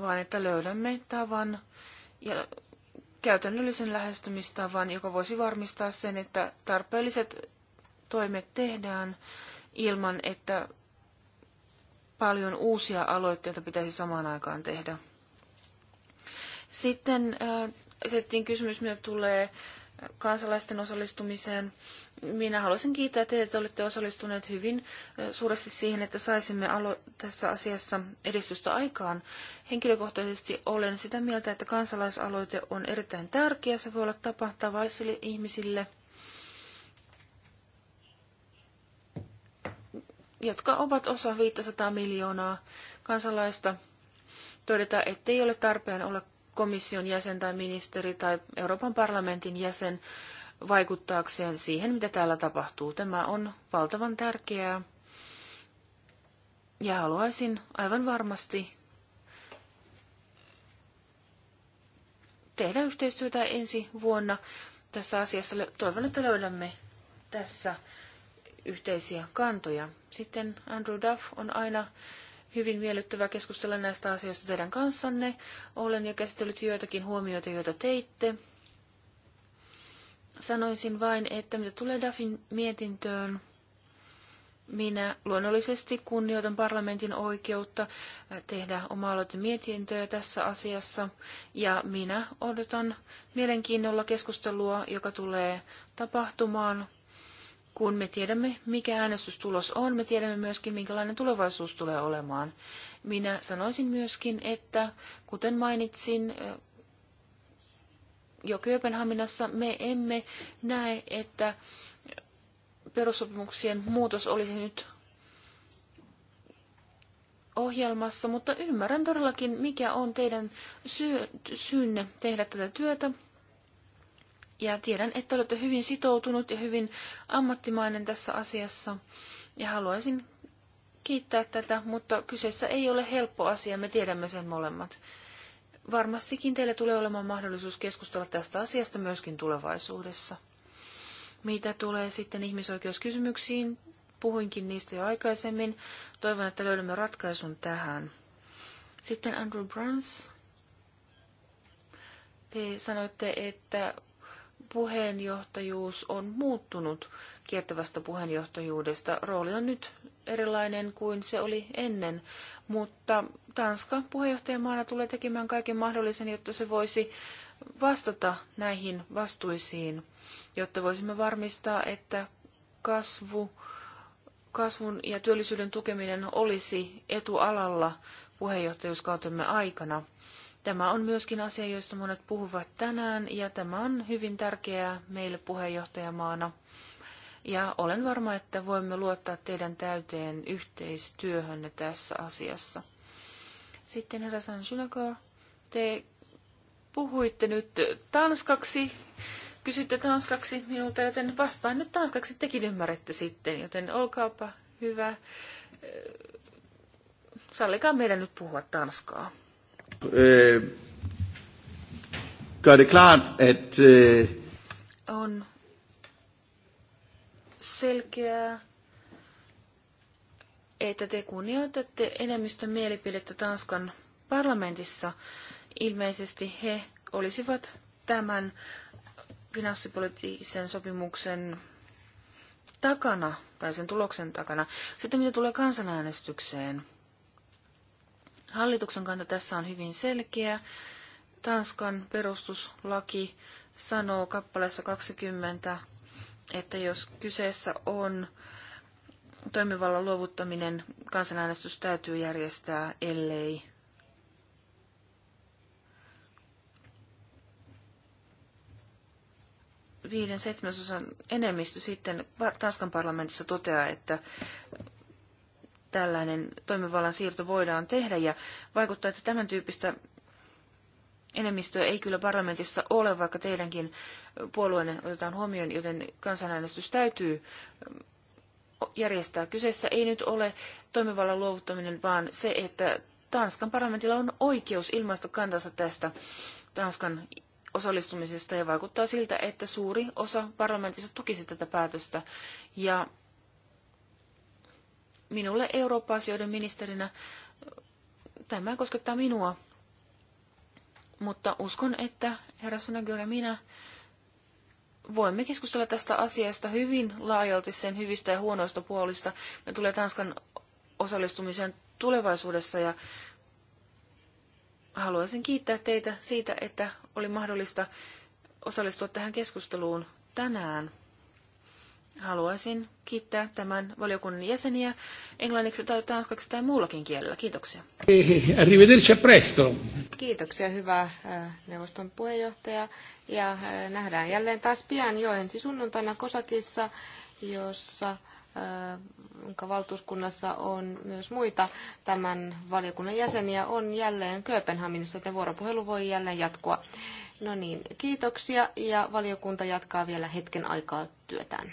S3: vaan että löydämme tavan ja käytännöllisen lähestymistavan, joka voisi varmistaa sen, että tarpeelliset toimet tehdään ilman, että paljon uusia aloitteita pitäisi samaan aikaan tehdä. Sitten äh, asettiin kysymys, mitä tulee kansalaisten osallistumiseen. Minä haluaisin kiittää teitä, että olette osallistuneet hyvin suuresti siihen, että saisimme alo- tässä asiassa edistystä aikaan. Henkilökohtaisesti olen sitä mieltä, että kansalaisaloite on erittäin tärkeä. Se voi olla tapa tavallisille ihmisille, jotka ovat osa 500 miljoonaa kansalaista, todeta, ettei ole tarpeen olla komission jäsen tai ministeri tai Euroopan parlamentin jäsen vaikuttaakseen siihen, mitä täällä tapahtuu. Tämä on valtavan tärkeää. Ja haluaisin aivan varmasti tehdä yhteistyötä ensi vuonna tässä asiassa. Toivon, että löydämme tässä yhteisiä kantoja. Sitten Andrew Duff on aina hyvin miellyttävää keskustella näistä asioista teidän kanssanne. Olen jo käsitellyt joitakin huomioita, joita teitte. Sanoisin vain, että mitä tulee DAFin mietintöön, minä luonnollisesti kunnioitan parlamentin oikeutta tehdä oma mietintöjä tässä asiassa ja minä odotan mielenkiinnolla keskustelua, joka tulee tapahtumaan kun me tiedämme, mikä äänestystulos on, me tiedämme myöskin, minkälainen tulevaisuus tulee olemaan. Minä sanoisin myöskin, että kuten mainitsin jo Kööpenhaminassa, me emme näe, että perussopimuksien muutos olisi nyt ohjelmassa, mutta ymmärrän todellakin, mikä on teidän syy, syynne tehdä tätä työtä. Ja tiedän, että olette hyvin sitoutunut ja hyvin ammattimainen tässä asiassa. Ja haluaisin kiittää tätä, mutta kyseessä ei ole helppo asia, me tiedämme sen molemmat. Varmastikin teille tulee olemaan mahdollisuus keskustella tästä asiasta myöskin tulevaisuudessa. Mitä tulee sitten ihmisoikeuskysymyksiin, puhuinkin niistä jo aikaisemmin. Toivon, että löydämme ratkaisun tähän. Sitten Andrew Bruns. Te sanoitte, että puheenjohtajuus on muuttunut kiertävästä puheenjohtajuudesta. Rooli on nyt erilainen kuin se oli ennen, mutta Tanska puheenjohtajamaana tulee tekemään kaiken mahdollisen, jotta se voisi vastata näihin vastuisiin, jotta voisimme varmistaa, että kasvu, kasvun ja työllisyyden tukeminen olisi etualalla puheenjohtajuuskautemme aikana. Tämä on myöskin asia, josta monet puhuvat tänään, ja tämä on hyvin tärkeää meille puheenjohtajamaana. Ja olen varma, että voimme luottaa teidän täyteen yhteistyöhönne tässä asiassa. Sitten herra Sanchunakor, te puhuitte nyt tanskaksi, kysytte tanskaksi minulta, joten vastaan nyt tanskaksi, tekin ymmärrätte sitten, joten olkaapa hyvä. Sallikaa meidän nyt puhua tanskaa
S1: øh, gør det klart, at... Øh,
S3: on selkeää, että te kunnioitatte enemmistön mielipidettä Tanskan parlamentissa. Ilmeisesti he olisivat tämän finanssipoliittisen sopimuksen takana tai sen tuloksen takana. Sitten mitä tulee kansanäänestykseen – Hallituksen kanta tässä on hyvin selkeä. Tanskan perustuslaki sanoo kappaleessa 20, että jos kyseessä on toimivallan luovuttaminen, kansanäänestys täytyy järjestää, ellei viiden seitsemäsosan enemmistö sitten Tanskan parlamentissa toteaa, että tällainen toimivallan siirto voidaan tehdä. Ja vaikuttaa, että tämän tyyppistä enemmistöä ei kyllä parlamentissa ole, vaikka teidänkin puolueenne otetaan huomioon, joten kansanäänestys täytyy järjestää. Kyseessä ei nyt ole toimivallan luovuttaminen, vaan se, että Tanskan parlamentilla on oikeus ilmaista kantansa tästä Tanskan osallistumisesta ja vaikuttaa siltä, että suuri osa parlamentissa tukisi tätä päätöstä. Ja minulle Eurooppa-asioiden ministerinä tämä koskettaa minua. Mutta uskon, että herra Sonagör ja minä voimme keskustella tästä asiasta hyvin laajalti sen hyvistä ja huonoista puolista. Me tulee Tanskan osallistumiseen tulevaisuudessa ja haluaisin kiittää teitä siitä, että oli mahdollista osallistua tähän keskusteluun tänään. Haluaisin kiittää tämän valiokunnan jäseniä englanniksi tai tanskaksi tai muullakin kielellä. Kiitoksia.
S1: Arrivederci presto.
S3: Kiitoksia, hyvä neuvoston puheenjohtaja.
S2: Ja nähdään jälleen taas pian jo ensi sunnuntaina Kosakissa, jossa jonka valtuuskunnassa on myös muita tämän valiokunnan jäseniä, on jälleen Kööpenhaminissa, joten vuoropuhelu voi jälleen jatkua. No niin, kiitoksia ja valiokunta jatkaa vielä hetken aikaa työtään.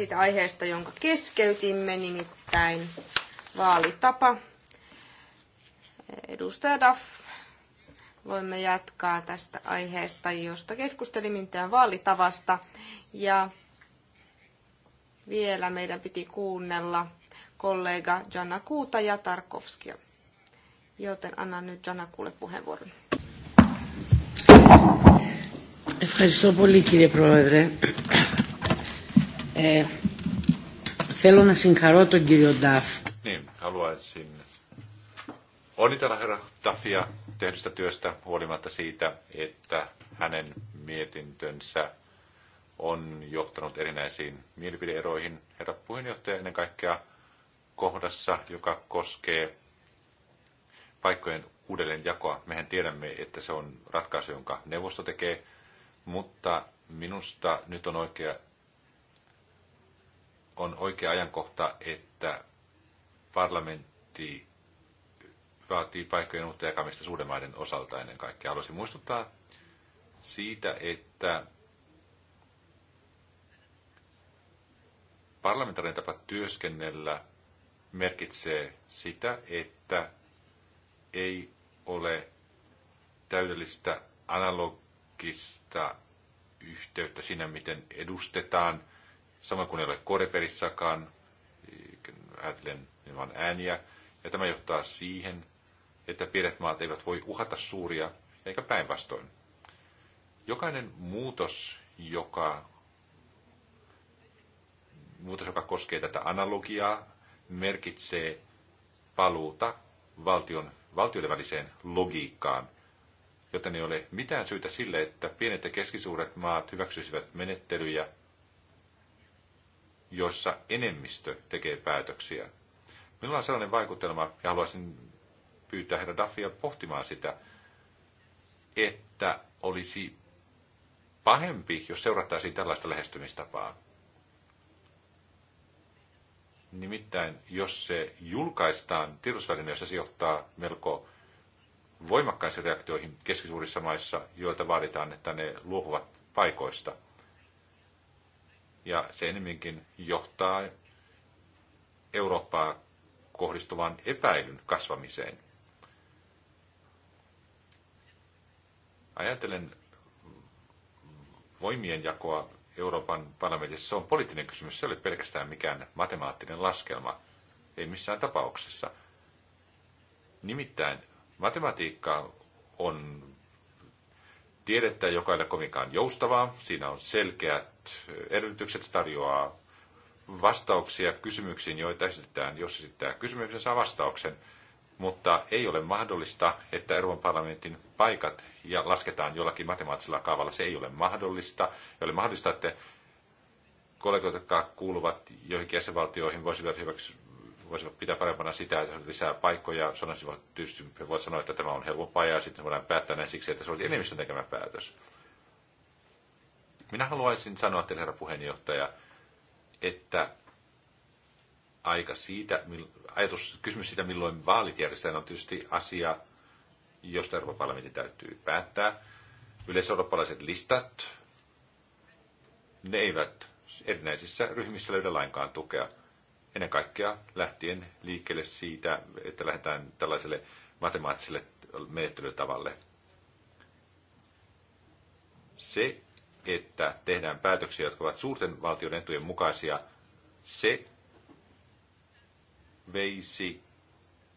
S2: siitä aiheesta, jonka keskeytimme, nimittäin vaalitapa. Edustaja Duff, voimme jatkaa tästä aiheesta, josta keskustelimme tämän vaalitavasta. Ja vielä meidän piti kuunnella kollega Jana Kuuta ja Tarkovskia. Joten annan nyt Jana Kuulle puheenvuoron.
S3: Ευχαριστώ πολύ κύριε Πρόεδρε. Ε, θέλω να συγχαρώ τον κύριο Νταφ.
S4: Niin, haluaisin onnitella herra Daffia tehdystä työstä huolimatta siitä, että hänen mietintönsä on johtanut erinäisiin mielipideeroihin. Herra puheenjohtaja ennen kaikkea kohdassa, joka koskee paikkojen uudelleenjakoa. Mehän tiedämme, että se on ratkaisu, jonka neuvosto tekee, mutta minusta nyt on oikea on oikea ajankohta, että parlamentti vaatii paikkojen uutta jakamista suuremaiden osalta ennen kaikkea. Haluaisin muistuttaa siitä, että parlamentaarinen tapa työskennellä merkitsee sitä, että ei ole täydellistä analogista yhteyttä siinä, miten edustetaan – samoin kuin ei ole koreperissakaan, ajatellen nimenomaan ääniä, ja tämä johtaa siihen, että pienet maat eivät voi uhata suuria, eikä päinvastoin. Jokainen muutos, joka, muutos, joka koskee tätä analogiaa, merkitsee paluuta valtion, valtioiden väliseen logiikkaan, joten ei ole mitään syytä sille, että pienet ja keskisuuret maat hyväksyisivät menettelyjä – jossa enemmistö tekee päätöksiä. Minulla on sellainen vaikutelma, ja haluaisin pyytää herra Daffia pohtimaan sitä, että olisi pahempi, jos seurattaisiin tällaista lähestymistapaa. Nimittäin, jos se julkaistaan tiedotusvälineessä, se johtaa melko voimakkaisiin reaktioihin keskisuurissa maissa, joilta vaaditaan, että ne luopuvat paikoista – ja se enemminkin johtaa Eurooppaa kohdistuvan epäilyn kasvamiseen. Ajattelen voimien jakoa Euroopan parlamentissa. Se on poliittinen kysymys, se ei ole pelkästään mikään matemaattinen laskelma. Ei missään tapauksessa. Nimittäin matematiikka on tiedettä, joka ei ole kovinkaan joustavaa. Siinä on selkeät edellytykset tarjoaa vastauksia kysymyksiin, joita esitetään. Jos esittää kysymyksen, saa vastauksen. Mutta ei ole mahdollista, että Euroopan parlamentin paikat ja lasketaan jollakin matemaattisella kaavalla. Se ei ole mahdollista. Ei ole mahdollista, että kollegat, jotka kuuluvat joihinkin jäsenvaltioihin, voisivat, hyväksi, voisivat pitää parempana sitä, että lisää paikkoja. että tietysti, voit sanoa, että tämä on helpompaa ja sitten voidaan päättää näin siksi, että se oli enemmistön tekemä päätös. Minä haluaisin sanoa teille, herra puheenjohtaja, että aika siitä, ajatus, kysymys siitä, milloin vaalit järjestetään, on tietysti asia, josta Euroopan parlamentin täytyy päättää. eurooppalaiset listat, ne eivät erinäisissä ryhmissä löydä lainkaan tukea. Ennen kaikkea lähtien liikkeelle siitä, että lähdetään tällaiselle matemaattiselle menettelytavalle. Se, että tehdään päätöksiä, jotka ovat suurten valtion etujen mukaisia, se veisi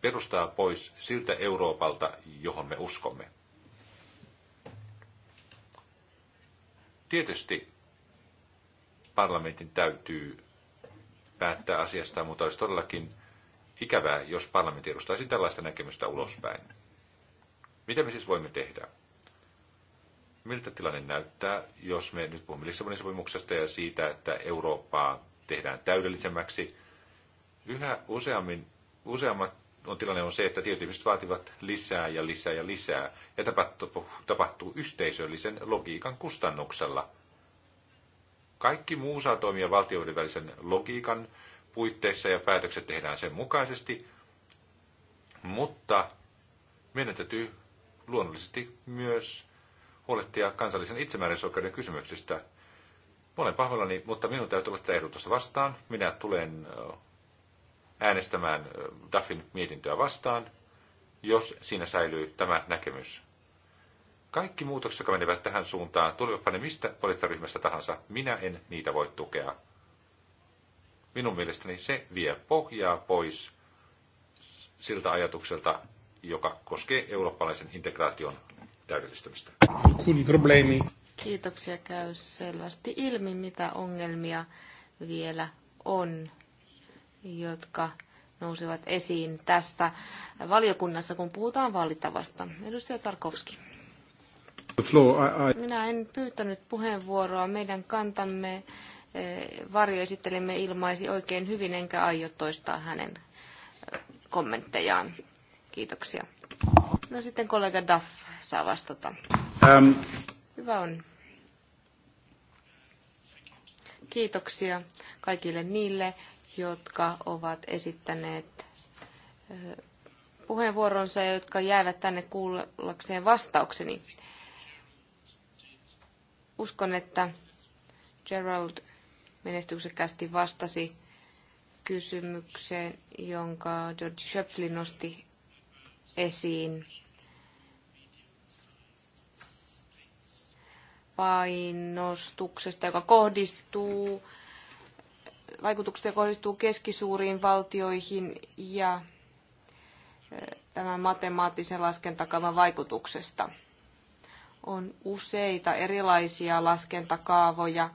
S4: perustaa pois siltä Euroopalta, johon me uskomme. Tietysti parlamentin täytyy päättää asiasta, mutta olisi todellakin ikävää, jos parlamentti edustaisi tällaista näkemystä ulospäin. Mitä me siis voimme tehdä? miltä tilanne näyttää, jos me nyt puhumme Lissabonin sopimuksesta ja siitä, että Eurooppaa tehdään täydellisemmäksi. Yhä useammin, useammat on tilanne on se, että tietyt ihmiset vaativat lisää ja lisää ja lisää, ja tapahtuu, yhteisöllisen logiikan kustannuksella. Kaikki muu saa toimia valtioiden välisen logiikan puitteissa ja päätökset tehdään sen mukaisesti, mutta meidän täytyy luonnollisesti myös huolehtia kansallisen itsemääräämisoikeuden kysymyksistä. Mä olen pahoillani, mutta minun täytyy olla tätä ehdotusta vastaan. Minä tulen äänestämään Duffin mietintöä vastaan, jos siinä säilyy tämä näkemys. Kaikki muutokset, jotka menevät tähän suuntaan, tulevatpa ne mistä poliittaryhmästä tahansa, minä en niitä voi tukea. Minun mielestäni se vie pohjaa pois siltä ajatukselta, joka koskee eurooppalaisen integraation täydellistämistä.
S2: Kiitoksia. Käy selvästi ilmi, mitä ongelmia vielä on, jotka nousivat esiin tästä valiokunnassa, kun puhutaan valittavasta. Edustaja Tarkovski. Minä en pyytänyt puheenvuoroa. Meidän kantamme eh, varjoesittelimme ilmaisi oikein hyvin, enkä aio toistaa hänen eh, kommenttejaan. Kiitoksia. No sitten kollega Duff saa vastata. Ähm. Hyvä on. Kiitoksia kaikille niille, jotka ovat esittäneet äh, puheenvuoronsa ja jotka jäävät tänne kuullakseen vastaukseni. Uskon, että Gerald menestyksekkäästi vastasi kysymykseen, jonka George Schöpfli nosti esiin painostuksesta, joka kohdistuu, vaikutuksesta joka kohdistuu keskisuuriin valtioihin ja tämän matemaattisen laskentakaavan vaikutuksesta. On useita erilaisia laskentakaavoja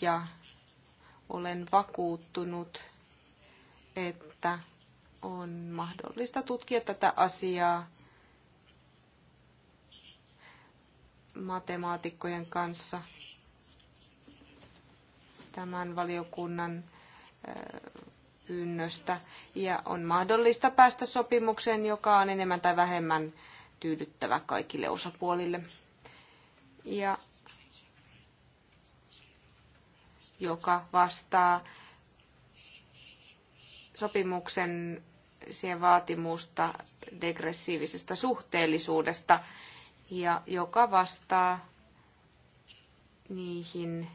S2: ja olen vakuuttunut, että on mahdollista tutkia tätä asiaa matemaatikkojen kanssa tämän valiokunnan pyynnöstä. Ja on mahdollista päästä sopimukseen, joka on enemmän tai vähemmän tyydyttävä kaikille osapuolille. Ja joka vastaa sopimuksen siihen vaatimusta degressiivisestä suhteellisuudesta ja joka vastaa niihin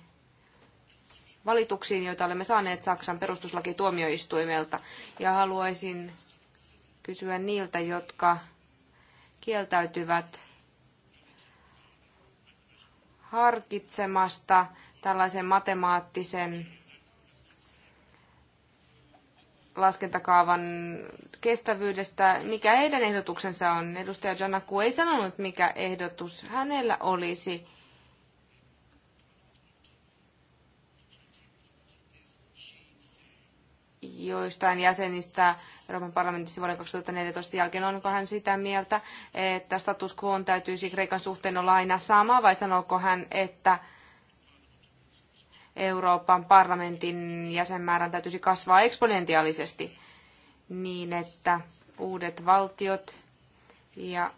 S2: valituksiin, joita olemme saaneet Saksan perustuslakituomioistuimelta. Ja haluaisin kysyä niiltä, jotka kieltäytyvät harkitsemasta tällaisen matemaattisen laskentakaavan kestävyydestä. Mikä heidän ehdotuksensa on? Edustaja Janaku ei sanonut, mikä ehdotus hänellä olisi. joistain jäsenistä Euroopan parlamentissa vuoden 2014 jälkeen. Onko hän sitä mieltä, että status quo täytyisi Kreikan suhteen olla aina sama vai sanooko hän, että Euroopan parlamentin jäsenmäärän täytyisi kasvaa eksponentiaalisesti niin, että uudet valtiot ja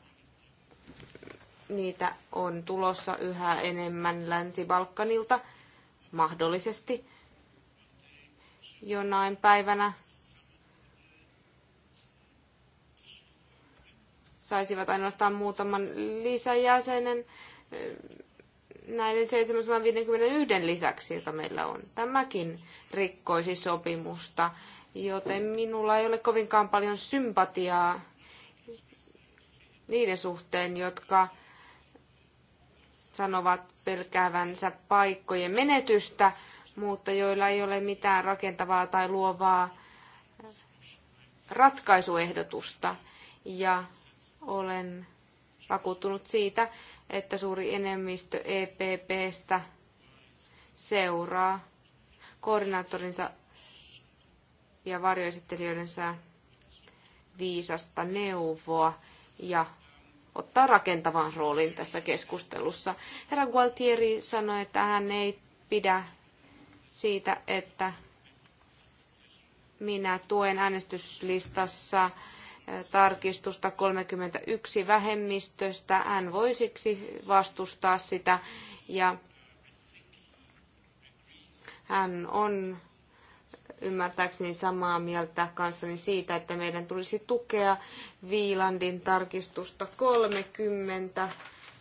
S2: niitä on tulossa yhä enemmän Länsi-Balkanilta mahdollisesti jonain päivänä saisivat ainoastaan muutaman lisäjäsenen näiden 751 lisäksi, jota meillä on. Tämäkin rikkoisi sopimusta, joten minulla ei ole kovinkaan paljon sympatiaa niiden suhteen, jotka sanovat pelkäävänsä paikkojen menetystä, mutta joilla ei ole mitään rakentavaa tai luovaa ratkaisuehdotusta. Ja olen vakuuttunut siitä, että suuri enemmistö EPPstä seuraa koordinaattorinsa ja varjoesittelijöidensä viisasta neuvoa ja ottaa rakentavan roolin tässä keskustelussa. Herra Gualtieri sanoi, että hän ei pidä siitä, että minä tuen äänestyslistassa tarkistusta 31 vähemmistöstä. Hän voi siksi vastustaa sitä ja hän on ymmärtääkseni samaa mieltä kanssani siitä, että meidän tulisi tukea Viilandin tarkistusta 30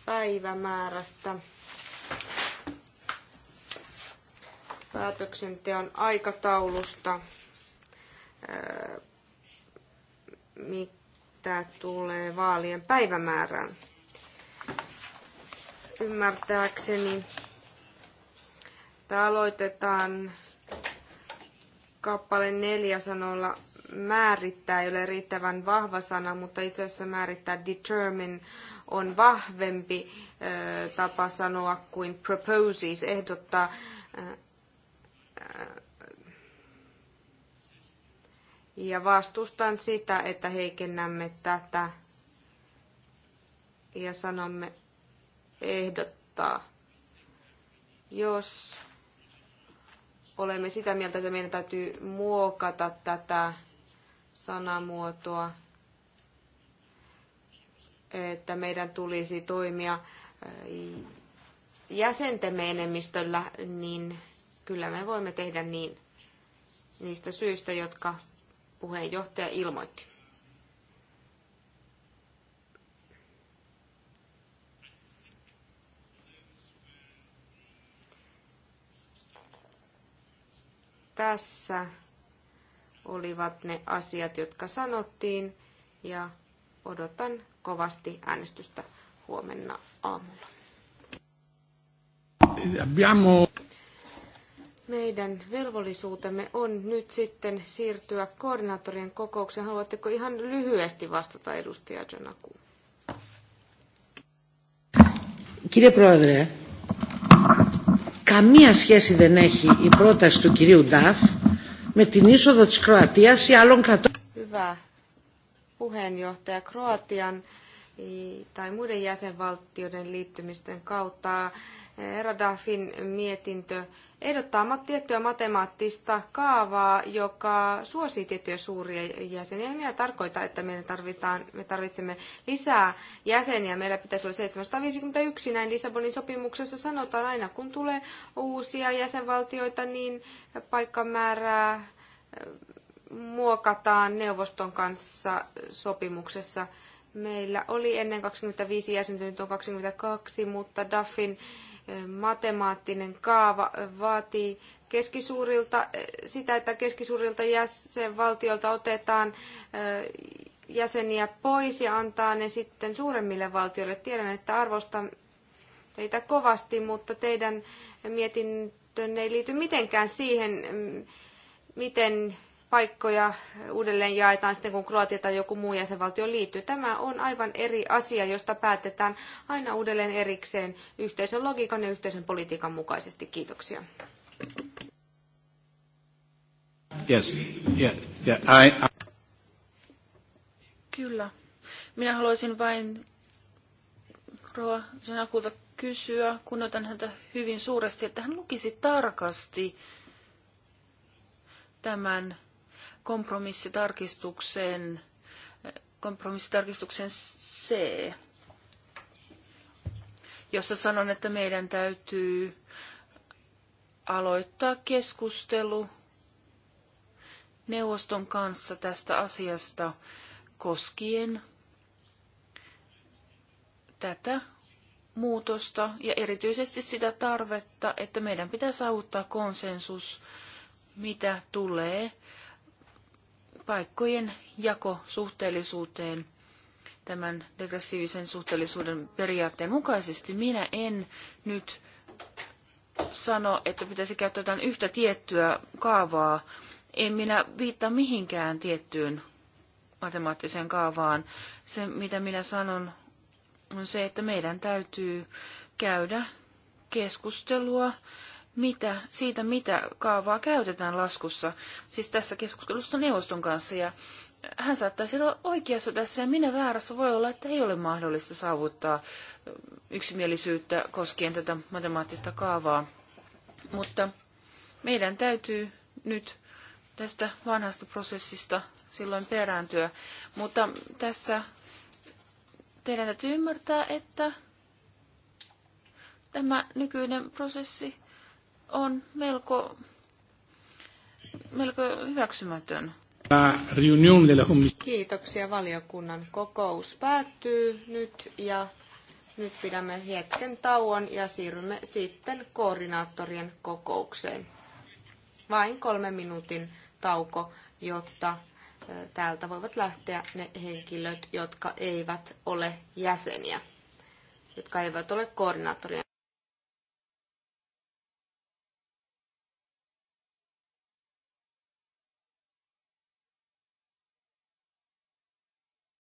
S2: päivämäärästä. Päätöksenteon aikataulusta mitä tulee vaalien päivämäärään. Ymmärtääkseni tämä aloitetaan kappale neljä sanoilla määrittää ei ole riittävän vahva sana, mutta itse asiassa määrittää determine on vahvempi tapa sanoa kuin proposes, ehdottaa ja vastustan sitä, että heikennämme tätä ja sanomme ehdottaa. Jos olemme sitä mieltä, että meidän täytyy muokata tätä sanamuotoa, että meidän tulisi toimia äh, jäsentemme enemmistöllä, niin kyllä me voimme tehdä niin niistä syistä, jotka puheenjohtaja ilmoitti. Tässä olivat ne asiat, jotka sanottiin ja odotan kovasti äänestystä huomenna aamulla.
S1: Abbiamo
S2: meidän velvollisuutemme on nyt sitten siirtyä koordinaattorien kokoukseen. Haluatteko ihan lyhyesti vastata edustaja Janaku?
S3: Κύριε Πρόεδρε, καμία σχέση δεν έχει η πρόταση του κυρίου Νταφ με την είσοδο της Κροατίας ή άλλων κρατών.
S2: Hyvä puheenjohtaja Kroatian tai muiden jäsenvaltioiden liittymisten kautta. Herra Daffin mietintö ehdottaa tiettyä matemaattista kaavaa, joka suosii tiettyjä suuria jäseniä. Minä tarkoita, että meidän tarvitaan, me tarvitsemme lisää jäseniä. Meillä pitäisi olla 751 näin Lissabonin sopimuksessa. Sanotaan aina, kun tulee uusia jäsenvaltioita, niin paikkamäärää eh, muokataan neuvoston kanssa sopimuksessa. Meillä oli ennen 25 jäsentä, nyt on 22, mutta Duffin matemaattinen kaava vaatii keskisuurilta, sitä, että keskisuurilta jäsenvaltiolta otetaan jäseniä pois ja antaa ne sitten suuremmille valtioille. Tiedän, että arvostan teitä kovasti, mutta teidän mietintönne ei liity mitenkään siihen, miten paikkoja uudelleen jaetaan sitten, kun Kroatia tai joku muu jäsenvaltio liittyy. Tämä on aivan eri asia, josta päätetään aina uudelleen erikseen yhteisön logiikan ja yhteisön politiikan mukaisesti. Kiitoksia.
S1: Yes. Yeah. Yeah. I, I...
S3: Kyllä. Minä haluaisin vain Roa Janakulta kysyä, kunnioitan häntä hyvin suuresti, että hän lukisi tarkasti tämän kompromissitarkistuksen kompromissitarkistuksen C, jossa sanon, että meidän täytyy aloittaa keskustelu neuvoston kanssa tästä asiasta koskien tätä muutosta ja erityisesti sitä tarvetta, että meidän pitää saavuttaa konsensus, mitä tulee paikkojen jako suhteellisuuteen tämän degressiivisen suhteellisuuden periaatteen mukaisesti. Minä en nyt sano, että pitäisi käyttää jotain yhtä tiettyä kaavaa. En minä viittaa mihinkään tiettyyn matemaattiseen kaavaan. Se, mitä minä sanon, on se, että meidän täytyy käydä keskustelua mitä, siitä, mitä kaavaa käytetään laskussa, siis tässä keskustelussa neuvoston kanssa. Ja hän saattaisi olla oikeassa tässä ja minä väärässä voi olla, että ei ole mahdollista saavuttaa yksimielisyyttä koskien tätä matemaattista kaavaa. Mutta meidän täytyy nyt tästä vanhasta prosessista silloin perääntyä. Mutta tässä teidän täytyy ymmärtää, että tämä nykyinen prosessi on melko, melko hyväksymätön.
S2: Kiitoksia. Valiokunnan kokous päättyy nyt ja nyt pidämme hetken tauon ja siirrymme sitten koordinaattorien kokoukseen. Vain kolmen minuutin tauko, jotta täältä voivat lähteä ne henkilöt, jotka eivät ole jäseniä, jotka eivät ole koordinaattorien